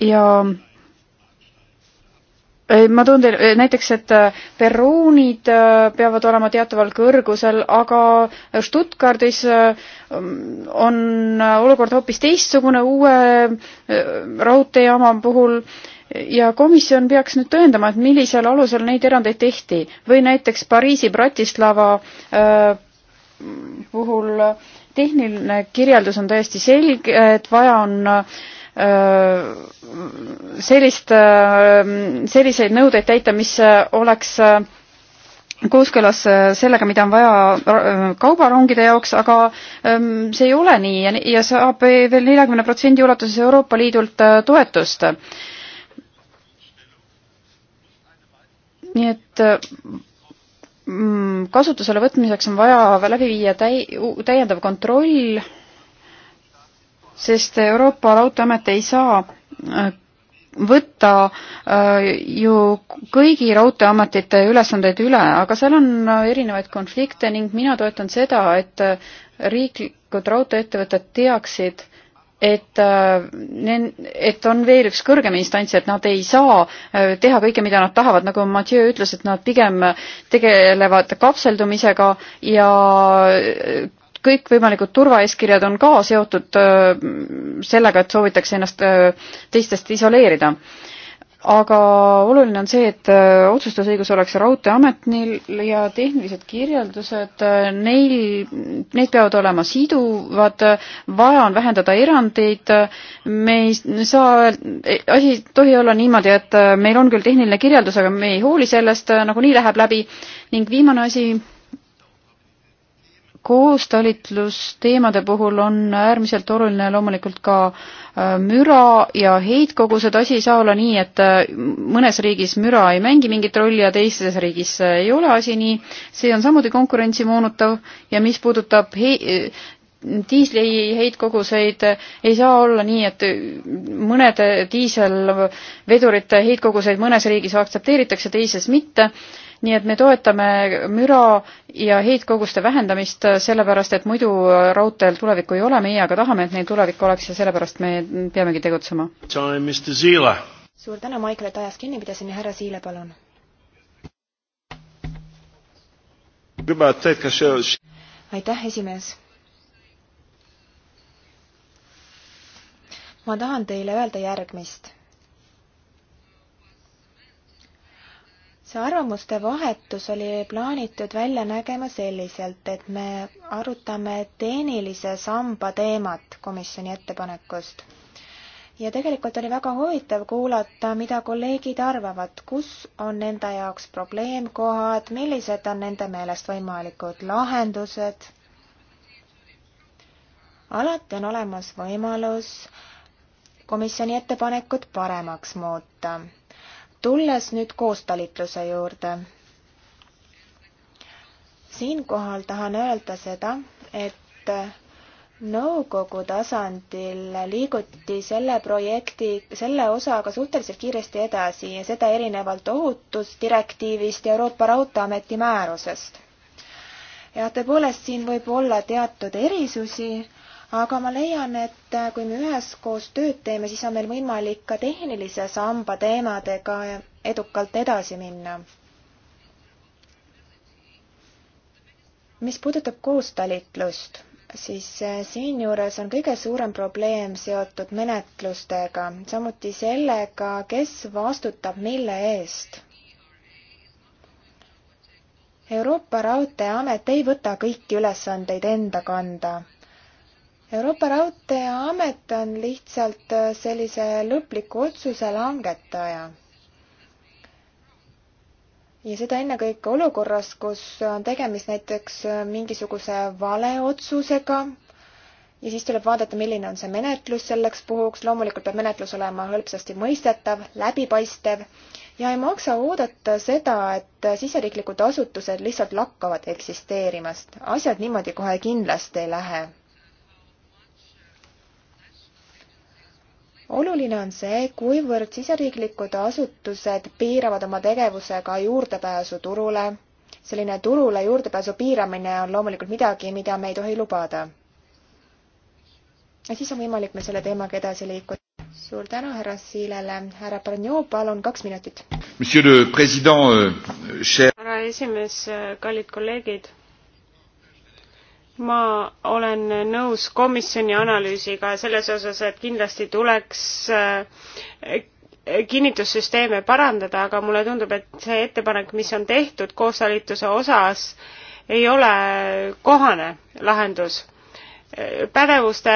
ja äh, ma toon teile näiteks, et perroonid peavad olema teataval kõrgusel, aga Stuttgardis on olukord hoopis teistsugune uue raudteejaama puhul ja komisjon peaks nüüd tõendama, et millisel alusel neid erandeid tehti või näiteks Pariisi, Bratislava äh, puhul tehniline kirjeldus on täiesti selge, et vaja on äh, sellist äh,, selliseid nõudeid täita, mis oleks äh, kooskõlas äh, sellega, mida on vaja äh, kaubarongide jaoks, aga ähm, see ei ole nii ja, ja saab veel neljakümne protsendi ulatuses Euroopa Liidult toetust nii et mm, kasutusele võtmiseks on vaja läbi viia täi-, täiendav kontroll, sest Euroopa Raudteeamet ei saa äh, võtta äh, ju kõigi raudteeametite ülesandeid üle, aga seal on äh, erinevaid konflikte ning mina toetan seda, et riiklikud raudteeettevõtted teaksid, et, äh, et on veel üks kõrgem instants, et nad ei saa äh, teha kõike, mida nad tahavad, nagu Mathieu ütles, et nad pigem tegelevad kapseldumisega ja äh, kõikvõimalikud turvaeeskirjad on ka seotud sellega, et soovitakse ennast teistest isoleerida aga oluline on see, et äh, otsustusõigus oleks raudteeametil ja tehnilised kirjeldused, äh, neil, need peavad olema siduvad, vaja on vähendada erandeid, me ei saa, e-, asi ei tohi olla niimoodi, et äh, meil on küll tehniline kirjeldus, aga me ei hooli sellest, nagunii läheb läbi ning viimane asi, koostalitlusteemade puhul on äärmiselt oluline loomulikult ka äh, müra ja heitkogused, asi ei saa olla nii, et äh, mõnes riigis müra ei mängi mingit rolli ja teises riigis äh, ei ole asi nii, see on samuti konkurentsi moonutav ja mis puudutab hei-, diisli heitkoguseid ei saa olla nii, et mõnede diiselvedurite heitkoguseid mõnes riigis aktsepteeritakse, teises mitte nii et me toetame müra ja heitkoguste vähendamist, sellepärast et muidu raudteel tulevikku ei ole, meie aga tahame, et neil tulevik oleks ja sellepärast me peamegi tegutsema. suur tänu, Maicel, et ajast kinni pidasime, härra Siile, palun. aitäh, esimees ma tahan teile öelda järgmist. see arvamuste vahetus oli plaanitud välja nägema selliselt, et me arutame tehnilise samba teemat komisjoni ettepanekust. ja tegelikult oli väga huvitav kuulata, mida kolleegid arvavad, kus on nende jaoks probleemkohad, millised on nende meelest võimalikud lahendused. alati on olemas võimalus komisjoni ettepanekut paremaks muuta tulles nüüd koostalitluse juurde. siinkohal tahan öelda seda, et nõukogu tasandil liiguti selle projekti, selle osaga suhteliselt kiiresti edasi ja seda erinevalt ohutusdirektiivist ja Euroopa Raudteeameti määrusest. jah, tõepoolest siin võib olla teatud erisusi aga ma leian, et äh, kui me üheskoos tööd teeme, siis on meil võimalik ka tehnilise samba teemadega edukalt edasi minna. mis puudutab koostalitlust, siis äh, siinjuures on kõige suurem probleem seotud menetlustega, samuti sellega, kes vastutab mille eest Euroopa Raudteeamet ei võta kõiki ülesandeid enda kanda. Euroopa Raudteeamet on lihtsalt äh, sellise lõpliku otsuse langetaja. ja seda ennekõike olukorras, kus on tegemist näiteks äh, mingisuguse valeotsusega ja siis tuleb vaadata, milline on see menetlus selleks puhuks, loomulikult peab menetlus olema hõlpsasti mõistetav, läbipaistev ja ei maksa oodata seda, et äh, siseriiklikud asutused lihtsalt lakkavad eksisteerimast, asjad niimoodi kohe kindlasti ei lähe oluline on see, kuivõrd siseriiklikud asutused piiravad oma tegevusega juurdepääsu turule. selline turule juurdepääsu piiramine on loomulikult midagi, mida me ei tohi lubada. ja siis on võimalik meil selle teemaga edasi liikuda. suur tänu härra Siilele. härra Barnjov, palun kaks minutit. Euh, härra esimees, kallid kolleegid ma olen nõus komisjoni analüüsiga selles osas, et kindlasti tuleks äh, kinnitussüsteeme parandada, aga mulle tundub, et see ettepanek, mis on tehtud koostalituse osas, ei ole kohane lahendus. pädevuste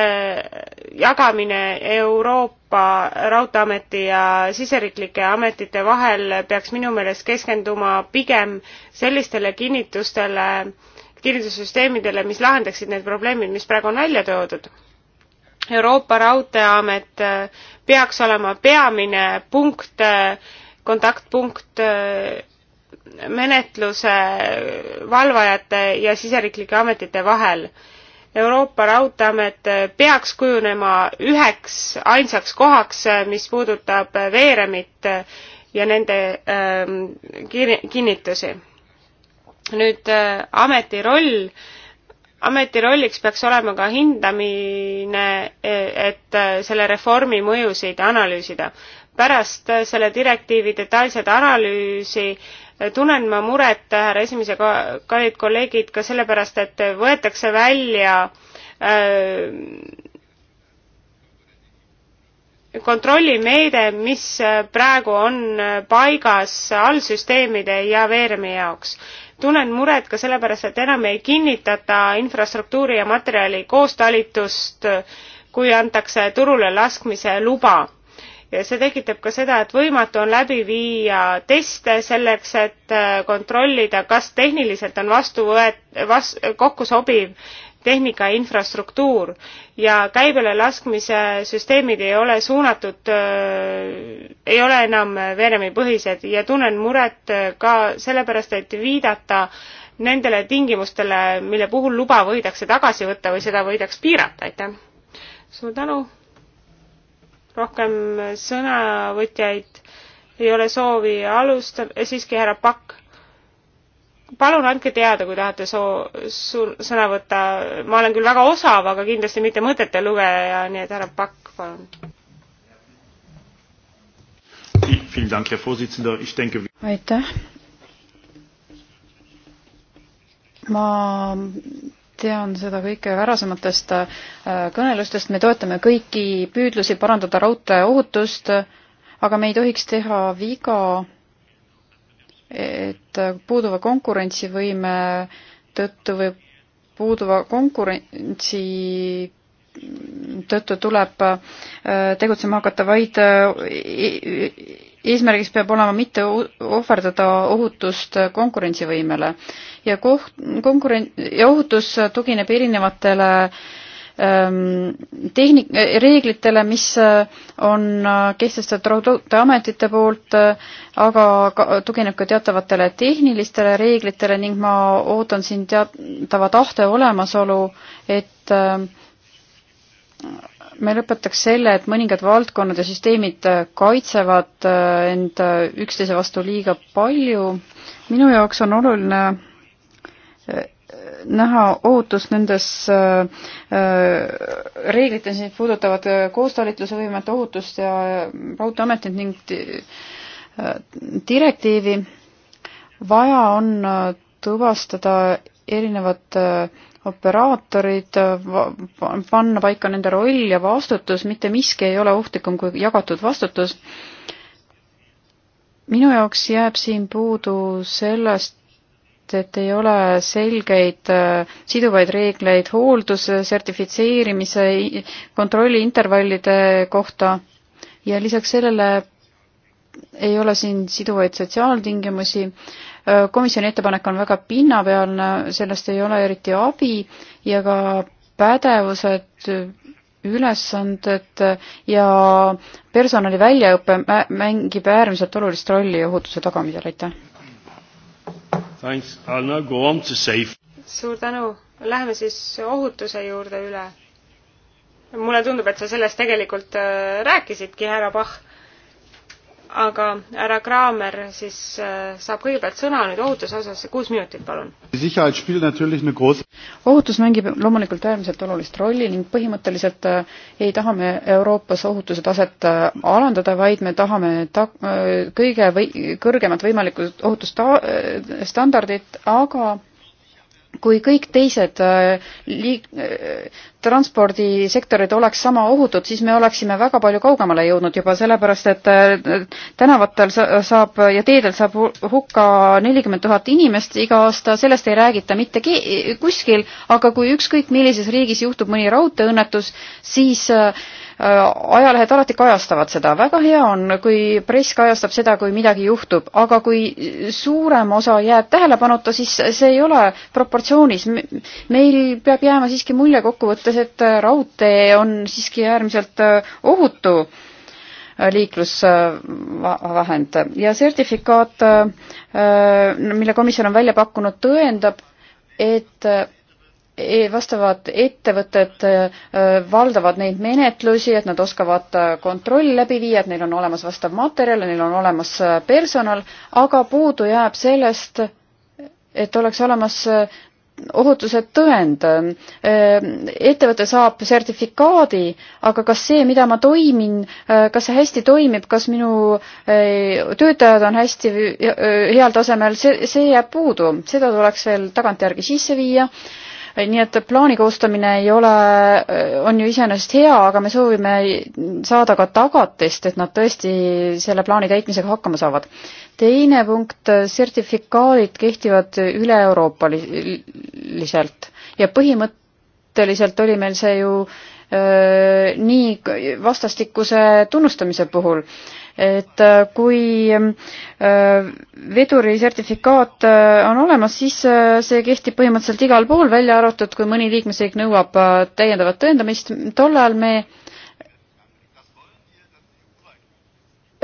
jagamine Euroopa Raudteeameti ja siseriiklike ametite vahel peaks minu meelest keskenduma pigem sellistele kinnitustele, kirjandussüsteemidele, mis lahendaksid need probleemid, mis praegu on välja toodud. Euroopa Raudteeamet äh, peaks olema peamine punkt, äh, kontaktpunkt äh, menetluse valvajate ja siseriiklike ametite vahel Euroopa Raudteeamet peaks kujunema üheks ainsaks kohaks, mis puudutab veeremit ja nende ähm, kinnitusi nüüd äh, ameti roll. ameti rolliks peaks olema ka hindamine, e, et äh, selle reformi mõjusid analüüsida. pärast äh, selle direktiivi detailset analüüsi tunnen ma muret, härra esimese kallid kolleegid, ka sellepärast, et võetakse välja kontrollimeede, mis praegu on paigas allsüsteemide ja veeremi jaoks tunnen muret ka sellepärast, et enam ei kinnitata infrastruktuuri ja materjali koostalitust, kui antakse turule laskmise luba. ja see tekitab ka seda, et võimatu on läbi viia teste selleks, et kontrollida, kas tehniliselt on vastu võet-, vas-, kokku sobiv tehnika infrastruktuur ja käibele laskmise süsteemid ei ole suunatud, äh, ei ole enam Veeremi põhised ja tunnen muret äh, ka sellepärast, et viidata nendele tingimustele, mille puhul luba võidakse tagasi võtta või seda võidaks piirata, aitäh. suur tänu. rohkem sõnavõtjaid ei ole soovi alustada, eh, siiski härra Pakk palun andke teada, kui tahate soo-, su-, sõna võtta, ma olen küll väga osav, aga kindlasti mitte mõtete lugeja, nii et härra Pakk, palun. aitäh. ma tean seda kõike varasematest äh, kõnelustest, me toetame kõiki püüdlusi parandada raudtee ohutust, aga me ei tohiks teha viga et puuduva konkurentsivõime tõttu või puuduva konkurentsi tõttu tuleb äh, tegutsema hakata vaid äh, e-, eesmärgiks peab olema mitte ohverdada ohutust konkurentsivõimele ja koht, konkurent- ja ohutus tugineb erinevatele äh, Ähm, tehnik-, äh, reeglitele, mis äh, on äh, kehtestatud raudteeametite poolt, aga ka, tugineb ka teatavatele tehnilistele reeglitele ning ma ootan siin teatava tahte olemasolu, et me lõpetaks selle, et mõningad valdkonnad ja süsteemid kaitsevad end üksteise vastu liiga palju. minu jaoks on oluline näha ootust nendes äh, äh, reeglites, mis puudutavad äh, koostalitluse võimet, ohutust ja raudteeametit ning direktiivi. vaja on tuvastada erinevad operaatorid, panna paika nende roll ja vastutus, mitte miski ei ole ohtlikum kui jagatud vastutus. minu jaoks jääb siin puudu sellest, et ei ole selgeid äh, siduvaid reegleid hoolduse sertifitseerimise kontrolli intervallide kohta ja lisaks sellele ei ole siin siduvaid sotsiaaltingimusi. Äh, komisjoni ettepanek on väga pinnapealne, sellest ei ole eriti abi ja ka pädevused, ülesanded ja personali väljaõpe mängib äärmiselt olulist rolli ohutuse tagamisel, aitäh suur tänu, läheme siis ohutuse juurde üle. mulle tundub, et sa sellest tegelikult äh, rääkisidki, härra Pahh aga härra Kraamer siis äh, saab kõigepealt sõna nüüd ohutuse osas, kuus minutit, palun. ohutus mängib loomulikult äärmiselt olulist rolli ning põhimõtteliselt äh, ei taha me Euroopas ohutuse taset äh, alandada, vaid me tahame ta-, kõige või-, kõrgemat võimalikku ohutusstandardit, aga kui kõik teised äh, liik-, äh, transpordisektorid oleks sama ohutud, siis me oleksime väga palju kaugemale jõudnud juba, sellepärast et äh, tänavatel saab ja teedel saab hukka nelikümmend tuhat inimest iga aasta, sellest ei räägita mitte kuskil, aga kui ükskõik millises riigis juhtub mõni raudteeõnnetus, siis äh, Äh, ajalehed alati kajastavad seda, väga hea on, kui press kajastab seda, kui midagi juhtub, aga kui suurem osa jääb tähelepanuta, siis see ei ole proportsioonis. meil peab jääma siiski mulje kokkuvõttes, et äh, raudtee on siiski äärmiselt äh, ohutu liiklusvahend ja sertifikaat, mille komisjon on välja pakkunud, tõendab, et E, vastavad ettevõtted e, e, valdavad neid menetlusi, et nad oskavad kontrolli läbi viia, et neil on olemas vastav materjal ja neil on olemas personal, aga puudu jääb sellest, et oleks olemas ohutuse tõend. ettevõte saab sertifikaadi, aga kas see, mida ma toimin, kas see hästi toimib, kas minu töötajad on hästi heal tasemel, see, see jääb puudu, seda tuleks veel tagantjärgi sisse viia nii et plaani koostamine ei ole, on ju iseenesest hea, aga me soovime saada ka tagatist, et nad tõesti selle plaani täitmisega hakkama saavad. teine punkt, sertifikaadid kehtivad üle-euroopaliselt ja põhimõtteliselt oli meil see ju äh, nii vastastikuse tunnustamise puhul et äh, kui äh, veduri sertifikaat äh, on olemas, siis see kehtib põhimõtteliselt igal pool, välja arvatud, kui mõni liikmesriik nõuab täiendavat tõendamist. tol ajal me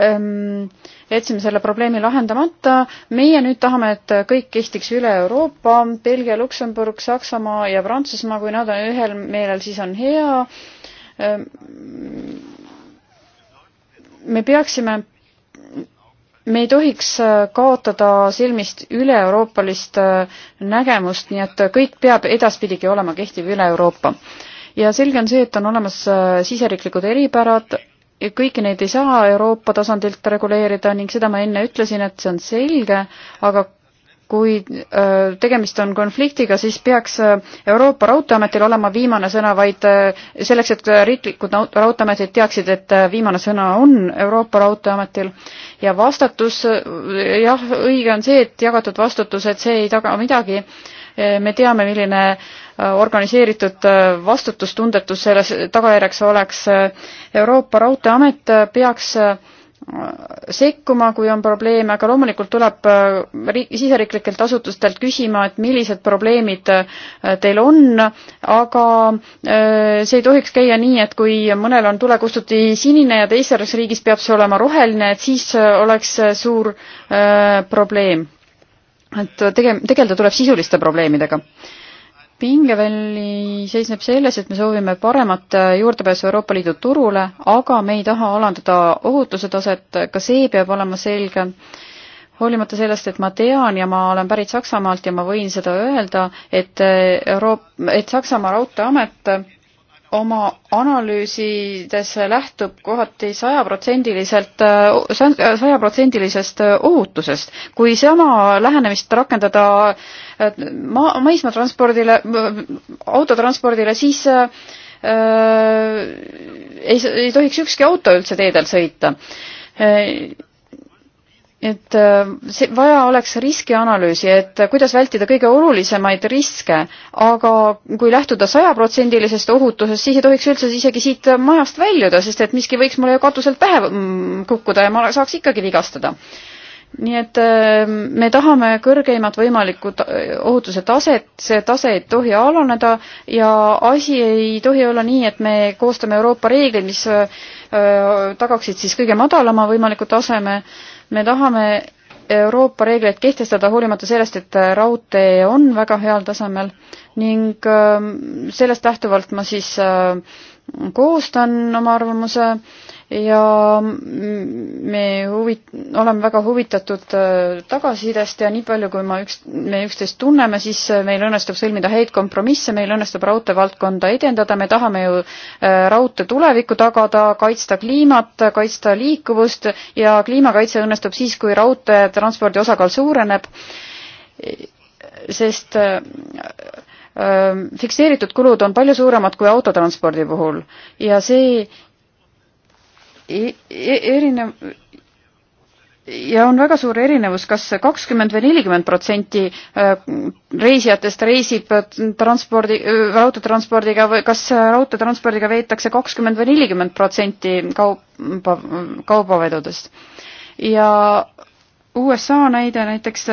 ähm, jätsime selle probleemi lahendamata. meie nüüd tahame, et kõik kehtiks üle Euroopa, Belgia, Luksemburg, Saksamaa ja Prantsusmaa, kui nad on ühel meelel, siis on hea ähm, me peaksime me ei tohiks äh, kaotada silmist üle-euroopalist äh, nägemust, nii et kõik peab edaspidigi olema kehtiv üle Euroopa. ja selge on see, et on olemas äh, siseriiklikud eripärad, kõiki neid ei saa Euroopa tasandilt reguleerida ning seda ma enne ütlesin, et see on selge, aga kui tegemist on konfliktiga, siis peaks Euroopa Raudteeametil olema viimane sõna vaid selleks, et riiklikud raudteeametid teaksid, et viimane sõna on Euroopa Raudteeametil ja vastutus, jah, õige on see, et jagatud vastutus, et see ei taga midagi. me teame, milline organiseeritud vastutustundetus selles tagajärjeks oleks. Euroopa Raudteeamet peaks äh, sekkuma, kui on probleeme, aga loomulikult tuleb äh, riik, siseriiklikelt asutustelt küsima, et millised probleemid äh, teil on, aga äh, see ei tohiks käia nii, et kui mõnel on tulekustuti sinine ja teises riigis peab see olema roheline, et siis oleks suur probleem. et tege-, tegeleda tuleb sisuliste probleemidega pingeväli seisneb selles, et me soovime paremat juurdepääsu Euroopa Liidu turule, aga me ei taha alandada ohutuse taset, ka see peab olema selge. hoolimata sellest, et ma tean ja ma olen pärit Saksamaalt ja ma võin seda öelda, et Euroop-, et Saksamaa Raudteeamet oma analüüsides lähtub kohati sajaprotsendiliselt, sajaprotsendilisest ohutusest. kui sama lähenemist rakendada maa, maismaatranspordile, autotranspordile, siis äh, ei, ei tohiks ükski auto üldse teedel sõita äh, et äh, see, vaja oleks riskianalüüsi, et kuidas vältida kõige olulisemaid riske, aga kui lähtuda sajaprotsendilisest ohutusest, siis ei tohiks üldse isegi siit majast väljuda, sest et miski võiks mulle ju katuselt pähe mm, kukkuda ja ma saaks ikkagi vigastada. nii et äh, me tahame kõrgeimat võimalikku ohutuse taset, see tase ei tohi alaneda ja asi ei tohi olla nii, et me koostame Euroopa reeglid, mis äh, tagaksid siis kõige madalama võimaliku taseme me tahame Euroopa reegleid kehtestada, hoolimata sellest, et raudtee on väga heal tasemel ning ähm, sellest lähtuvalt ma siis äh, koostan oma arvamuse ja me huvi-, oleme väga huvitatud äh, tagasisidest ja nii palju, kui ma üks, me üksteist tunneme, siis äh, meil õnnestub sõlmida häid kompromisse, meil õnnestub raudteevaldkonda edendada, me tahame ju äh, raudtee tulevikku tagada, kaitsta kliimat, kaitsta liikuvust ja kliimakaitse õnnestub siis, kui raudteetranspordi osakaal suureneb, sest fikseeritud kulud on palju suuremad kui autotranspordi puhul ja see E-, e-, erinev ja on väga suur erinevus kas, kas kakskümmend või nelikümmend protsenti äh, reisijatest reisib äh, transpordi, äh, autotranspordiga või kas autotranspordiga veetakse kakskümmend või nelikümmend protsenti kauba, kaubavedudest. ja USA näide näiteks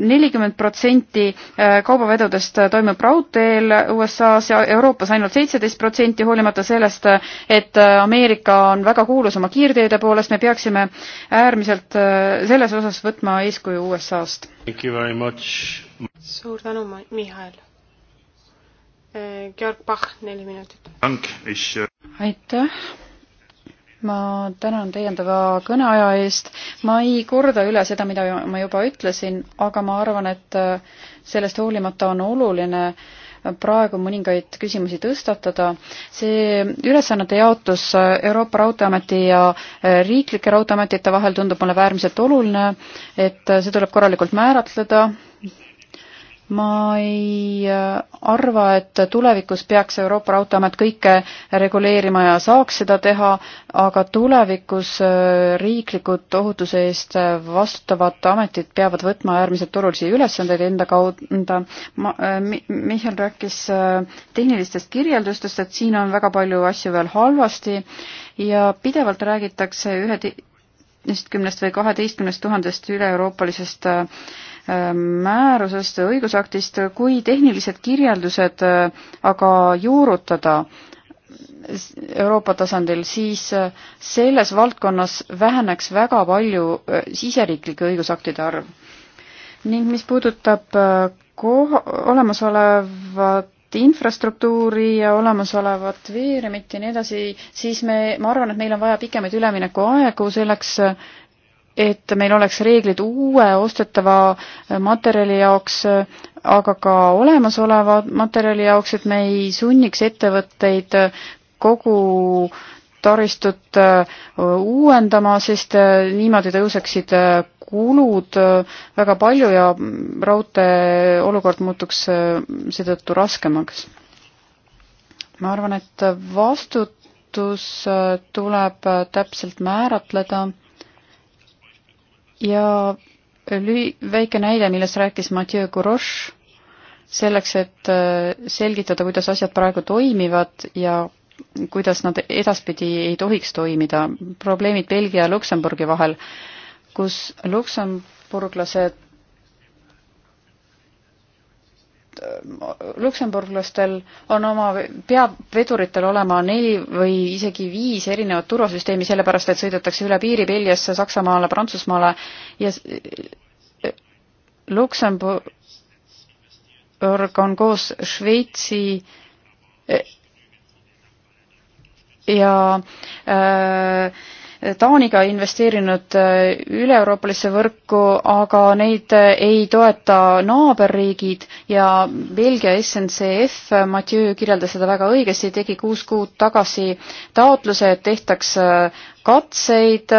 nelikümmend protsenti äh, kaubavedudest äh, toimub raudteel USA-s ja Euroopas ainult seitseteist protsenti, hoolimata sellest, äh, et Ameerika on väga kuulus oma kiirteede poolest, me peaksime äärmiselt selles osas võtma eeskuju USA-st. suur tänu, Mihhail. Georg Bach, neli minutit. aitäh ma tänan täiendava kõneaja eest. ma ei korda üle seda, mida ma juba ütlesin, aga ma arvan, et sellest hoolimata on oluline praegu mõningaid küsimusi tõstatada. see ülesannete jaotus Euroopa Raudteeameti ja e, riiklike raudteeametite vahel tundub mulle äärmiselt oluline, et e, see tuleb korralikult määratleda ma ei äh, arva, et tulevikus peaks Euroopa Raudteeamet kõike reguleerima ja saaks seda teha, aga tulevikus äh, riiklikud ohutuse eest vastutavad ametid peavad võtma äärmiselt olulisi ülesandeid enda kauda. ma, äh, Mihhail rääkis tehnilistest kirjeldustest, et siin on väga palju asju veel halvasti ja pidevalt räägitakse üheteistkümnest või kaheteistkümnest tuhandest üle-euroopalisest äh, määrusest, õigusaktist, kui tehnilised kirjeldused äh, aga juurutada Euroopa tasandil, siis äh, selles valdkonnas väheneks väga palju äh, siseriiklike õigusaktide arv. ning mis puudutab koha, olemasolevat infrastruktuuri ja olemasolevat veeremit ja nii edasi, siis me, ma arvan, et meil on vaja pikemaid üleminekuaegu selleks, et meil oleks reeglid uue ostetava materjali jaoks, aga ka olemasoleva materjali jaoks, et me ei sunniks ettevõtteid kogu taristut äh, uuendama, sest äh, niimoodi tõuseksid äh, kulud väga palju ja raudtee olukord muutuks seetõttu raskemaks. ma arvan, et vastutus tuleb täpselt määratleda ja lühi-, väike näide, millest rääkis Mathieu Gouroche, selleks, et äh, selgitada, kuidas asjad praegu toimivad ja kuidas nad edaspidi ei tohiks toimida. probleemid Belgia ja Luksemburgi vahel, kus luksemburglased Äh, luksemburglastel on oma, peab veduritel olema neli või isegi viis erinevat turvasüsteemi, sellepärast et sõidetakse üle piiri Belgiasse, Saksamaale, Prantsusmaale ja äh, Luksemburg on koos Šveitsi äh, ja äh, Taaniga investeerinud äh, üle-euroopalisse võrku, aga neid äh, ei toeta naaberriigid ja Belgia SNCF, äh, Mathieu kirjeldas seda väga õigesti, tegi kuus kuud tagasi taotluse, et tehtaks katseid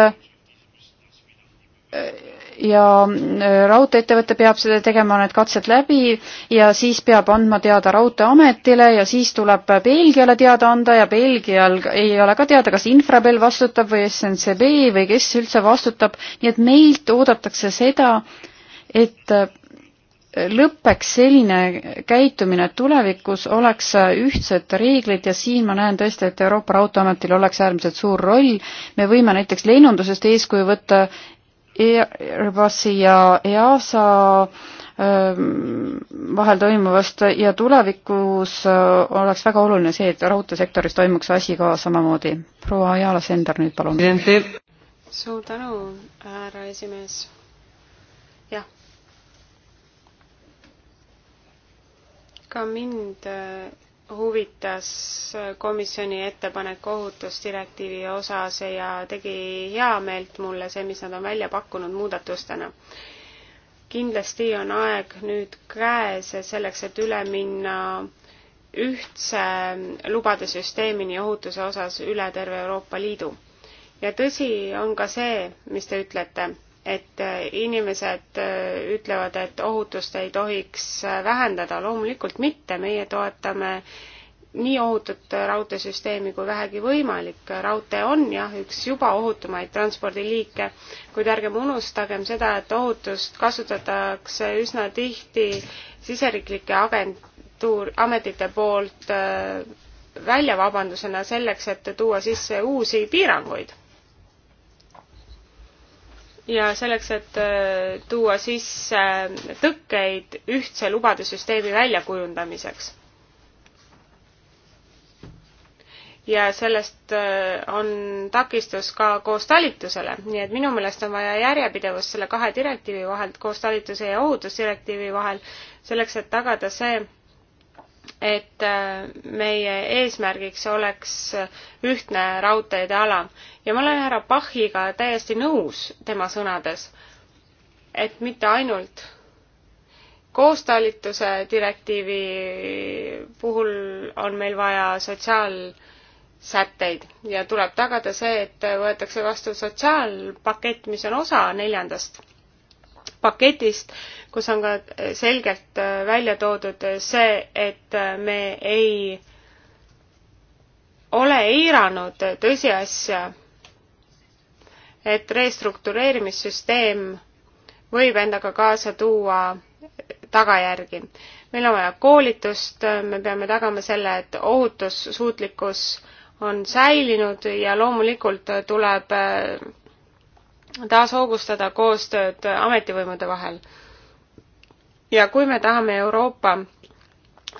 ja äh, raudteeettevõte peab seda tegema need katsed läbi ja siis peab andma teada Raudteeametile ja siis tuleb Belgiale teada anda ja Belgial ei ole ka teada, kas Infrabel vastutab või SNCB või kes üldse vastutab, nii et meilt oodatakse seda, et äh, lõpeks selline käitumine, et tulevikus oleks äh, ühtsed reeglid ja siin ma näen tõesti, et Euroopa Raudteeametil oleks äärmiselt suur roll. me võime näiteks lennundusest eeskuju võtta Airbus'i ja EASA ähm, vahel toimuvast ja tulevikus äh, oleks väga oluline see, et raudteesektoris toimuks asi ka samamoodi. proua Ajala Sender nüüd palun. suur tänu, härra esimees. jah. ka mind äh, huvitas komisjoni ettepanek ohutusdirektiivi osas ja tegi heameelt mulle see, mis nad on välja pakkunud muudatustena. kindlasti on aeg nüüd käes selleks, et üle minna ühtse lubade süsteemini ohutuse osas üle terve Euroopa Liidu. ja tõsi on ka see, mis te ütlete et äh, inimesed äh, ütlevad, et ohutust ei tohiks äh, vähendada, loomulikult mitte, meie toetame nii ohutut raudteesüsteemi kui vähegi võimalik. raudtee on jah, üks juba ohutumaid transpordiliike, kuid ärgem unustagem seda, et ohutust kasutatakse üsna tihti siseriiklike agentuur, ametite poolt väljavabandusena selleks, et tuua sisse uusi piiranguid ja selleks, et äh, tuua sisse äh, tõkkeid ühtse lubade süsteemi väljakujundamiseks. ja sellest äh, on takistus ka koos talitusele, nii et minu meelest on vaja järjepidevust selle kahe direktiivi vahel, koos talituse ja ohutusdirektiivi vahel, selleks et tagada see, et meie eesmärgiks oleks ühtne raudteede ala ja ma olen härra Bachiga täiesti nõus tema sõnades, et mitte ainult koostalituse direktiivi puhul on meil vaja sotsiaalsätteid ja tuleb tagada see, et võetakse vastu sotsiaalpakett, mis on osa neljandast paketist, kus on ka selgelt välja toodud see, et me ei ole eiranud tõsiasja, et restruktureerimissüsteem võib endaga kaasa tuua tagajärgi. meil on vaja koolitust, me peame tagama selle, et ohutussuutlikkus on säilinud ja loomulikult tuleb äh, taas hoogustada koostööd ametivõimude vahel. ja kui me tahame Euroopa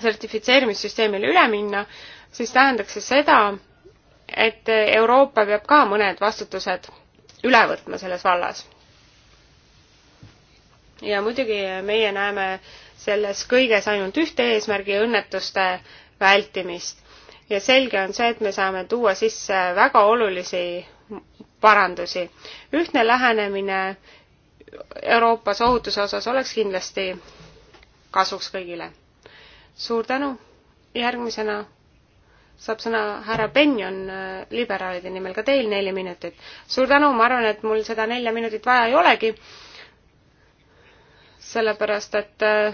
sertifitseerimissüsteemile üle minna, siis tähendaks see seda, et Euroopa peab ka mõned vastutused üle võtma selles vallas. ja muidugi meie näeme selles kõiges ainult ühte eesmärgi, õnnetuste vältimist. ja selge on see, et me saame tuua sisse väga olulisi parandusi. ühtne lähenemine Euroopas ohutuse osas oleks kindlasti kasuks kõigile. suur tänu, järgmisena saab sõna härra Benjon äh, liberaalide nimel, ka teil neli minutit. suur tänu, ma arvan, et mul seda nelja minutit vaja ei olegi, sellepärast et äh,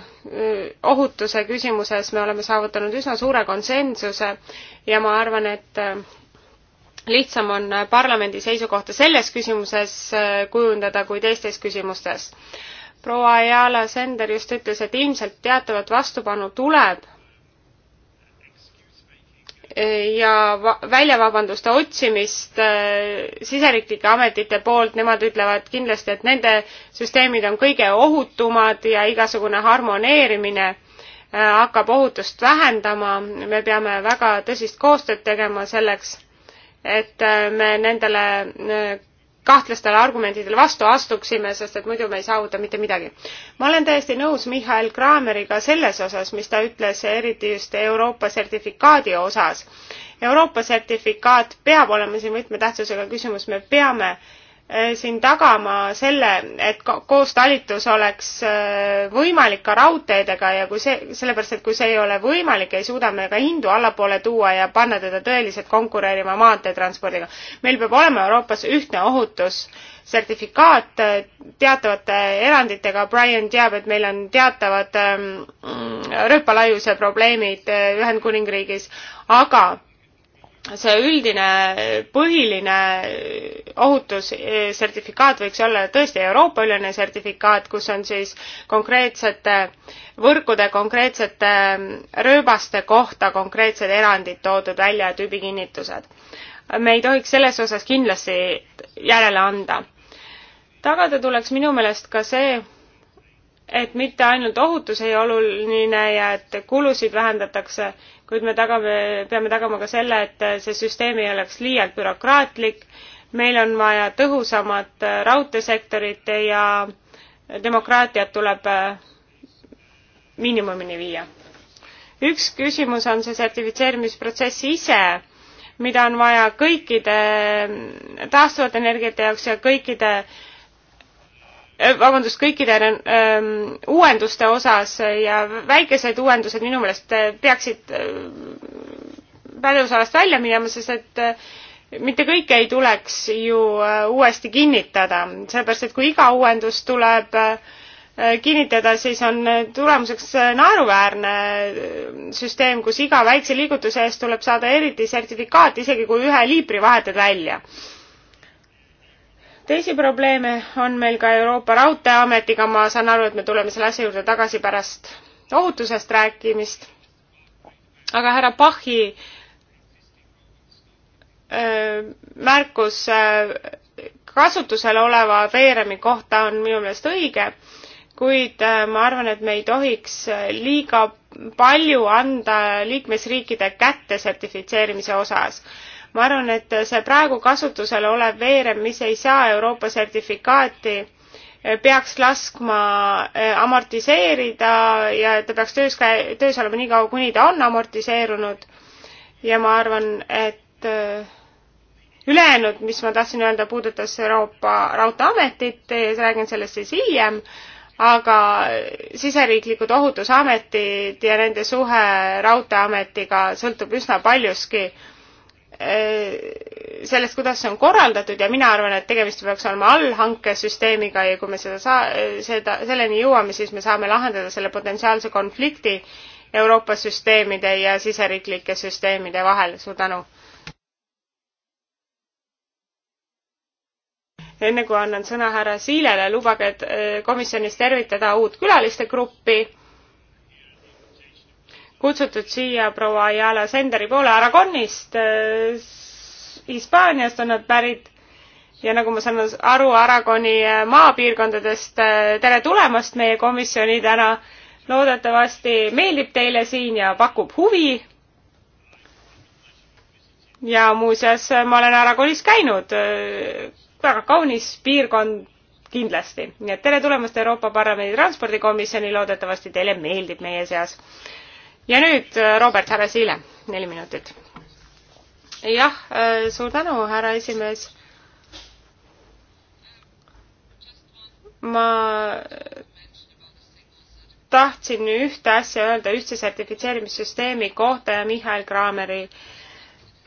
ohutuse küsimuses me oleme saavutanud üsna suure konsensuse ja ma arvan, et äh, lihtsam on parlamendi seisukohta selles küsimuses kujundada kui teistes küsimustes. proua Ayala Sender just ütles, et ilmselt teatavat vastupanu tuleb ja väljavabanduste otsimist äh, siseriiklike ametite poolt, nemad ütlevad kindlasti, et nende süsteemid on kõige ohutumad ja igasugune harmoneerimine äh, hakkab ohutust vähendama, me peame väga tõsist koostööd tegema selleks, et äh, me nendele kahtlastele argumentidele vastu astuksime, sest et muidu me ei saavuta mitte midagi. ma olen täiesti nõus Mihhail Kraameriga selles osas, mis ta ütles, eriti just Euroopa sertifikaadi osas. Euroopa sertifikaat peab olema siin võtmetähtsusega küsimus, me peame äh, Eh, siin tagama selle, et koostalitus oleks eh, võimalik ka raudteedega ja kui see, sellepärast et kui see ei ole võimalik, ei suuda me ka hindu allapoole tuua ja panna teda tõeliselt konkureerima maanteetranspordiga. meil peab olema Euroopas ühtne ohutussertifikaat eh, teatavate eranditega. Brian teab, et meil on teatavad ehm, mm, rööpalaiuse probleemid Ühendkuningriigis, aga see üldine põhiline ohutussertifikaat eh, võiks olla tõesti Euroopa-ülene sertifikaat, kus on siis konkreetsete võrkude, konkreetsete rööbaste kohta konkreetsed erandid toodud välja ja tüübikinnitused. me ei tohiks selles osas kindlasti järele anda. tagada tuleks minu meelest ka see, et mitte ainult ohutus ei oluline ja et kulusid vähendatakse kuid me tagame, peame tagama ka selle, et see süsteem ei oleks liialt bürokraatlik. meil on vaja tõhusamat raudteesektorit ja demokraatiat tuleb äh, miinimumini viia. üks küsimus on see sertifitseerimisprotsess ise, mida on vaja kõikide taastuvate energiate jaoks ja kõikide äh, Äh, vabandust, kõikide ähm, uuenduste osas ja väikesed uuendused minu meelest äh, peaksid äh, pädevusalast välja minema, sest et äh, mitte kõike ei tuleks ju uuesti kinnitada, sellepärast et kui iga uuendus tuleb kinnitada, siis on tulemuseks naeruväärne süsteem, kus iga väikse liigutuse eest tuleb saada eriti sertifikaat, isegi kui ühe liipri vahetad välja teisi probleeme on meil ka Euroopa Raudteeametiga, ma saan aru, et me tuleme selle asja juurde tagasi pärast ohutusest rääkimist. aga härra Pachi äh, märkus äh, kasutusel oleva veeremi kohta on minu meelest õige, kuid äh, ma arvan, et me ei tohiks liiga palju anda liikmesriikide kätte sertifitseerimise osas ma arvan, et see praegu kasutusel olev veerem, mis ei saa Euroopa sertifikaati, eh, peaks laskma eh, amortiseerida ja ta peaks töös ka, töös olema nii kaua, kuni ta on amortiseerunud. ja ma arvan, et eh, ülejäänud, mis ma tahtsin öelda, puudutas Euroopa Raudteeametit, räägin sellest siis hiljem, aga siseriiklikud ohutusametid ja nende suhe Raudteeametiga sõltub üsna paljuski äh, Äh, sellest, kuidas see on korraldatud ja mina arvan, et tegemist peaks olema allhankesüsteemiga ja kui me seda saa-, seda, selleni jõuame, siis me saame lahendada selle potentsiaalse konflikti Euroopa süsteemide ja siseriiklike süsteemide vahel, suur tänu. enne kui annan sõna härra Siilele, lubage äh, komisjonis tervitada uut külaliste gruppi kutsutud siia proua Ayala Senderi poole Aragonist, äh, Hispaaniast on nad pärit ja nagu ma saan aru Aragoni äh, maapiirkondadest, äh, tere tulemast meie komisjoni täna. loodetavasti meeldib teile siin ja pakub huvi. ja muuseas, ma olen Aragonis käinud, väga kaunis piirkond kindlasti. nii et tere tulemast Euroopa Parlamendi transpordikomisjoni, loodetavasti teile meeldib meie seas ja nüüd äh, Robert härra Siile, neli minutit. jah, äh, suur tänu, härra esimees. ma tahtsin ühte asja öelda ühtse sertifitseerimissüsteemi kohta ja Mihhail Kraameri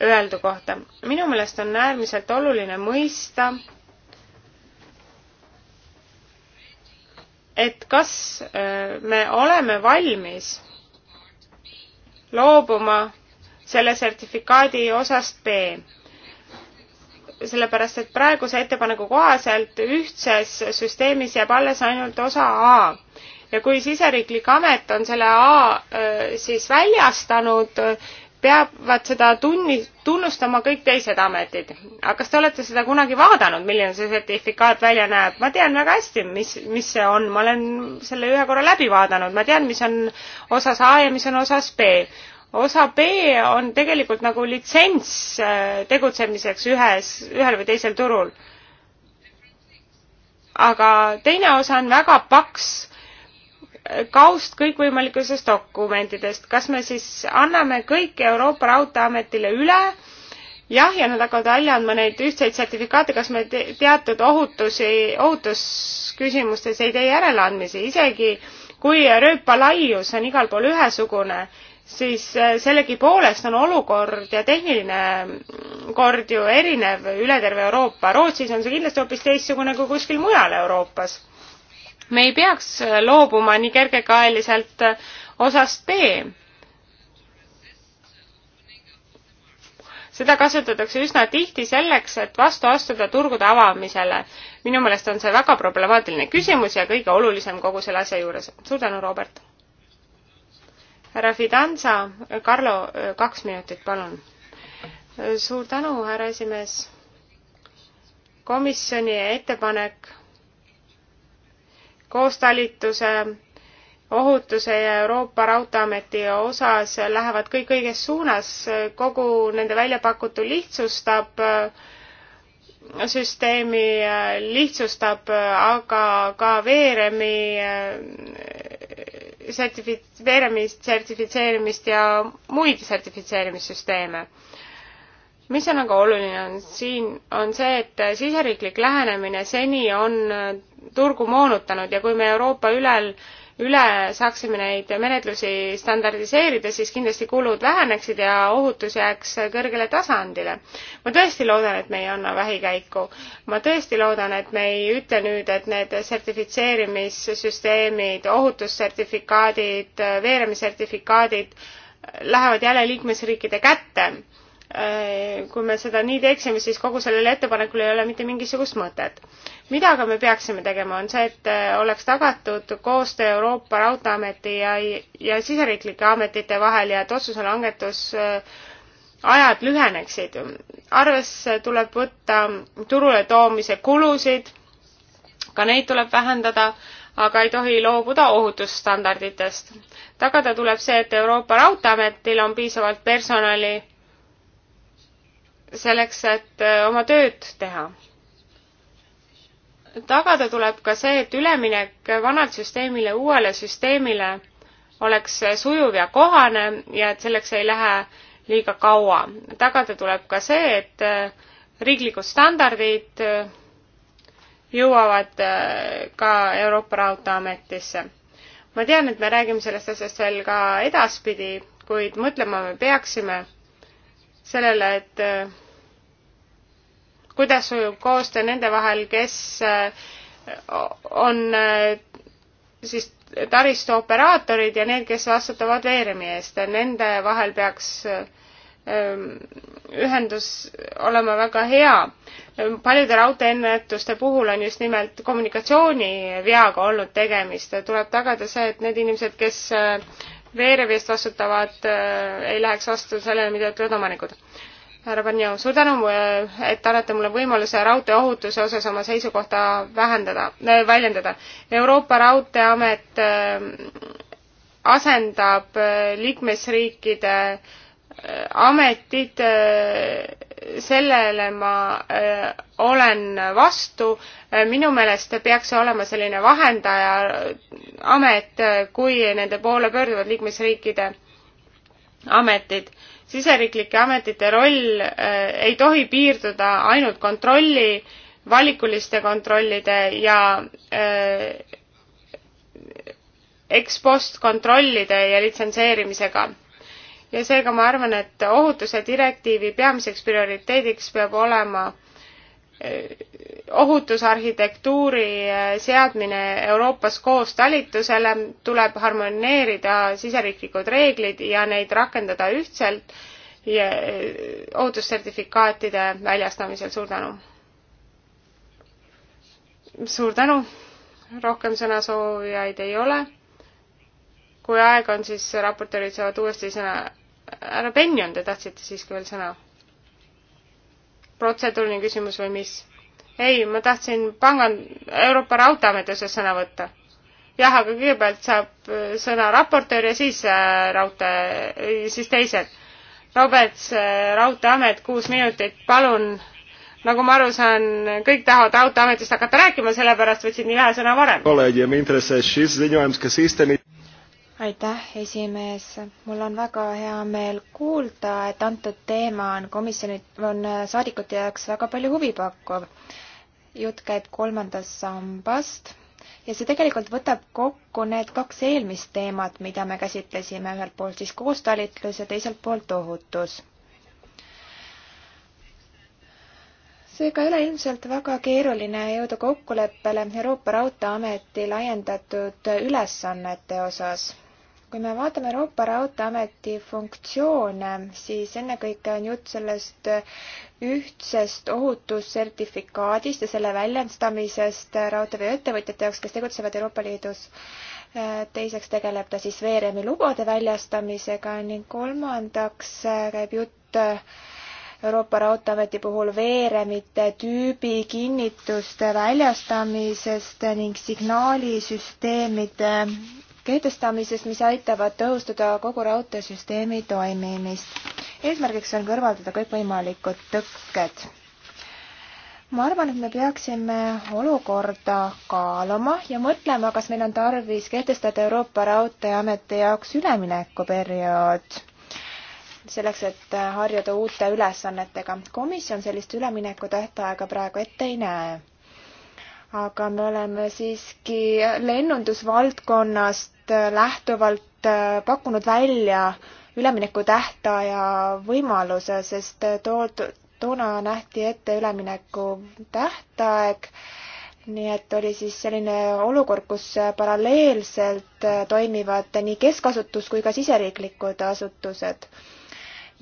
öeldu kohta. minu meelest on äärmiselt oluline mõista, et kas äh, me oleme valmis loobuma selle sertifikaadi osast B. sellepärast, et praeguse ettepaneku kohaselt ühtses süsteemis jääb alles ainult osa A ja kui siseriiklik amet on selle A äh, siis väljastanud, peavad seda tunni, tunnustama kõik teised ametid. aga kas te olete seda kunagi vaadanud, milline see sertifikaat välja näeb? ma tean väga hästi, mis, mis see on, ma olen selle ühe korra läbi vaadanud, ma tean, mis on osas A ja mis on osas B. osa B on tegelikult nagu litsents äh, tegutsemiseks ühes, ühel või teisel turul. aga teine osa on väga paks kaust kõikvõimalikest dokumentidest. kas me siis anname kõik Euroopa Raudteeametile üle? jah, ja nad hakkavad välja andma neid ühtseid sertifikaate, kas me te teatud ohutusi, ohutusküsimustes ei tee järeleandmisi, isegi kui rööpalaius on igal pool ühesugune, siis äh, sellegipoolest on olukord ja tehniline mm, kord ju erinev üle terve Euroopa. Rootsis on see kindlasti hoopis teistsugune kui kuskil mujal Euroopas me ei peaks loobuma nii kergekaeliselt osast B. seda kasutatakse üsna tihti selleks, et vastu astuda turgude avamisele. minu meelest on see väga problemaatiline küsimus ja kõige olulisem kogu selle asja juures. suur tänu, Robert! härra Fidanza, Carlo, kaks minutit, palun. suur tänu, härra esimees. komisjoni ettepanek koostalituse, ohutuse ja Euroopa Raudteeameti osas lähevad kõik õiges suunas, kogu nende väljapakutu lihtsustab süsteemi, lihtsustab aga ka veeremi sertifi-, veeremi sertifitseerimist ja muid sertifitseerimissüsteeme mis on aga oluline, on siin, on see, et siseriiklik lähenemine seni on äh, turgu moonutanud ja kui me Euroopa ülel üle saaksime neid menetlusi standardiseerida, siis kindlasti kulud väheneksid ja ohutus jääks kõrgele tasandile. ma tõesti loodan, et me ei anna vähikäiku. ma tõesti loodan, et me ei ütle nüüd, et need sertifitseerimissüsteemid, ohutussertifikaadid, veeremisertifikaadid lähevad jälle liikmesriikide kätte Äh, kui me seda nii teeksime, siis kogu sellele ettepanekule ei ole mitte mingisugust mõtet. mida aga me peaksime tegema, on see, et äh, oleks tagatud koostöö Euroopa Raudteeameti ja, ja siseriiklike ametite vahel ja et otsuse langetus äh, ajad lüheneksid. arvesse tuleb võtta turule toomise kulusid, ka neid tuleb vähendada aga ei tohi loobuda ohutusstandarditest. tagada tuleb see, et Euroopa Raudteeametil on piisavalt personali selleks, et äh, oma tööd teha. tagada tuleb ka see, et üleminek vanalt süsteemile uuele süsteemile oleks sujuv ja kohane ja et selleks ei lähe liiga kaua. tagada tuleb ka see, et äh, riiklikud standardid äh, jõuavad ka Euroopa Raudteeametisse. ma tean, et me räägime sellest asjast veel ka edaspidi, kuid mõtlema me peaksime sellele, et äh, kuidas sujub koostöö nende vahel, kes äh, on äh, siis taristuoperaatorid ja need, kes vastutavad veeremi eest, nende vahel peaks ähm, ühendus olema väga hea. paljude raudteeõnnetuste puhul on just nimelt kommunikatsiooniveaga olnud tegemist. tuleb tagada see, et need inimesed, kes veerevi eest vastutavad äh, ei läheks vastu sellele, mida ütlevad omanikud. härra Panjov, suur tänu, äh, et annate mulle võimaluse raudteeohutuse osas oma seisukohta vähendada äh,, väljendada. Euroopa Raudteeamet äh, asendab äh, liikmesriikide äh, ametid, äh, sellele ma äh, olen vastu. Äh, minu meelest peaks see olema selline vahendaja amet, kui nende poole pöörduvad liikmesriikide ametid. siseriiklike ametite roll ei tohi piirduda ainult kontrolli, valikuliste kontrollide ja ekspost kontrollide ja litsenseerimisega ja seega ma arvan, et ohutuse direktiivi peamiseks prioriteediks peab olema eh, ohutusarhitektuuri eh, seadmine Euroopas koos talitusele, tuleb harmoneerida siseriiklikud reeglid ja neid rakendada ühtselt ja eh, ohutussertifikaatide väljastamisel, suur tänu! suur tänu, rohkem sõnasoovijaid ei ole. kui aega on, siis raportöörid saavad uuesti sõna härra Benjon, te tahtsite siiski veel sõna? protseduuriline küsimus või mis? ei, ma tahtsin pangan-, Euroopa Raudteeameti osas sõna võtta. jah, aga kõigepealt saab äh, sõna raportöör ja siis äh, raudtee, äh, siis teised. Roberts, Raudteeamet, kuus minutit, palun. nagu ma aru saan, kõik tahavad Raudteeametist hakata rääkima, sellepärast võtsid nii vähe sõna varem aitäh, esimees. mul on väga hea meel kuulda, et antud teema on komisjoni, on äh, saadikute jaoks väga palju huvipakkuv. jutt käib kolmandast sambast ja see tegelikult võtab kokku need kaks eelmist teemat, mida me käsitlesime, ühelt poolt siis koostalitlus ja teiselt poolt ohutus. seega ei ole ilmselt väga keeruline jõuda kokkuleppele Euroopa Raudteeameti laiendatud ülesannete osas kui me vaatame Euroopa Raudteeameti funktsioone, siis ennekõike on jutt sellest ühtsest ohutussertifikaadist ja selle väljendamisest raudteeveoettevõtjate jaoks, kes tegutsevad Euroopa Liidus. teiseks tegeleb ta siis veeremi lubade väljastamisega ning kolmandaks käib jutt Euroopa Raudteeameti puhul veeremite tüübi kinnituste väljastamisest ning signaalisüsteemide kehtestamisest, mis aitavad tõhustada kogu raudteesüsteemi toimimist. eesmärgiks on kõrvaldada kõikvõimalikud tõkked. ma arvan, et me peaksime olukorda kaaluma ja mõtlema, kas meil on tarvis kehtestada Euroopa Raudteeameti jaoks üleminekuperiood selleks, et harjuda uute ülesannetega. komisjon sellist üleminekutähtaega praegu ette ei näe aga me oleme siiski lennundusvaldkonnast lähtuvalt äh, pakkunud välja üleminekutähtaja võimaluse, sest äh, tood-, toona nähti ette üleminekutähtaeg, nii et oli siis selline olukord, kus äh, paralleelselt toimivad nii keskasutus kui ka siseriiklikud asutused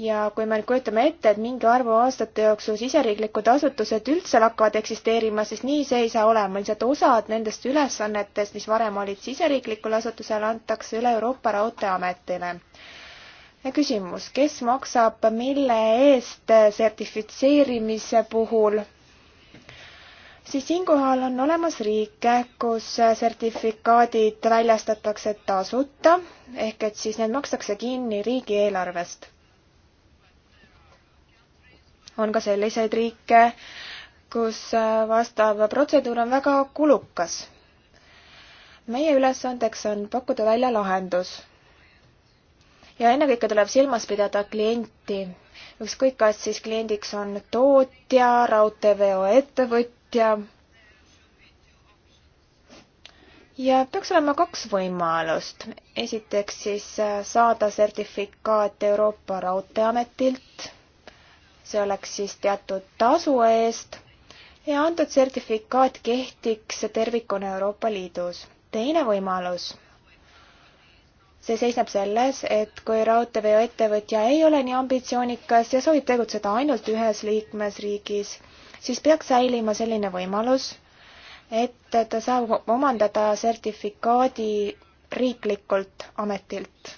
ja kui me nüüd kujutame ette, et mingi arvu aastate jooksul siseriiklikud asutused üldse hakkavad eksisteerima, siis nii see ei saa olema, lihtsalt osad nendest ülesannetest, mis varem olid siseriiklikul asutusel, antakse üle Euroopa Raudteeametile. küsimus, kes maksab mille eest sertifitseerimise puhul? siis siinkohal on olemas riike, kus sertifikaadid väljastatakse tasuta ehk et siis need makstakse kinni riigieelarvest on ka selliseid riike, kus äh, vastav protseduur on väga kulukas. meie ülesandeks on pakkuda välja lahendus. ja ennekõike tuleb silmas pidada klienti. ükskõik, kas siis kliendiks on tootja, raudteeveoettevõtja. ja peaks olema kaks võimalust. esiteks siis äh, saada sertifikaat Euroopa Raudteeametilt see oleks siis teatud tasu eest ja antud sertifikaat kehtiks tervikuna Euroopa Liidus. teine võimalus, see seisneb selles, et kui raudteeveoettevõtja ei ole nii ambitsioonikas ja soovib tegutseda ainult ühes liikmesriigis, siis peaks säilima selline võimalus, et ta saab omandada sertifikaadi riiklikult ametilt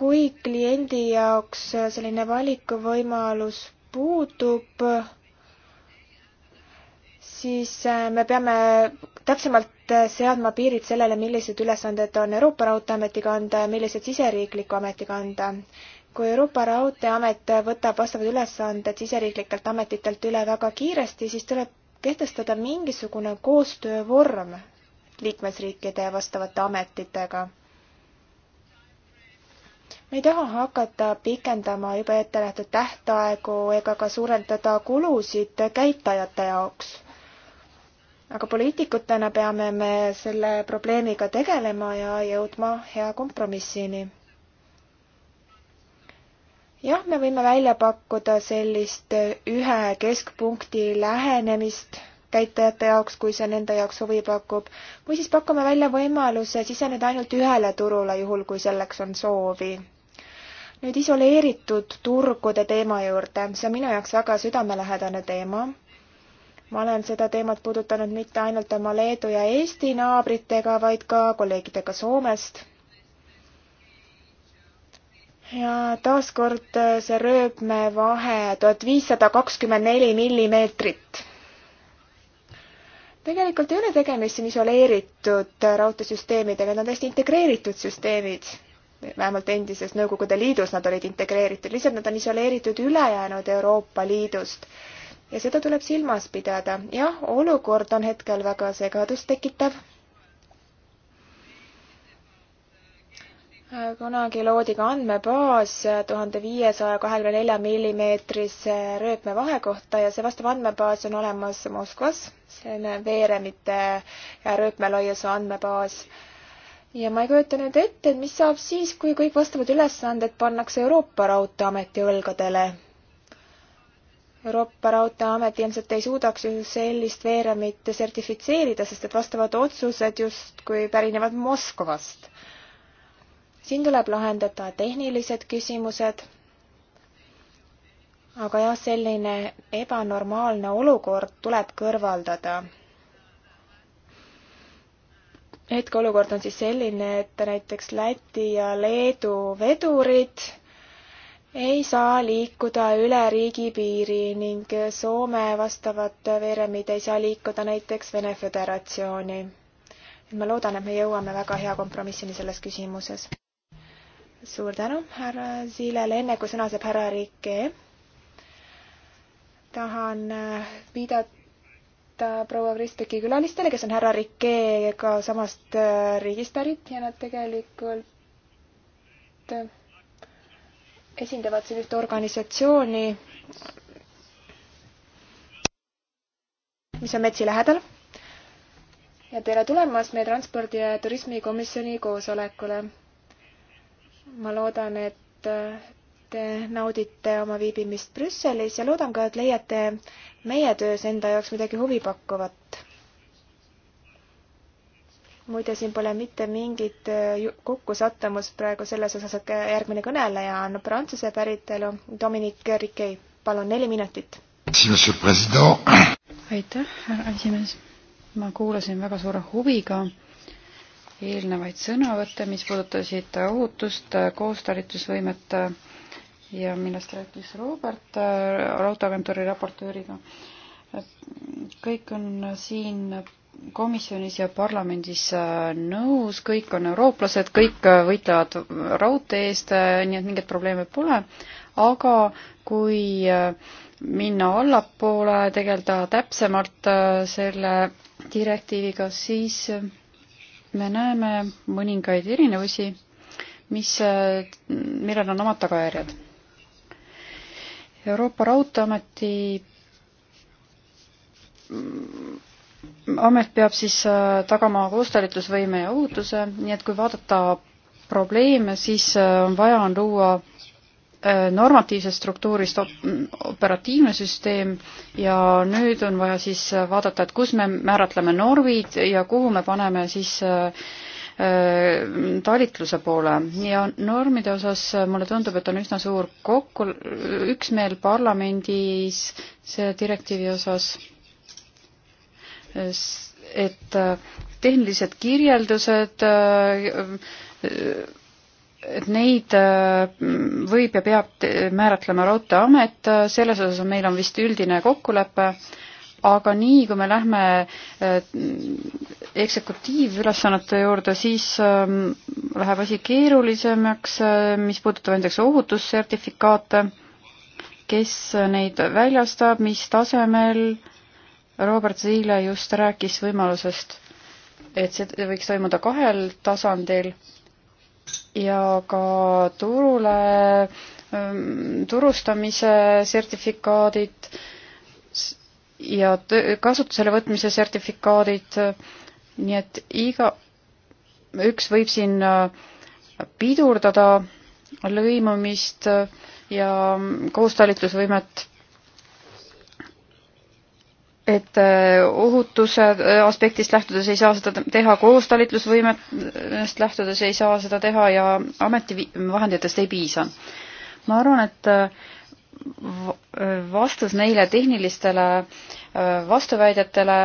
kui kliendi jaoks selline valikuvõimalus puudub, siis äh, me peame täpsemalt äh, seadma piirid sellele, millised ülesanded on Euroopa Raudteeameti kanda ja millised siseriikliku ameti kanda. kui Euroopa Raudteeamet võtab vastavad ülesanded siseriiklikelt ametitelt üle väga kiiresti, siis tuleb kehtestada mingisugune koostöövorm liikmesriikide vastavate ametitega me ei taha hakata pikendama juba ette nähtud tähtaegu ega ka suurendada kulusid käitajate jaoks. aga poliitikutena peame me selle probleemiga tegelema ja jõudma hea kompromissini. jah, me võime välja pakkuda sellist ühe keskpunkti lähenemist käitajate jaoks, kui see nende jaoks huvi pakub. või siis pakume välja võimaluse siseneda ainult ühele turule, juhul kui selleks on soovi nüüd isoleeritud turgude teema juurde, see on minu jaoks väga südamelähedane teema. ma olen seda teemat puudutanud mitte ainult oma Leedu ja Eesti naabritega, vaid ka kolleegidega Soomest. ja taaskord see rööpmevahe tuhat viissada kakskümmend neli millimeetrit tegelikult ei ole tegemist siin isoleeritud raudteesüsteemidega, need on täiesti integreeritud süsteemid vähemalt endises Nõukogude Liidus nad olid integreeritud, lihtsalt nad on isoleeritud ülejäänud Euroopa Liidust. ja seda tuleb silmas pidada. jah, olukord on hetkel väga segadust tekitav. kunagi loodi ka andmebaas tuhande viiesaja kahekümne nelja millimeetrise rööpmevahe kohta ja see vastav andmebaas on olemas Moskvas, see on veeremite ja rööpmelaiuse andmebaas ja ma ei kujuta nüüd ette, et mis saab siis, kui kõik vastavad ülesanded pannakse Euroopa Raudteeameti õlgadele. Euroopa Raudteeamet ilmselt ei suudaks ju sellist veeremit sertifitseerida, sest et vastavad otsused justkui pärinevad Moskvast. siin tuleb lahendada tehnilised küsimused. aga jah, selline ebanormaalne olukord tuleb kõrvaldada hetkeolukord on siis selline, et näiteks Läti ja Leedu vedurid ei saa liikuda üle riigipiiri ning Soome vastavat veeremid ei saa liikuda näiteks Vene Föderatsiooni. et ma loodan, et me jõuame väga hea kompromissini selles küsimuses. suur tänu härra Siilele, enne kui sõna saab härra Rike, tahan viidata tervitada proua Kristbeki külalistele, kes on härra Rikeega samast äh, riigist pärit ja nad tegelikult äh, esindavad siin ühte organisatsiooni, mis on Metsi lähedal. ja tere tulemast meie Transpordi- ja Turismikomisjoni koosolekule. ma loodan, et äh, te eh, naudite oma viibimist Brüsselis ja loodan ka, et leiate meie töös enda jaoks midagi huvipakkuvat. muide, siin pole mitte mingit eh, kokkusattumust praegu selles osas, et järgmine kõneleja on prantsuse päritolu Dominic Riquet. palun, neli minutit. aitäh, härra esimees. ma kuulasin väga suure huviga eelnevaid sõnavõtte, mis puudutasid ohutust, koostalitusvõimet ja millest rääkis Robert äh, raudteeagentuuri raportööriga. kõik on siin komisjonis ja parlamendis äh, nõus, kõik on eurooplased, kõik äh, võitlevad raudtee eest, nii et mingeid probleeme pole, aga kui minna allapoole, tegeleda täpsemalt selle direktiiviga, siis me näeme mõningaid erinevusi, mis, millel on omad tagajärjed Euroopa Raudteeameti amet peab siis äh, tagama koostalitlusvõime ja ohutuse, nii et kui vaadata probleeme, siis äh, on vaja on luua äh, normatiivsest struktuurist operatiivne süsteem ja nüüd on vaja siis vaadata, et kus me määratleme normid ja kuhu me paneme siis äh, Äh, talitluse poole ja normide osas äh, mulle tundub, et on üsna suur kokku, üksmeel parlamendis selle direktiivi osas, äh, et tehnilised kirjeldused, et neid võib ja peab määratlema Raudteeamet, selles osas on, meil on vist üldine kokkulepe aga nii, kui me lähme äh, eksekutiivülesannete juurde, siis ähm, läheb asi keerulisemaks, äh, mis puudutab näiteks ohutussertifikaate, kes neid väljastab, mis tasemel. Robert Ziile just rääkis võimalusest, et see võiks toimuda kahel tasandil ja ka turule, ähm, turustamise sertifikaadid ja kasutusele võtmise sertifikaadid, nii et iga, üks võib siin äh, pidurdada lõimumist äh, ja koostalitlusvõimet. et äh, ohutuse aspektist lähtudes ei saa seda teha, koostalitlusvõimest lähtudes ei saa seda teha ja ametivahenditest ei piisa. ma arvan, et vastus neile tehnilistele äh, vastuväidetele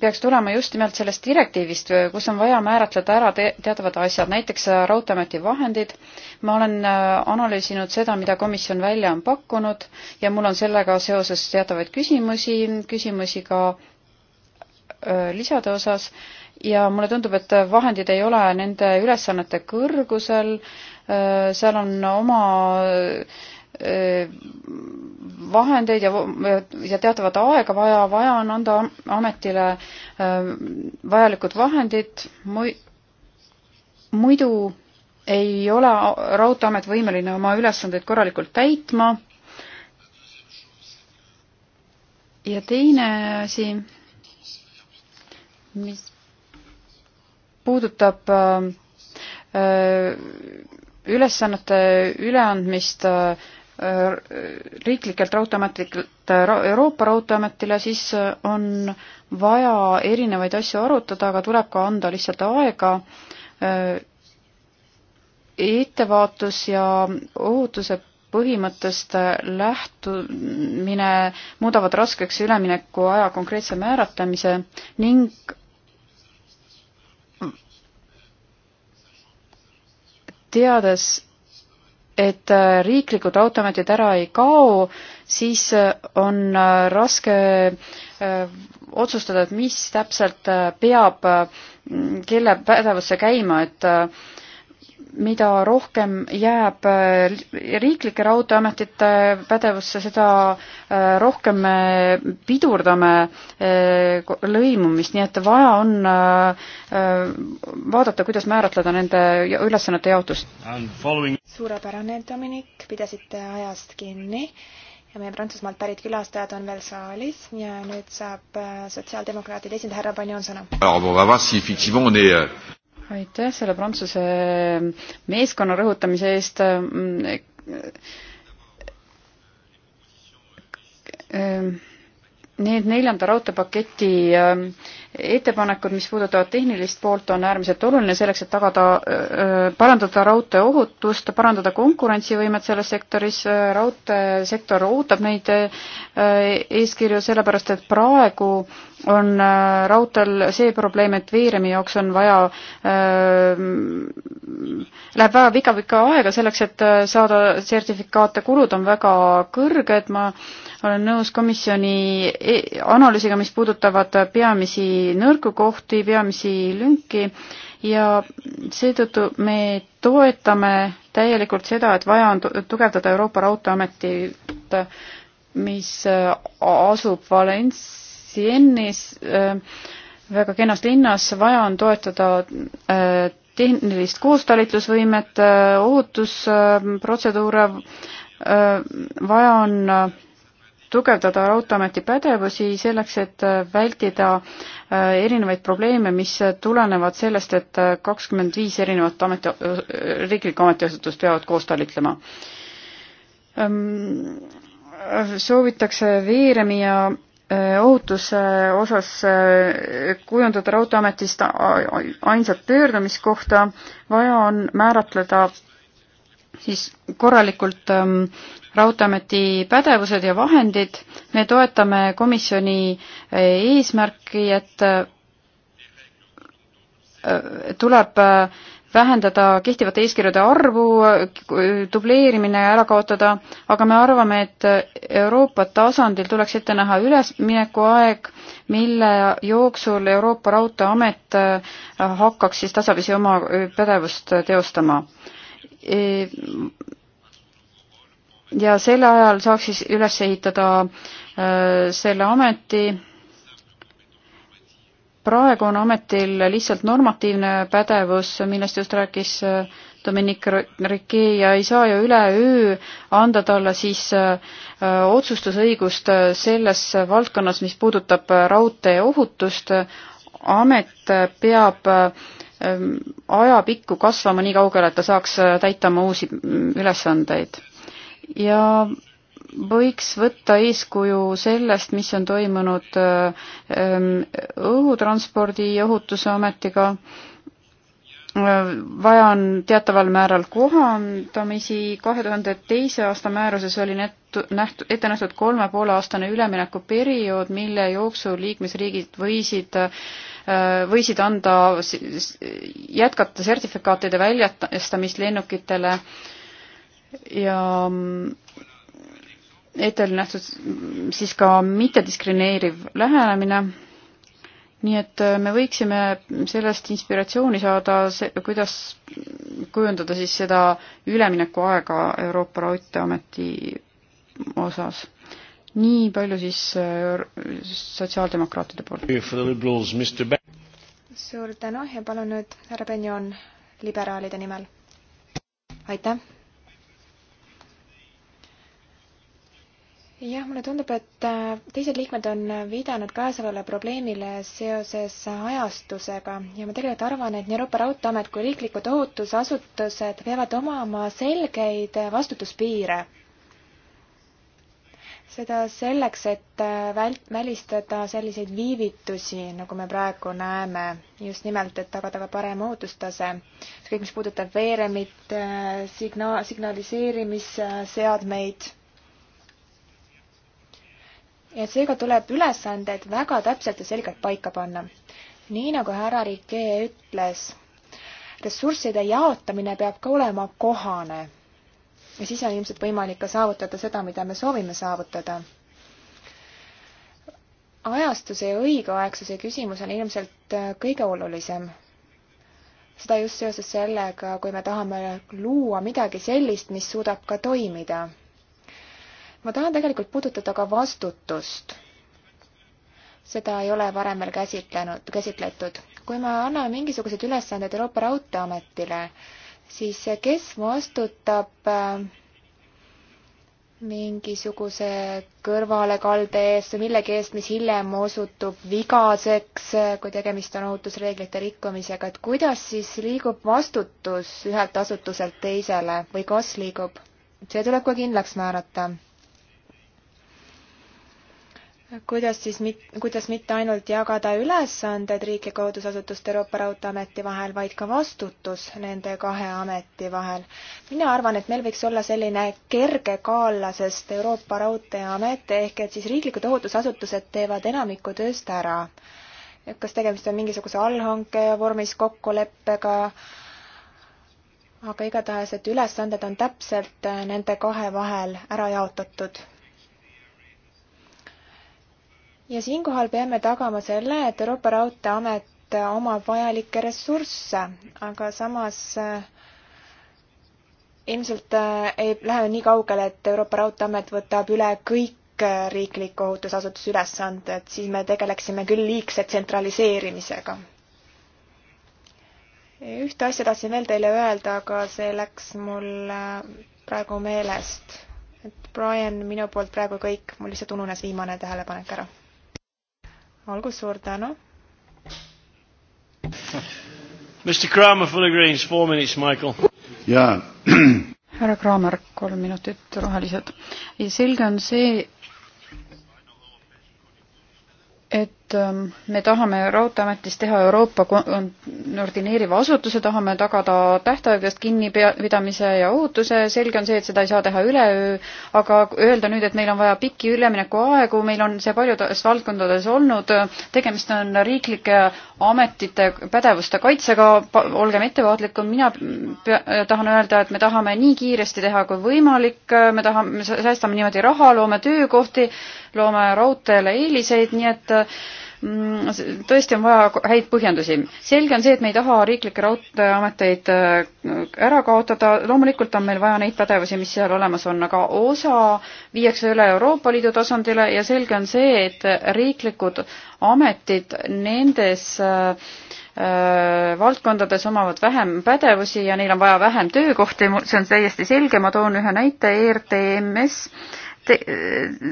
peaks tulema just nimelt sellest direktiivist, kus on vaja määratleda ära te teatavad asjad, näiteks äh, Raudteeameti vahendid. ma olen äh, analüüsinud seda, mida komisjon välja on pakkunud ja mul on sellega seoses teatavaid küsimusi, küsimusi ka lisade osas ja mulle tundub, et vahendid ei ole nende ülesannete kõrgusel, seal on oma vahendeid ja, ja teatavat aega vaja, vaja on anda ametile vajalikud vahendid, muidu ei ole Raudteeamet võimeline oma ülesandeid korralikult täitma. ja teine asi, mis puudutab ülesannete üleandmist äh, Äh, riiklikelt raudteeametilt äh, Euroopa Raudteeametile, siis äh, on vaja erinevaid asju arutada, aga tuleb ka anda lihtsalt aega ettevaatus ja ohutuse põhimõttest lähtumine muudavad raskeks ülemineku aja konkreetse määratlemise ning teades et äh, riiklikud automaadid ära ei kao, siis äh, on äh, raske otsustada, et mis täpselt peab kelle pädevusse käima, et mida rohkem jääb äh, riiklike raudteeametite pädevusse, seda äh, rohkem me pidurdame äh, lõimumist, nii et vaja on vaadata, kuidas määratleda nende ülesannete jaotust. suurepärane, Dominic, pidasite ajast kinni ja meie Prantsusmaalt pärit külastajad on veel saalis ja nüüd saab sotsiaaldemokraatide esindaja härra Banjon sõna aitäh selle Prantsuse meeskonna rõhutamise eest. Need neljanda raudteepaketi ettepanekud, mis puudutavad tehnilist poolt, on äärmiselt oluline selleks, et tagada, parandada raudtee ohutust, parandada konkurentsivõimet selles sektoris, raudteesektor ootab neid eeskirju, sellepärast et praegu on raudteel see probleem, et veeremi jaoks on vaja äh,, läheb väga pika-pika aega selleks, et saada sertifikaate, kulud on väga kõrged, ma olen nõus komisjoni e-, analüüsiga, mis puudutavad peamisi peamisi nõrku kohti, peamisi lünki ja seetõttu me toetame täielikult seda, et vaja on tugevdada Euroopa Raudteeametit, mis äh, asub Valenciennis, äh, väga kenas linnas, vaja on toetada äh, tehnilist koostalitlusvõimet, ohutusprotseduure, vaja on tugevdada Raudteeameti pädevusi selleks, et äh, vältida äh, erinevaid probleeme, mis äh, tulenevad sellest, et kakskümmend viis erinevat ameti, riiklikku ametiasutust peavad koos talitlema. soovitakse veeremi ja ohutuse osas kujundada Raudteeametist ainsat pöördumiskohta, vaja on määratleda siis korralikult ähm, Raudteeameti pädevused ja vahendid. me toetame komisjoni äh, eesmärki, et äh, tuleb äh, vähendada kehtivate eeskirjade arvu, äh, dubleerimine ära kaotada, aga me arvame, et äh, Euroopa tasandil tuleks ette näha üleminekuaeg, mille jooksul Euroopa Raudteeamet hakkaks siis tasapisi oma pädevust teostama ja selle ajal saaks siis üles ehitada äh, selle ameti. praegu on ametil lihtsalt normatiivne pädevus, millest just rääkis äh, Dominic Riquet ja ei saa ju üleöö anda talle siis äh, otsustusõigust selles valdkonnas, mis puudutab raudtee ohutust. amet peab äh, Ehm, ajapikku kasvama nii kaugele, et ta saaks äh, täita oma uusi mm, ülesandeid. ja võiks võtta eeskuju sellest, mis on toimunud äh, ehm, õhutranspordi ohutuse ametiga, äh, vaja on teataval määral kohandamisi, kahe tuhande teise aasta määruses oli net-, nähtu-, ette nähtud kolme poole aastane üleminekuperiood, mille jooksul liikmesriigid võisid äh, võisid anda, jätkata sertifikaatide väljastamist lennukitele ja mm, ette oli nähtud siis ka mittediskrimineeriv lähenemine. nii et äh, me võiksime sellest inspiratsiooni saada, kuidas kujundada siis seda üleminekuaega Euroopa Raudteeameti osas. nii palju siis äh, sotsiaaldemokraatide poolt suur tänu ja palun nüüd härra Benjon liberaalide nimel. aitäh. jah, mulle tundub, et äh, teised liikmed on viidanud käesolevale probleemile seoses ajastusega ja ma tegelikult arvan, et nii Euroopa Raudteeamet kui riiklikud ohutusasutused peavad omama selgeid vastutuspiire seda selleks, et äh, väl-, välistada selliseid viivitusi, nagu me praegu näeme, just nimelt, et tagada ka parem ohutustase. see kõik, mis puudutab veeremit, äh, signa-, signaliseerimisseadmeid. ja seega tuleb ülesanded väga täpselt ja selgelt paika panna. nii nagu härra Rikee ütles, ressursside jaotamine peab ka olema kohane ja siis on ilmselt võimalik ka saavutada seda, mida me soovime saavutada. ajastuse ja õigeaegsuse küsimus on ilmselt äh, kõige olulisem. seda just seoses sellega, kui me tahame luua midagi sellist, mis suudab ka toimida. ma tahan tegelikult puudutada ka vastutust. seda ei ole varem veel käsitlenud, käsitletud. kui me anname mingisugused ülesanded Euroopa Raudteeametile, siis kes vastutab äh, mingisuguse kõrvalekalde eest või millegi eest, mis hiljem osutub vigaseks, äh, kui tegemist on ohutusreeglite rikkumisega, et kuidas siis liigub vastutus ühelt asutuselt teisele või kas liigub? see tuleb ka kindlaks määrata kuidas siis mit-, kuidas mitte ainult jagada ülesanded riik ja kodusasutuste Euroopa Raudteeameti vahel, vaid ka vastutus nende kahe ameti vahel. mina arvan, et meil võiks olla selline kergekaallasest Euroopa Raudteeamet, ehk et siis riiklikud ohutusasutused teevad enamiku tööst ära. kas tegemist on mingisuguse allhanke vormis kokkuleppega, aga igatahes, et ülesanded on täpselt äh, nende kahe vahel ära jaotatud ja siinkohal peame tagama selle, et Euroopa Raudteeamet omab vajalikke ressursse, aga samas eh, ilmselt eh, ei lähe nii kaugele, et Euroopa Raudteeamet võtab üle kõik eh, riikliku ohutusasutuse ülesanded, siis me tegeleksime küll liigse tsentraliseerimisega. ühte asja tahtsin veel teile öelda, aga see läks mul praegu meelest. et Brian, minu poolt praegu kõik, mul lihtsalt ununes viimane tähelepanek ära olgu, suur tänu. Mr Kramer for the Greens, four minutes, Michael. jaa. härra Kramer, kolm minutit, rohelised. selge on see, et Ähm, me tahame Raudteeametis teha Euroopa koordineeriva asutuse, tahame tagada tähtaegadest kinnipidamise ja ohutuse, selge on see, et seda ei saa teha üleöö, aga öelda nüüd, et meil on vaja pikki üleminekuaegu, meil on see paljudes valdkondades olnud, tegemist on riiklike ametite pädevuste kaitsega, olgem ettevaatlikud, mina tahan öelda, et me tahame nii kiiresti teha kui võimalik, me tahame, säästame niimoodi raha, loome töökohti, loome raudteele eeliseid, nii et äh, Mm, tõesti on vaja häid põhjendusi. selge on see, et me ei taha riiklikke raudteeameteid äh, ära kaotada, loomulikult on meil vaja neid pädevusi, mis seal olemas on, aga osa viiakse üle Euroopa Liidu tasandile ja selge on see, et riiklikud ametid nendes äh, äh, valdkondades omavad vähem pädevusi ja neil on vaja vähem töökohti, see on täiesti selge, ma toon ühe näite, ERTMS te,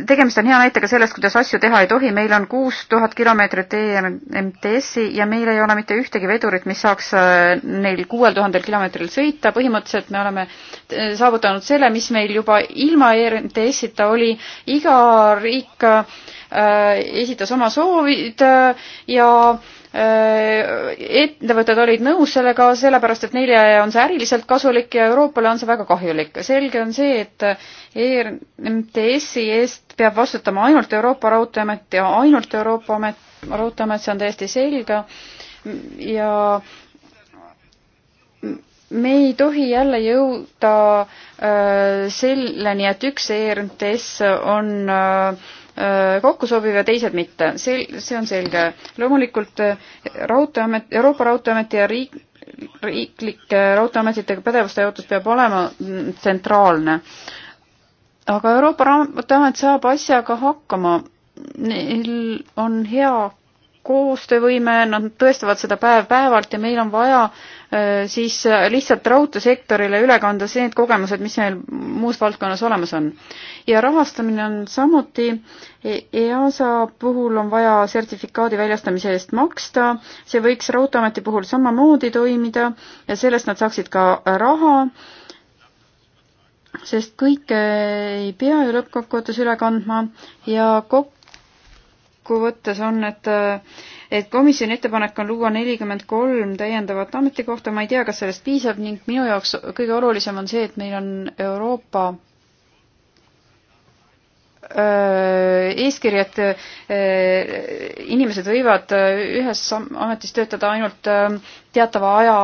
tegemist on hea näitega sellest, kuidas asju teha ei tohi, meil on kuus tuhat kilomeetrit EMTS-i ja meil ei ole mitte ühtegi vedurit, mis saaks äh, neil kuuel tuhandel kilomeetril sõita, põhimõtteliselt me oleme äh, saavutanud selle, mis meil juba ilma EMTS-ita oli, iga riik äh, esitas oma soovid äh, ja äh, Äh, ettevõtted olid nõus sellega, sellepärast et neile on see äriliselt kasulik ja Euroopale on see väga kahjulik. selge on see, et ERMTS-i eest peab vastutama ainult Euroopa Raudteeamet ja ainult Euroopa amet, Raudteeamet, see on täiesti selge ja me ei tohi jälle jõuda äh, selleni, et üks ERMTS on äh, Äh, kokku sobiv ja teised mitte. sel-, see on selge. loomulikult äh, Raudteeamet, Euroopa Raudteeameti ja riik, riiklike raudteeametite pädevuste jaotus peab olema mm, tsentraalne. aga Euroopa Raudteeamet saab asjaga hakkama. Neil on hea koostöövõime, nad tõestavad seda päev-päevalt ja meil on vaja äh, Äh, siis äh, lihtsalt raudteesektorile üle kanda see, need kogemused, mis meil muus valdkonnas olemas on. ja rahastamine on samuti e-, EASA puhul on vaja sertifikaadi väljastamise eest maksta, see võiks Raudteeameti puhul samamoodi toimida ja sellest nad saaksid ka raha, sest kõike ei pea ju lõppkokkuvõttes üle kandma ja kokkuvõttes on, et äh, et komisjoni ettepanek on luua nelikümmend kolm täiendavat ametikohta, ma ei tea, kas sellest piisab ning minu jaoks kõige olulisem on see, et meil on Euroopa Äh, eeskiri, et äh, inimesed võivad äh, ühes ametis töötada ainult teatava aja,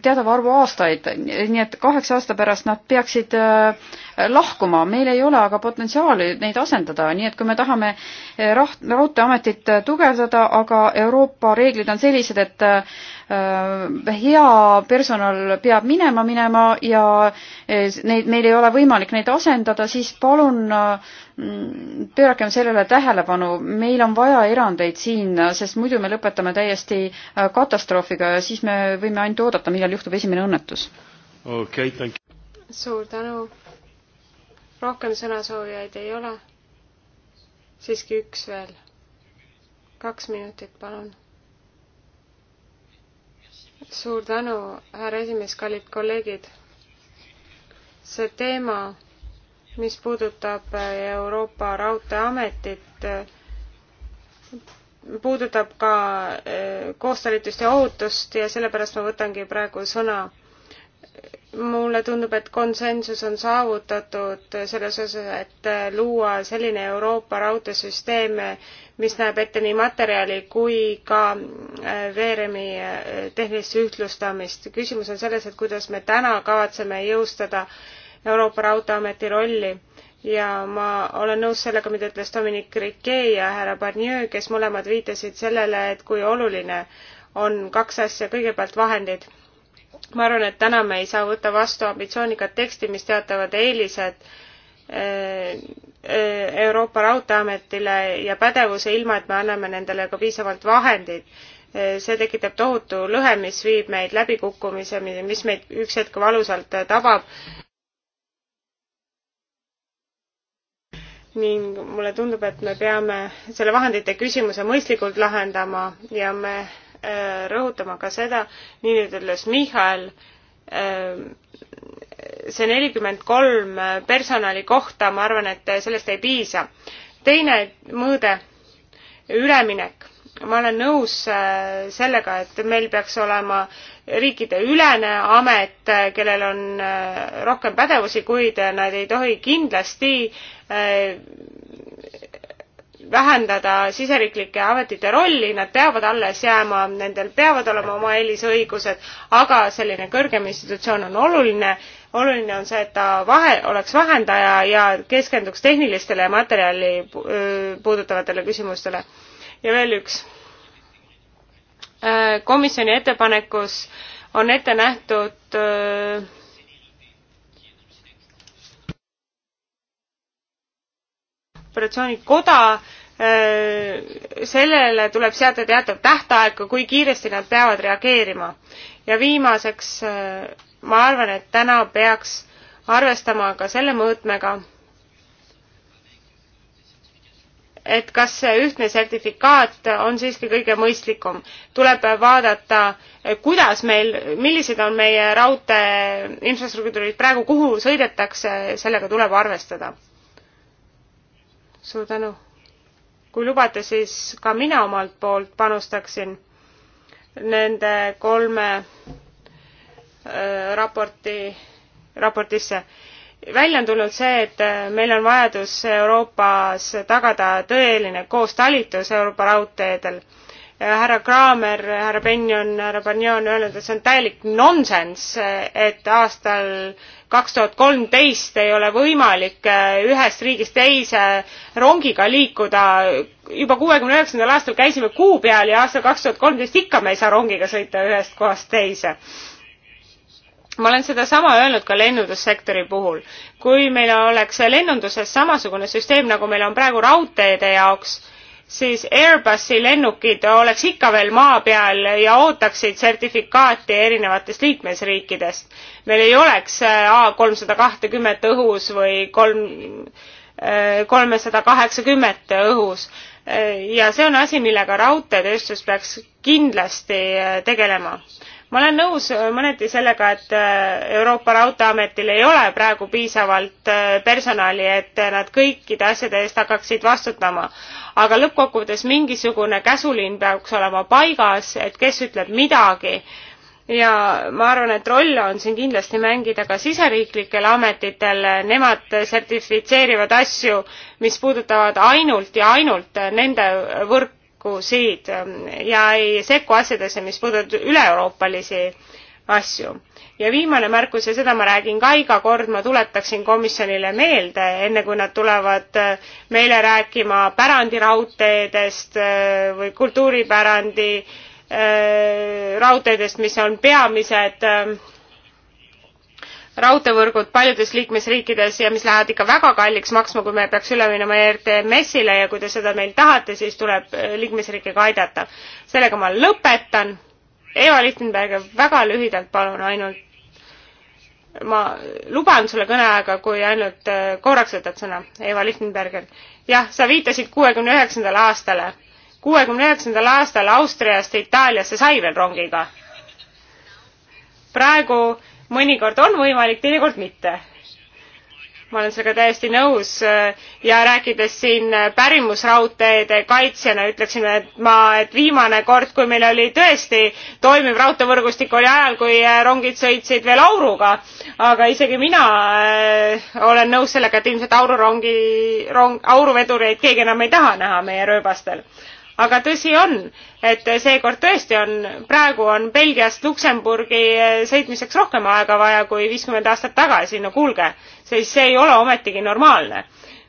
teatava arvu aastaid, nii et kaheksa aasta pärast nad peaksid lahkuma, meil ei ole aga potentsiaali neid asendada, nii et kui me tahame raht-, raudteeametit tugevdada, aga Euroopa reeglid on sellised, et Äh, hea personal peab minema minema ja äh, neid, meil ei ole võimalik neid asendada, siis palun äh, pöörakem sellele tähelepanu, meil on vaja erandeid siin, sest muidu me lõpetame täiesti katastroofiga ja siis me võime ainult oodata, millal juhtub esimene õnnetus. okei okay,, thank you. suur tänu. rohkem sõnasoovijaid ei ole? siiski üks veel. kaks minutit, palun suur tänu, härra esimees, kallid kolleegid. see teema, mis puudutab eh, Euroopa Raudteeametit, eh, puudutab ka eh, koostalitust ja ohutust ja sellepärast ma võtangi praegu sõna mulle tundub, et konsensus on saavutatud selles osas, et luua selline Euroopa raudteesüsteem, mis näeb ette nii materjali kui ka äh, veeremi äh, tehnilist ühtlustamist. küsimus on selles, et kuidas me täna kavatseme jõustada Euroopa Raudteeameti rolli ja ma olen nõus sellega, mida ütles Dominic Riquet ja härra Barnier, kes mõlemad viitasid sellele, et kui oluline on kaks asja, kõigepealt vahendid ma arvan, et täna me ei saa võtta vastu ambitsioonikat teksti, mis teatavad eelised eh, Euroopa Raudteeametile ja pädevuse, ilma et me anname nendele ka piisavalt vahendeid. Eh, see tekitab tohutu lõhe, mis viib meid läbikukkumise, mis meid üks hetk valusalt eh, tabab. ning mulle tundub, et me peame selle vahendite küsimuse mõistlikult lahendama ja me Äh, rõhutama ka seda, nii nüüd ütles Michal, äh, see nelikümmend kolm personalikohta, ma arvan, et sellest ei piisa. teine mõõde, üleminek. ma olen nõus äh, sellega, et meil peaks olema riikide ülene amet, kellel on rohkem pädevusi, kuid nad ei tohi kindlasti vähendada siseriiklike ametite rolli, nad peavad alles jääma, nendel peavad olema oma eelisõigused, aga selline kõrgem institutsioon on oluline, oluline on see, et ta vahe, oleks vahendaja ja keskenduks tehnilistele ja materjali puudutavatele küsimustele. ja veel üks. komisjoni ettepanekus on ette nähtud öö, operatsioonikoda Äh, sellele tuleb seada teatav tähtaeg, kui kiiresti nad peavad reageerima. ja viimaseks äh, ma arvan, et täna peaks arvestama ka selle mõõtmega, et kas see ühtne sertifikaat on siiski kõige mõistlikum. tuleb vaadata, kuidas meil, millised on meie raudtee infrastruktuurid praegu, kuhu sõidetakse, sellega tuleb arvestada. suur tänu kui lubate, siis ka mina omalt poolt panustaksin nende kolme äh, raporti, raportisse. välja on tulnud see, et äh, meil on vajadus Euroopas tagada tõeline koostalitus Euroopa raudteedel. härra Kraamer, härra Benjon, härra Barnier on öelnud, et see on täielik nonsenss, et aastal kaks tuhat kolmteist ei ole võimalik äh, ühest riigist teise rongiga liikuda. juba kuuekümne üheksandal aastal käisime kuu peal ja aastal kaks tuhat kolmteist ikka me ei saa rongiga sõita ühest kohast teise ma olen sedasama öelnud ka lennundussektori puhul. kui meil oleks lennunduses samasugune süsteem, nagu meil on praegu raudteede jaoks äh,, siis Airbusi lennukid oleks ikka veel maa peal ja ootaksid sertifikaati erinevatest liikmesriikidest. meil ei oleks äh, A kolmsada kahtekümmet õhus või kolm, äh, kolmesada kaheksakümmet õhus. Äh, ja see on asi, millega raudteetööstus peaks kindlasti tegelema ma olen nõus äh, mõneti sellega, et äh, Euroopa Raudteeametil ei ole praegu piisavalt äh, personali, et nad kõikide asjade eest hakkaksid vastutama. aga lõppkokkuvõttes mingisugune käsuliin peaks olema paigas, et kes ütleb midagi. ja ma arvan, et rolle on siin kindlasti mängida ka siseriiklikel ametitel, nemad sertifitseerivad asju, mis puudutavad ainult ja ainult nende võrku kuusid ähm, ja ei sekku asjadesse, mis puudutavad üle-euroopalisi asju. ja viimane märkus ja seda ma räägin ka iga kord, ma tuletaksin komisjonile meelde, enne kui nad tulevad äh, meile rääkima pärandiraudteedest äh, või kultuuripärandi äh, raudteedest, mis on peamised raudteevõrgud paljudes liikmesriikides ja mis lähevad ikka väga kalliks maksma, kui me peaks üle minema ERTMS-ile ja kui te seda meil tahate, siis tuleb eh, liikmesriike ka aidata. sellega ma lõpetan. Eva Lichtenberger, väga lühidalt palun ainult. ma luban sulle kõneaega, kui ainult eh, korraks võtad sõna, Eva Lichtenberger. jah, sa viitasid kuuekümne üheksandale aastale. kuuekümne üheksandal aastal Austriast Itaaliasse sai veel rongiga. praegu mõnikord on võimalik, teinekord mitte. ma olen sellega täiesti nõus äh, ja rääkides siin äh, pärimusraudteede kaitsjana ütleksin, et ma, et viimane kord, kui meil oli tõesti toimiv raudteevõrgustik, oli ajal, kui äh, rongid sõitsid veel auruga, aga isegi mina olen nõus sellega, et ilmselt aururongi, rong, auruvedureid keegi enam ei taha näha meie rööbastel aga tõsi on, et seekord tõesti on, praegu on Belgiast Luksemburgi eh, sõitmiseks rohkem aega vaja kui viiskümmend aastat tagasi, no kuulge, siis see ei ole ometigi normaalne.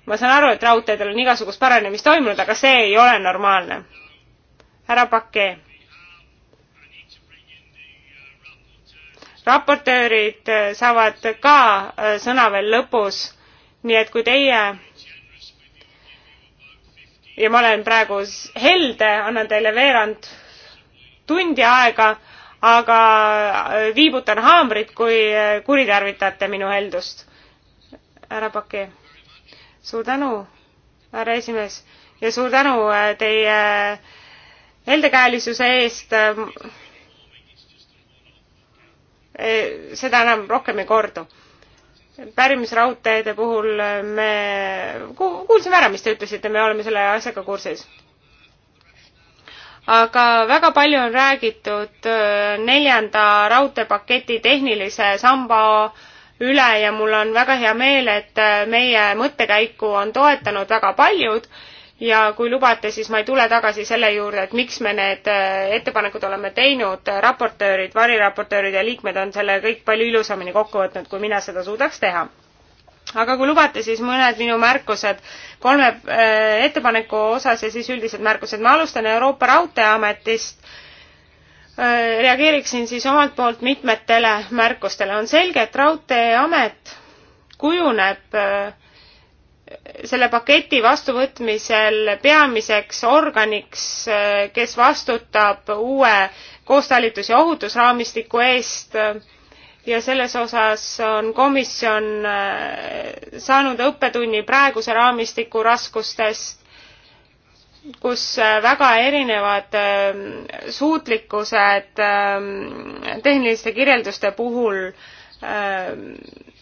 ma saan aru, et raudteedel on igasugust paranemist toimunud, aga see ei ole normaalne. härra Pakee. raportöörid eh, saavad ka eh, sõna veel lõpus, nii et kui teie ja ma olen praegu helde, annan teile veerand tundi aega, aga äh, viibutan haamrit, kui äh, kuritarvitate minu heldust. härra Pake, suur tänu, härra esimees, ja suur tänu äh, teie heldekäelisuse eest. seda enam rohkem ei kordu pärimisraudteede puhul me kuulsime ära, mis te ütlesite, me oleme selle asjaga kursis. aga väga palju on räägitud äh, neljanda raudteepaketi tehnilise samba üle ja mul on väga hea meel, et äh, meie mõttekäiku on toetanud väga paljud ja kui lubate, siis ma ei tule tagasi selle juurde, et miks me need äh, ettepanekud oleme teinud, raportöörid, variraportöörid ja liikmed on selle kõik palju ilusamini kokku võtnud, kui mina seda suudaks teha. aga kui lubate, siis mõned minu märkused kolme äh, ettepaneku osas ja siis üldised märkused. ma alustan Euroopa Raudteeametist äh, reageeriksin siis omalt poolt mitmetele märkustele. on selge, et Raudteeamet kujuneb äh, selle paketi vastuvõtmisel peamiseks organiks, kes vastutab uue koostalitus- ja ohutusraamistiku eest ja selles osas on komisjon äh, saanud õppetunni praeguse raamistiku raskustest, kus äh, väga erinevad ähm, suutlikkused ähm, tehniliste kirjelduste puhul äh, Ähm,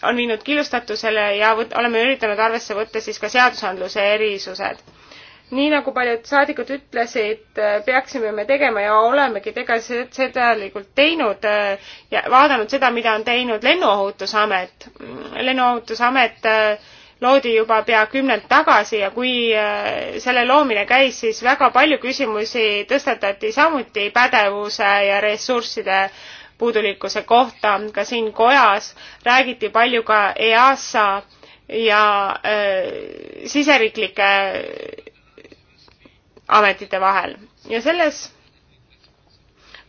on viinud killustatusele ja võt-, oleme üritanud arvesse võtta siis ka seadusandluse erisused. nii nagu paljud saadikud ütlesid, äh, peaksime me tegema ja olemegi tegelikult sedalikult teinud äh, ja vaadanud seda, mida on teinud Lennuohutusamet. Mm, lennuohutusamet äh, loodi juba pea kümnend tagasi ja kui selle loomine käis, siis väga palju küsimusi tõstatati samuti pädevuse ja ressursside puudulikkuse kohta ka siin kojas, räägiti palju ka EASA ja äh, siseriiklike ametite vahel ja selles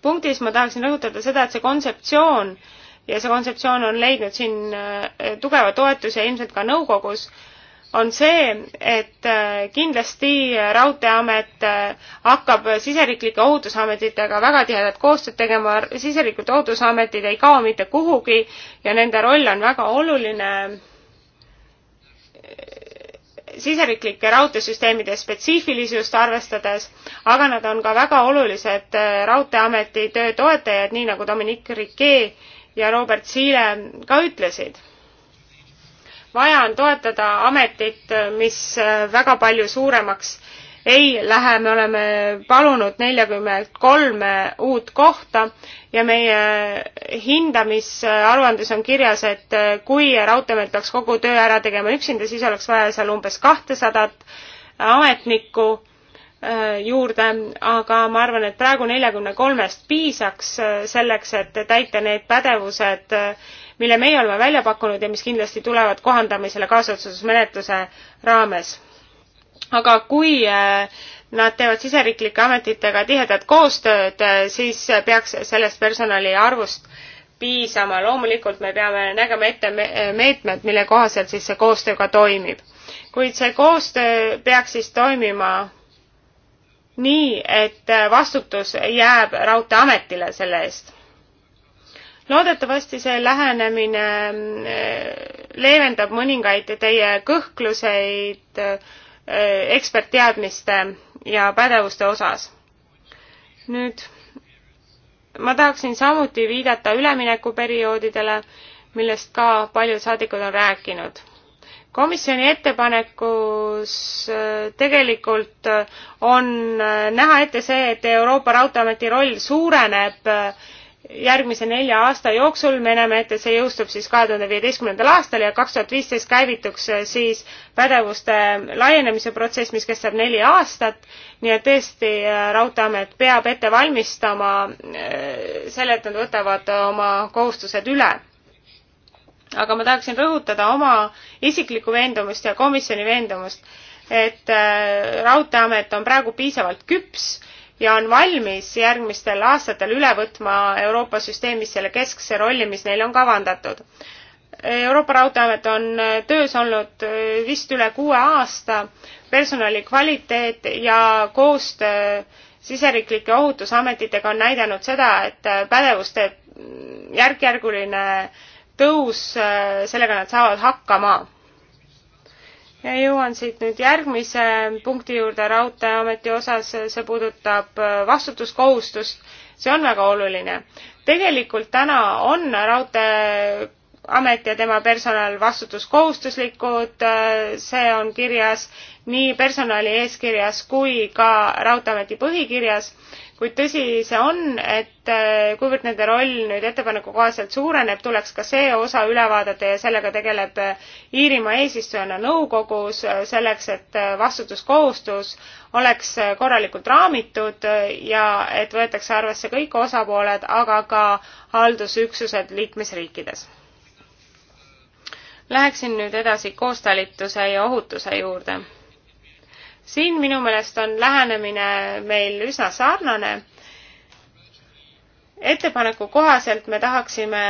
punktis ma tahaksin rõhutada seda, et see kontseptsioon ja see kontseptsioon on leidnud siin äh, tugeva toetuse ilmselt ka nõukogus äh,, on see, et äh, kindlasti Raudteeamet äh, hakkab siseriiklike ohutusametitega väga tihedat koostööd tegema, siseriiklikud ohutusametid ei kao mitte kuhugi ja nende roll on väga oluline äh, siseriiklike raudteesüsteemide spetsiifilisust arvestades, aga nad on ka väga olulised Raudteeameti töö toetajad, nii nagu Dominic Riquet ja Robert Siile ka ütlesid vaja on toetada ametit, mis äh, väga palju suuremaks ei lähe, me oleme palunud neljakümmend kolme uut kohta ja meie hindamisaruandes on kirjas, et äh, kui Raudteeamet peaks kogu töö ära tegema üksinda, siis oleks vaja seal umbes kahtesadat ametnikku äh, juurde, aga ma arvan, et praegu neljakümne kolmest piisaks selleks, et täita need pädevused äh, mille meie oleme välja pakkunud ja mis kindlasti tulevad kohandamisele kaasotsusmenetluse raames. aga kui äh, nad teevad siseriiklike ametitega tihedat koostööd, äh, siis peaks sellest personali arvust piisama. loomulikult me peame nägema ette meetmed, mille kohaselt siis see koostöö ka toimib. kuid see koostöö peaks siis toimima nii, et vastutus jääb Raudteeametile selle eest loodetavasti see lähenemine eh, leevendab mõningaid teie kõhkluseid eh, ekspertteadmiste ja pädevuste osas. nüüd ma tahaksin samuti viidata üleminekuperioodidele, millest ka paljud saadikud on rääkinud komisjoni ettepanekus eh, tegelikult on näha ette see, et Euroopa Raudteeameti roll suureneb järgmise nelja aasta jooksul, me näeme ette, see jõustub siis kahe tuhande viieteistkümnendal aastal ja kaks tuhat viisteist käivituks äh, siis pädevuste laienemise protsess, mis kestab neli aastat. nii et tõesti äh, Raudteeamet peab ette valmistama äh, selle, et nad võtavad oma kohustused üle aga ma tahaksin rõhutada oma isiklikku veendumust ja komisjoni veendumust, et Raudteeamet on praegu piisavalt küps ja on valmis järgmistel aastatel üle võtma Euroopa süsteemis selle keskse rolli, mis neile on kavandatud. Euroopa Raudteeamet on töös olnud vist üle kuue aasta, personali kvaliteet ja koostöö siseriiklike ohutusametitega on näidanud seda, et pädevuste järk-järguline tõus, sellega nad saavad hakkama ja jõuan siit nüüd järgmise punkti juurde Raudteeameti osas, see puudutab äh, vastutuskohustust. see on väga oluline. tegelikult täna on raudtee amet ja tema personal vastutuskohustuslikud, see on kirjas nii personali eeskirjas kui ka Raudteeameti põhikirjas, kuid tõsi see on, et eh, kuivõrd nende roll nüüd ettepaneku kohaselt suureneb, tuleks ka see osa üle vaadata ja sellega tegeleb eh, Iirimaa eesistujana nõukogus, eh, selleks et vastutuskohustus oleks korralikult raamitud ja et võetakse arvesse kõik osapooled, aga ka haldusüksused liikmesriikides Läheksin nüüd edasi koostalituse ja ohutuse juurde. siin minu meelest on lähenemine meil üsna sarnane. ettepaneku kohaselt me tahaksime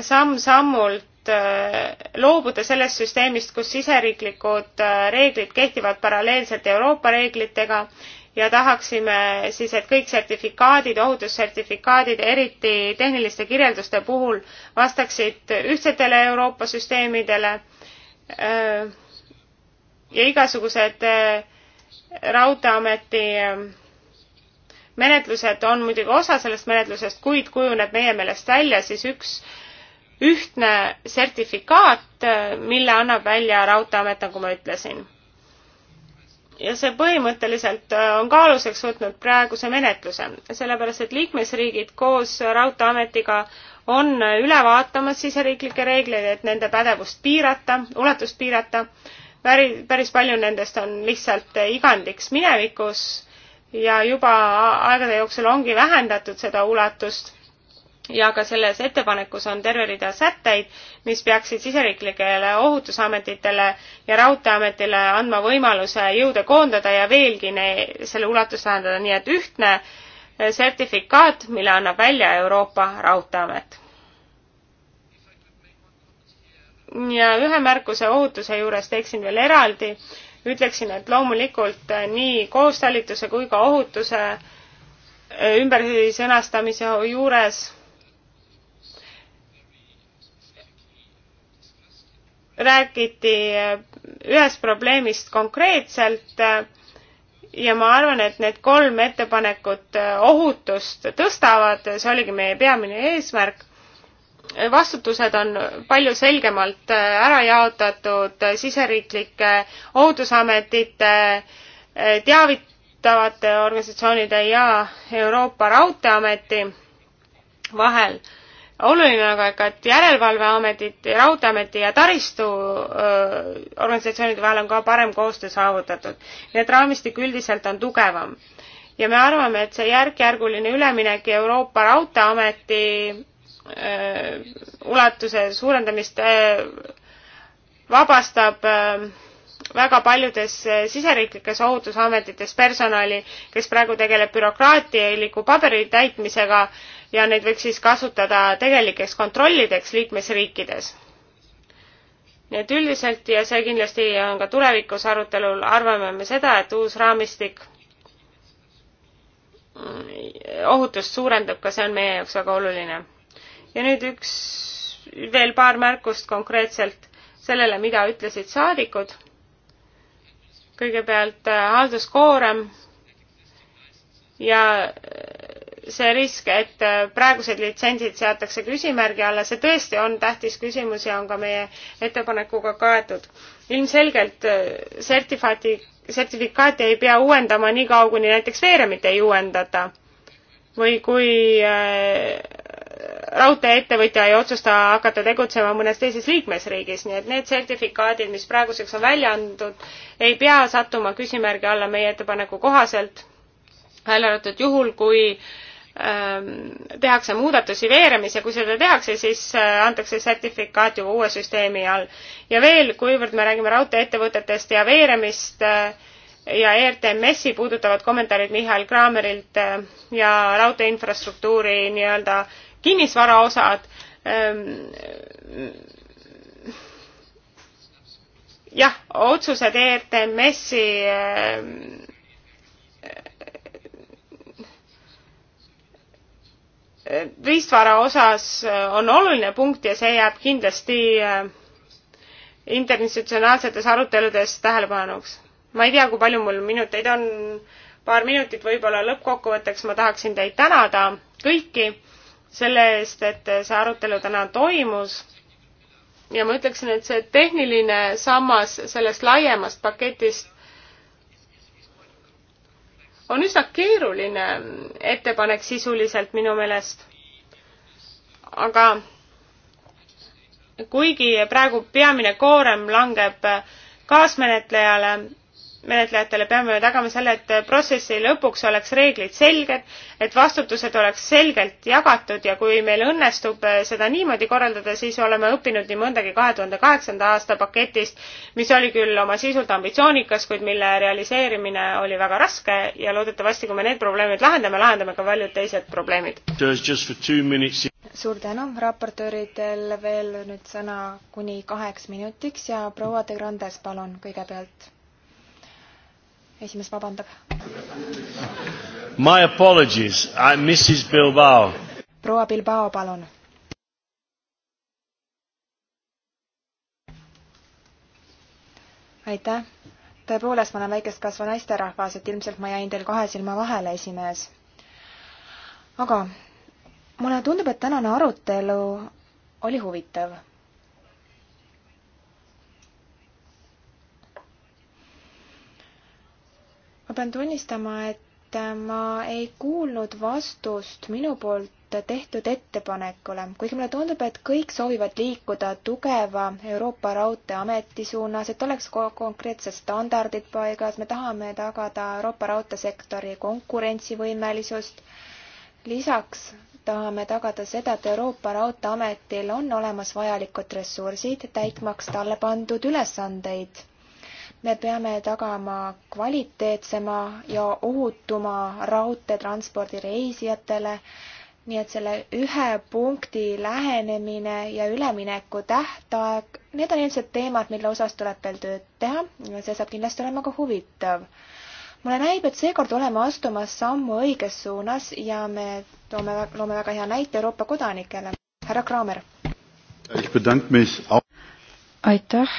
samm-sammult äh, loobuda sellest süsteemist, kus siseriiklikud äh, reeglid kehtivad paralleelselt Euroopa reeglitega ja tahaksime siis, et kõik sertifikaadid, ohutussertifikaadid, eriti tehniliste kirjelduste puhul, vastaksid ühtsetele Euroopa süsteemidele ja igasugused Raudteeameti menetlused on muidugi osa sellest menetlusest, kuid kujuneb meie meelest välja siis üks ühtne sertifikaat, mille annab välja Raudteeamet, nagu ma ütlesin ja see põhimõtteliselt äh, on kaaluseks võtnud praeguse menetluse, sellepärast et liikmesriigid koos Raudteeametiga on üle vaatamas siseriiklikke reegleid, et nende pädevust piirata, ulatust piirata. päris, päris palju nendest on lihtsalt igandiks minevikus ja juba aegade jooksul ongi vähendatud seda ulatust ja ka selles ettepanekus on terve rida sätteid, mis peaksid siseriiklikele ohutusametitele ja Raudteeametile andma võimaluse jõude koondada ja veelgi selle ulatust vähendada, nii et ühtne sertifikaat, mille annab välja Euroopa Raudteeamet. ja ühe märkuse ohutuse juures teeksin veel eraldi, ütleksin, et loomulikult nii koostalituse kui ka ohutuse ümbersõnastamise juures räägiti eh, ühest probleemist konkreetselt eh, ja ma arvan, et need kolm ettepanekut eh, ohutust tõstavad, see oligi meie peamine eesmärk. vastutused on palju selgemalt ära jaotatud siseriiklike ohutusametite, teavitavate organisatsioonide ja Euroopa Raudteeameti vahel oluline on aga ka, et Järelevalveametit, Raudteeameti ja taristu öö, organisatsioonide vahel on ka parem koostöö saavutatud. nii et raamistik üldiselt on tugevam. ja me arvame, et see järk-järguline üleminek Euroopa Raudteeameti ulatuse suurendamist öö, vabastab öö, väga paljudes siseriiklikes ohutusametites personali, kes praegu tegeleb bürokraatialiku paberi täitmisega öö, ja neid võiks siis kasutada tegelikeks kontrollideks liikmesriikides. nii et üldiselt ja see kindlasti on ka tulevikus arutelul, arvame me seda, et uus raamistik mm, ohutust suurendab, ka see on meie jaoks väga oluline. ja nüüd üks, veel paar märkust konkreetselt sellele, mida ütlesid saadikud. kõigepealt äh, halduskoorem ja see risk, et äh, praegused litsentsid seatakse küsimärgi alla, see tõesti on tähtis küsimus ja on ka meie ettepanekuga kaetud. ilmselgelt äh, sertifaati, sertifikaati ei pea uuendama nii kaua, kuni näiteks veeremit ei uuendata. või kui äh, raudteeettevõtja ei otsusta hakata tegutsema mõnes teises liikmesriigis, nii et need sertifikaadid, mis praeguseks on välja antud, ei pea sattuma küsimärgi alla meie ettepaneku kohaselt, välja arvatud juhul, kui äh, Ähm, tehakse muudatusi veeremis ja kui seda tehakse, siis äh, antakse sertifikaat juba uue süsteemi all. ja veel, kuivõrd me räägime raudteeettevõtetest ja veeremist äh, ja ERTMS-i puudutavad kommentaarid Mihhail Kraamerilt äh, ja raudteeinfrastruktuuri nii-öelda kinnisvaraosad. Ähm, jah, otsused ERTMS-i ähm, riistvara osas äh, on oluline punkt ja see jääb kindlasti äh, internatsionaalsetes aruteludes tähelepanuks. ma ei tea, kui palju mul minuteid on, paar minutit võib-olla lõppkokkuvõtteks ma tahaksin teid tänada kõiki selle eest, et see arutelu täna toimus. ja ma ütleksin, et see tehniline sammas sellest laiemast paketist on üsna keeruline ettepanek sisuliselt minu meelest. aga kuigi praegu peamine koorem langeb kaasmenetlejale, menetlejatele peame tagama selle, et protsessi lõpuks oleks reeglid selged, et vastutused oleks selgelt jagatud ja kui meil õnnestub äh, seda niimoodi korraldada, siis oleme õppinud nii mõndagi kahe tuhande kaheksanda aasta paketist, mis oli küll oma sisult ambitsioonikas, kuid mille realiseerimine oli väga raske ja loodetavasti, kui me need probleemid lahendame, lahendame ka paljud teised probleemid. suur tänu, raportööridel veel nüüd sõna kuni kaheks minutiks ja proua de Grandes, palun kõigepealt esimees vabandab. My apologies, I am Mrs Bilbao. proua Bilbao, palun. aitäh. tõepoolest, ma olen väikest kasvu naisterahvas, et ilmselt ma jäin teil kahe silma vahele, esimees. aga mulle tundub, et tänane arutelu oli huvitav ma pean tunnistama, et äh, ma ei kuulnud vastust minu poolt tehtud ettepanekule, kuigi mulle tundub, et kõik soovivad liikuda tugeva Euroopa Raudteeameti suunas, et oleks konkreetsed standardid paigas, me tahame tagada Euroopa raudteesektori konkurentsivõimelisust. lisaks tahame tagada seda, et Euroopa Raudteeametil on olemas vajalikud ressursid, täitmaks talle pandud ülesandeid me peame tagama kvaliteetsema ja ohutuma raudteetranspordi reisijatele, nii et selle ühe punkti lähenemine ja ülemineku tähtaeg, need on ilmselt teemad, mille osas tuleb veel tööd teha ja see saab kindlasti olema ka huvitav mulle näib, et seekord oleme astumas sammu õiges suunas ja me toome, loome väga hea näite Euroopa kodanikele. härra Kraamer. aitäh,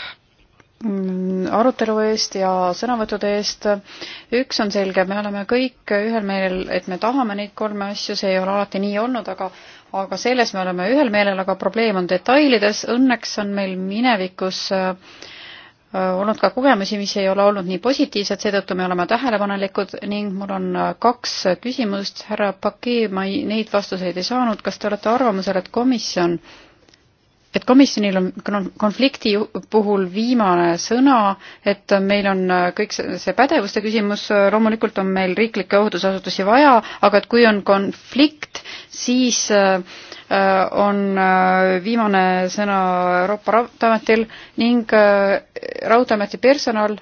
Mm, arutelu eest ja sõnavõttude eest. üks on selge, me oleme kõik ühel meelel, et me tahame neid kolme asju, see ei ole alati nii olnud, aga aga selles me oleme ühel meelel, aga probleem on detailides. Õnneks on meil minevikus äh, äh, olnud ka kogemusi, mis ei ole olnud nii positiivsed, seetõttu me oleme tähelepanelikud ning mul on äh, kaks küsimust. härra Pakee, ma ei, neid vastuseid ei saanud. kas te olete arvamusel, et komisjon et komisjonil on konflikti puhul viimane sõna, et meil on äh, kõik see pädevuste küsimus, äh, loomulikult on meil riiklikke ohutusasutusi vaja, aga et kui on konflikt, siis äh, on viimane sõna Euroopa Raudteeametil ning Raudteeameti personal,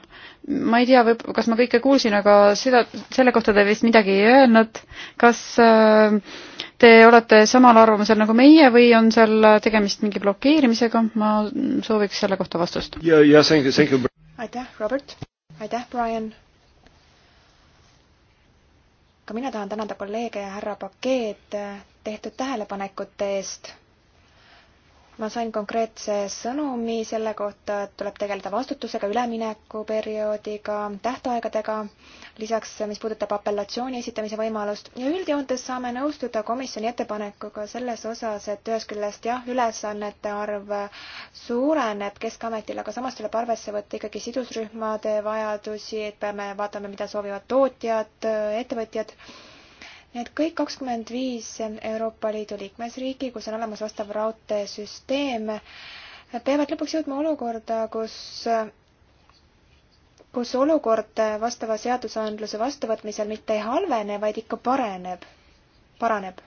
ma ei tea, võib, kas ma kõike kuulsin, aga seda, selle kohta te vist midagi ei öelnud, kas äh, te olete samal arvamusel nagu meie või on seal tegemist mingi blokeerimisega? ma sooviks selle kohta vastust yeah,. Yeah, aitäh, Robert. aitäh, Brian. ka mina tahan tänada kolleege ja härra Pakeed tehtud tähelepanekute eest ma sain konkreetse sõnumi selle kohta, et tuleb tegeleda vastutusega, üleminekuperioodiga, tähtaegadega, lisaks mis puudutab apellatsiooni esitamise võimalust ja üldjoontes saame nõustuda komisjoni ettepanekuga selles osas, et ühest küljest jah, ülesannete arv suureneb Keskametil, aga samas tuleb arvesse võtta ikkagi sidusrühmade vajadusi, et peame vaatama, mida soovivad tootjad, ettevõtjad Need kõik kakskümmend viis Euroopa Liidu liikmesriiki, kus on olemas vastav raudteesüsteem, peavad lõpuks jõudma olukorda, kus kus olukord vastava seadusandluse vastuvõtmisel mitte ei halvene, vaid ikka pareneb, paraneb.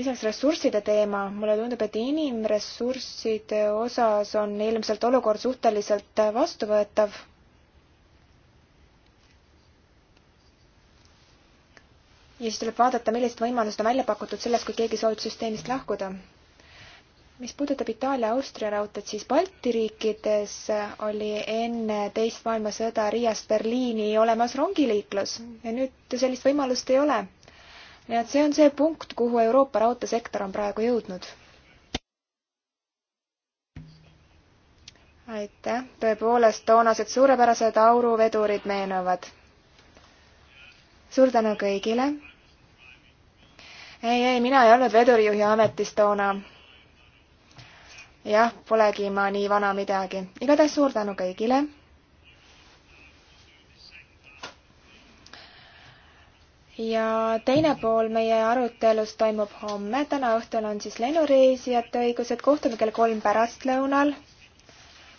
lisaks ressursside teema, mulle tundub, et inimressursside osas on ilmselt olukord suhteliselt vastuvõetav ja siis tuleb vaadata, millised võimalused on välja pakutud selles, kui keegi soovib süsteemist lahkuda. mis puudutab Itaalia-Austria raudteed, siis Balti riikides oli enne teist maailmasõda Riiast Berliini olemas rongiliiklus ja nüüd sellist võimalust ei ole. nii et see on see punkt, kuhu Euroopa raudteesektor on praegu jõudnud. aitäh, tõepoolest toonased suurepärased auruvedurid meenuvad suur tänu kõigile ei, ei, mina ei olnud vedurijuhi ametis toona. jah, polegi ma nii vana midagi. igatahes suur tänu kõigile ja teine pool meie arutelust toimub homme, täna õhtul on siis lennureisijate õigused, kohtume kell kolm pärastlõunal.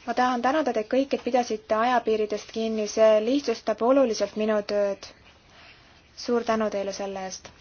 ma tahan tänada teid kõik, et pidasite ajapiiridest kinni, see lihtsustab oluliselt minu tööd. suur tänu teile selle eest!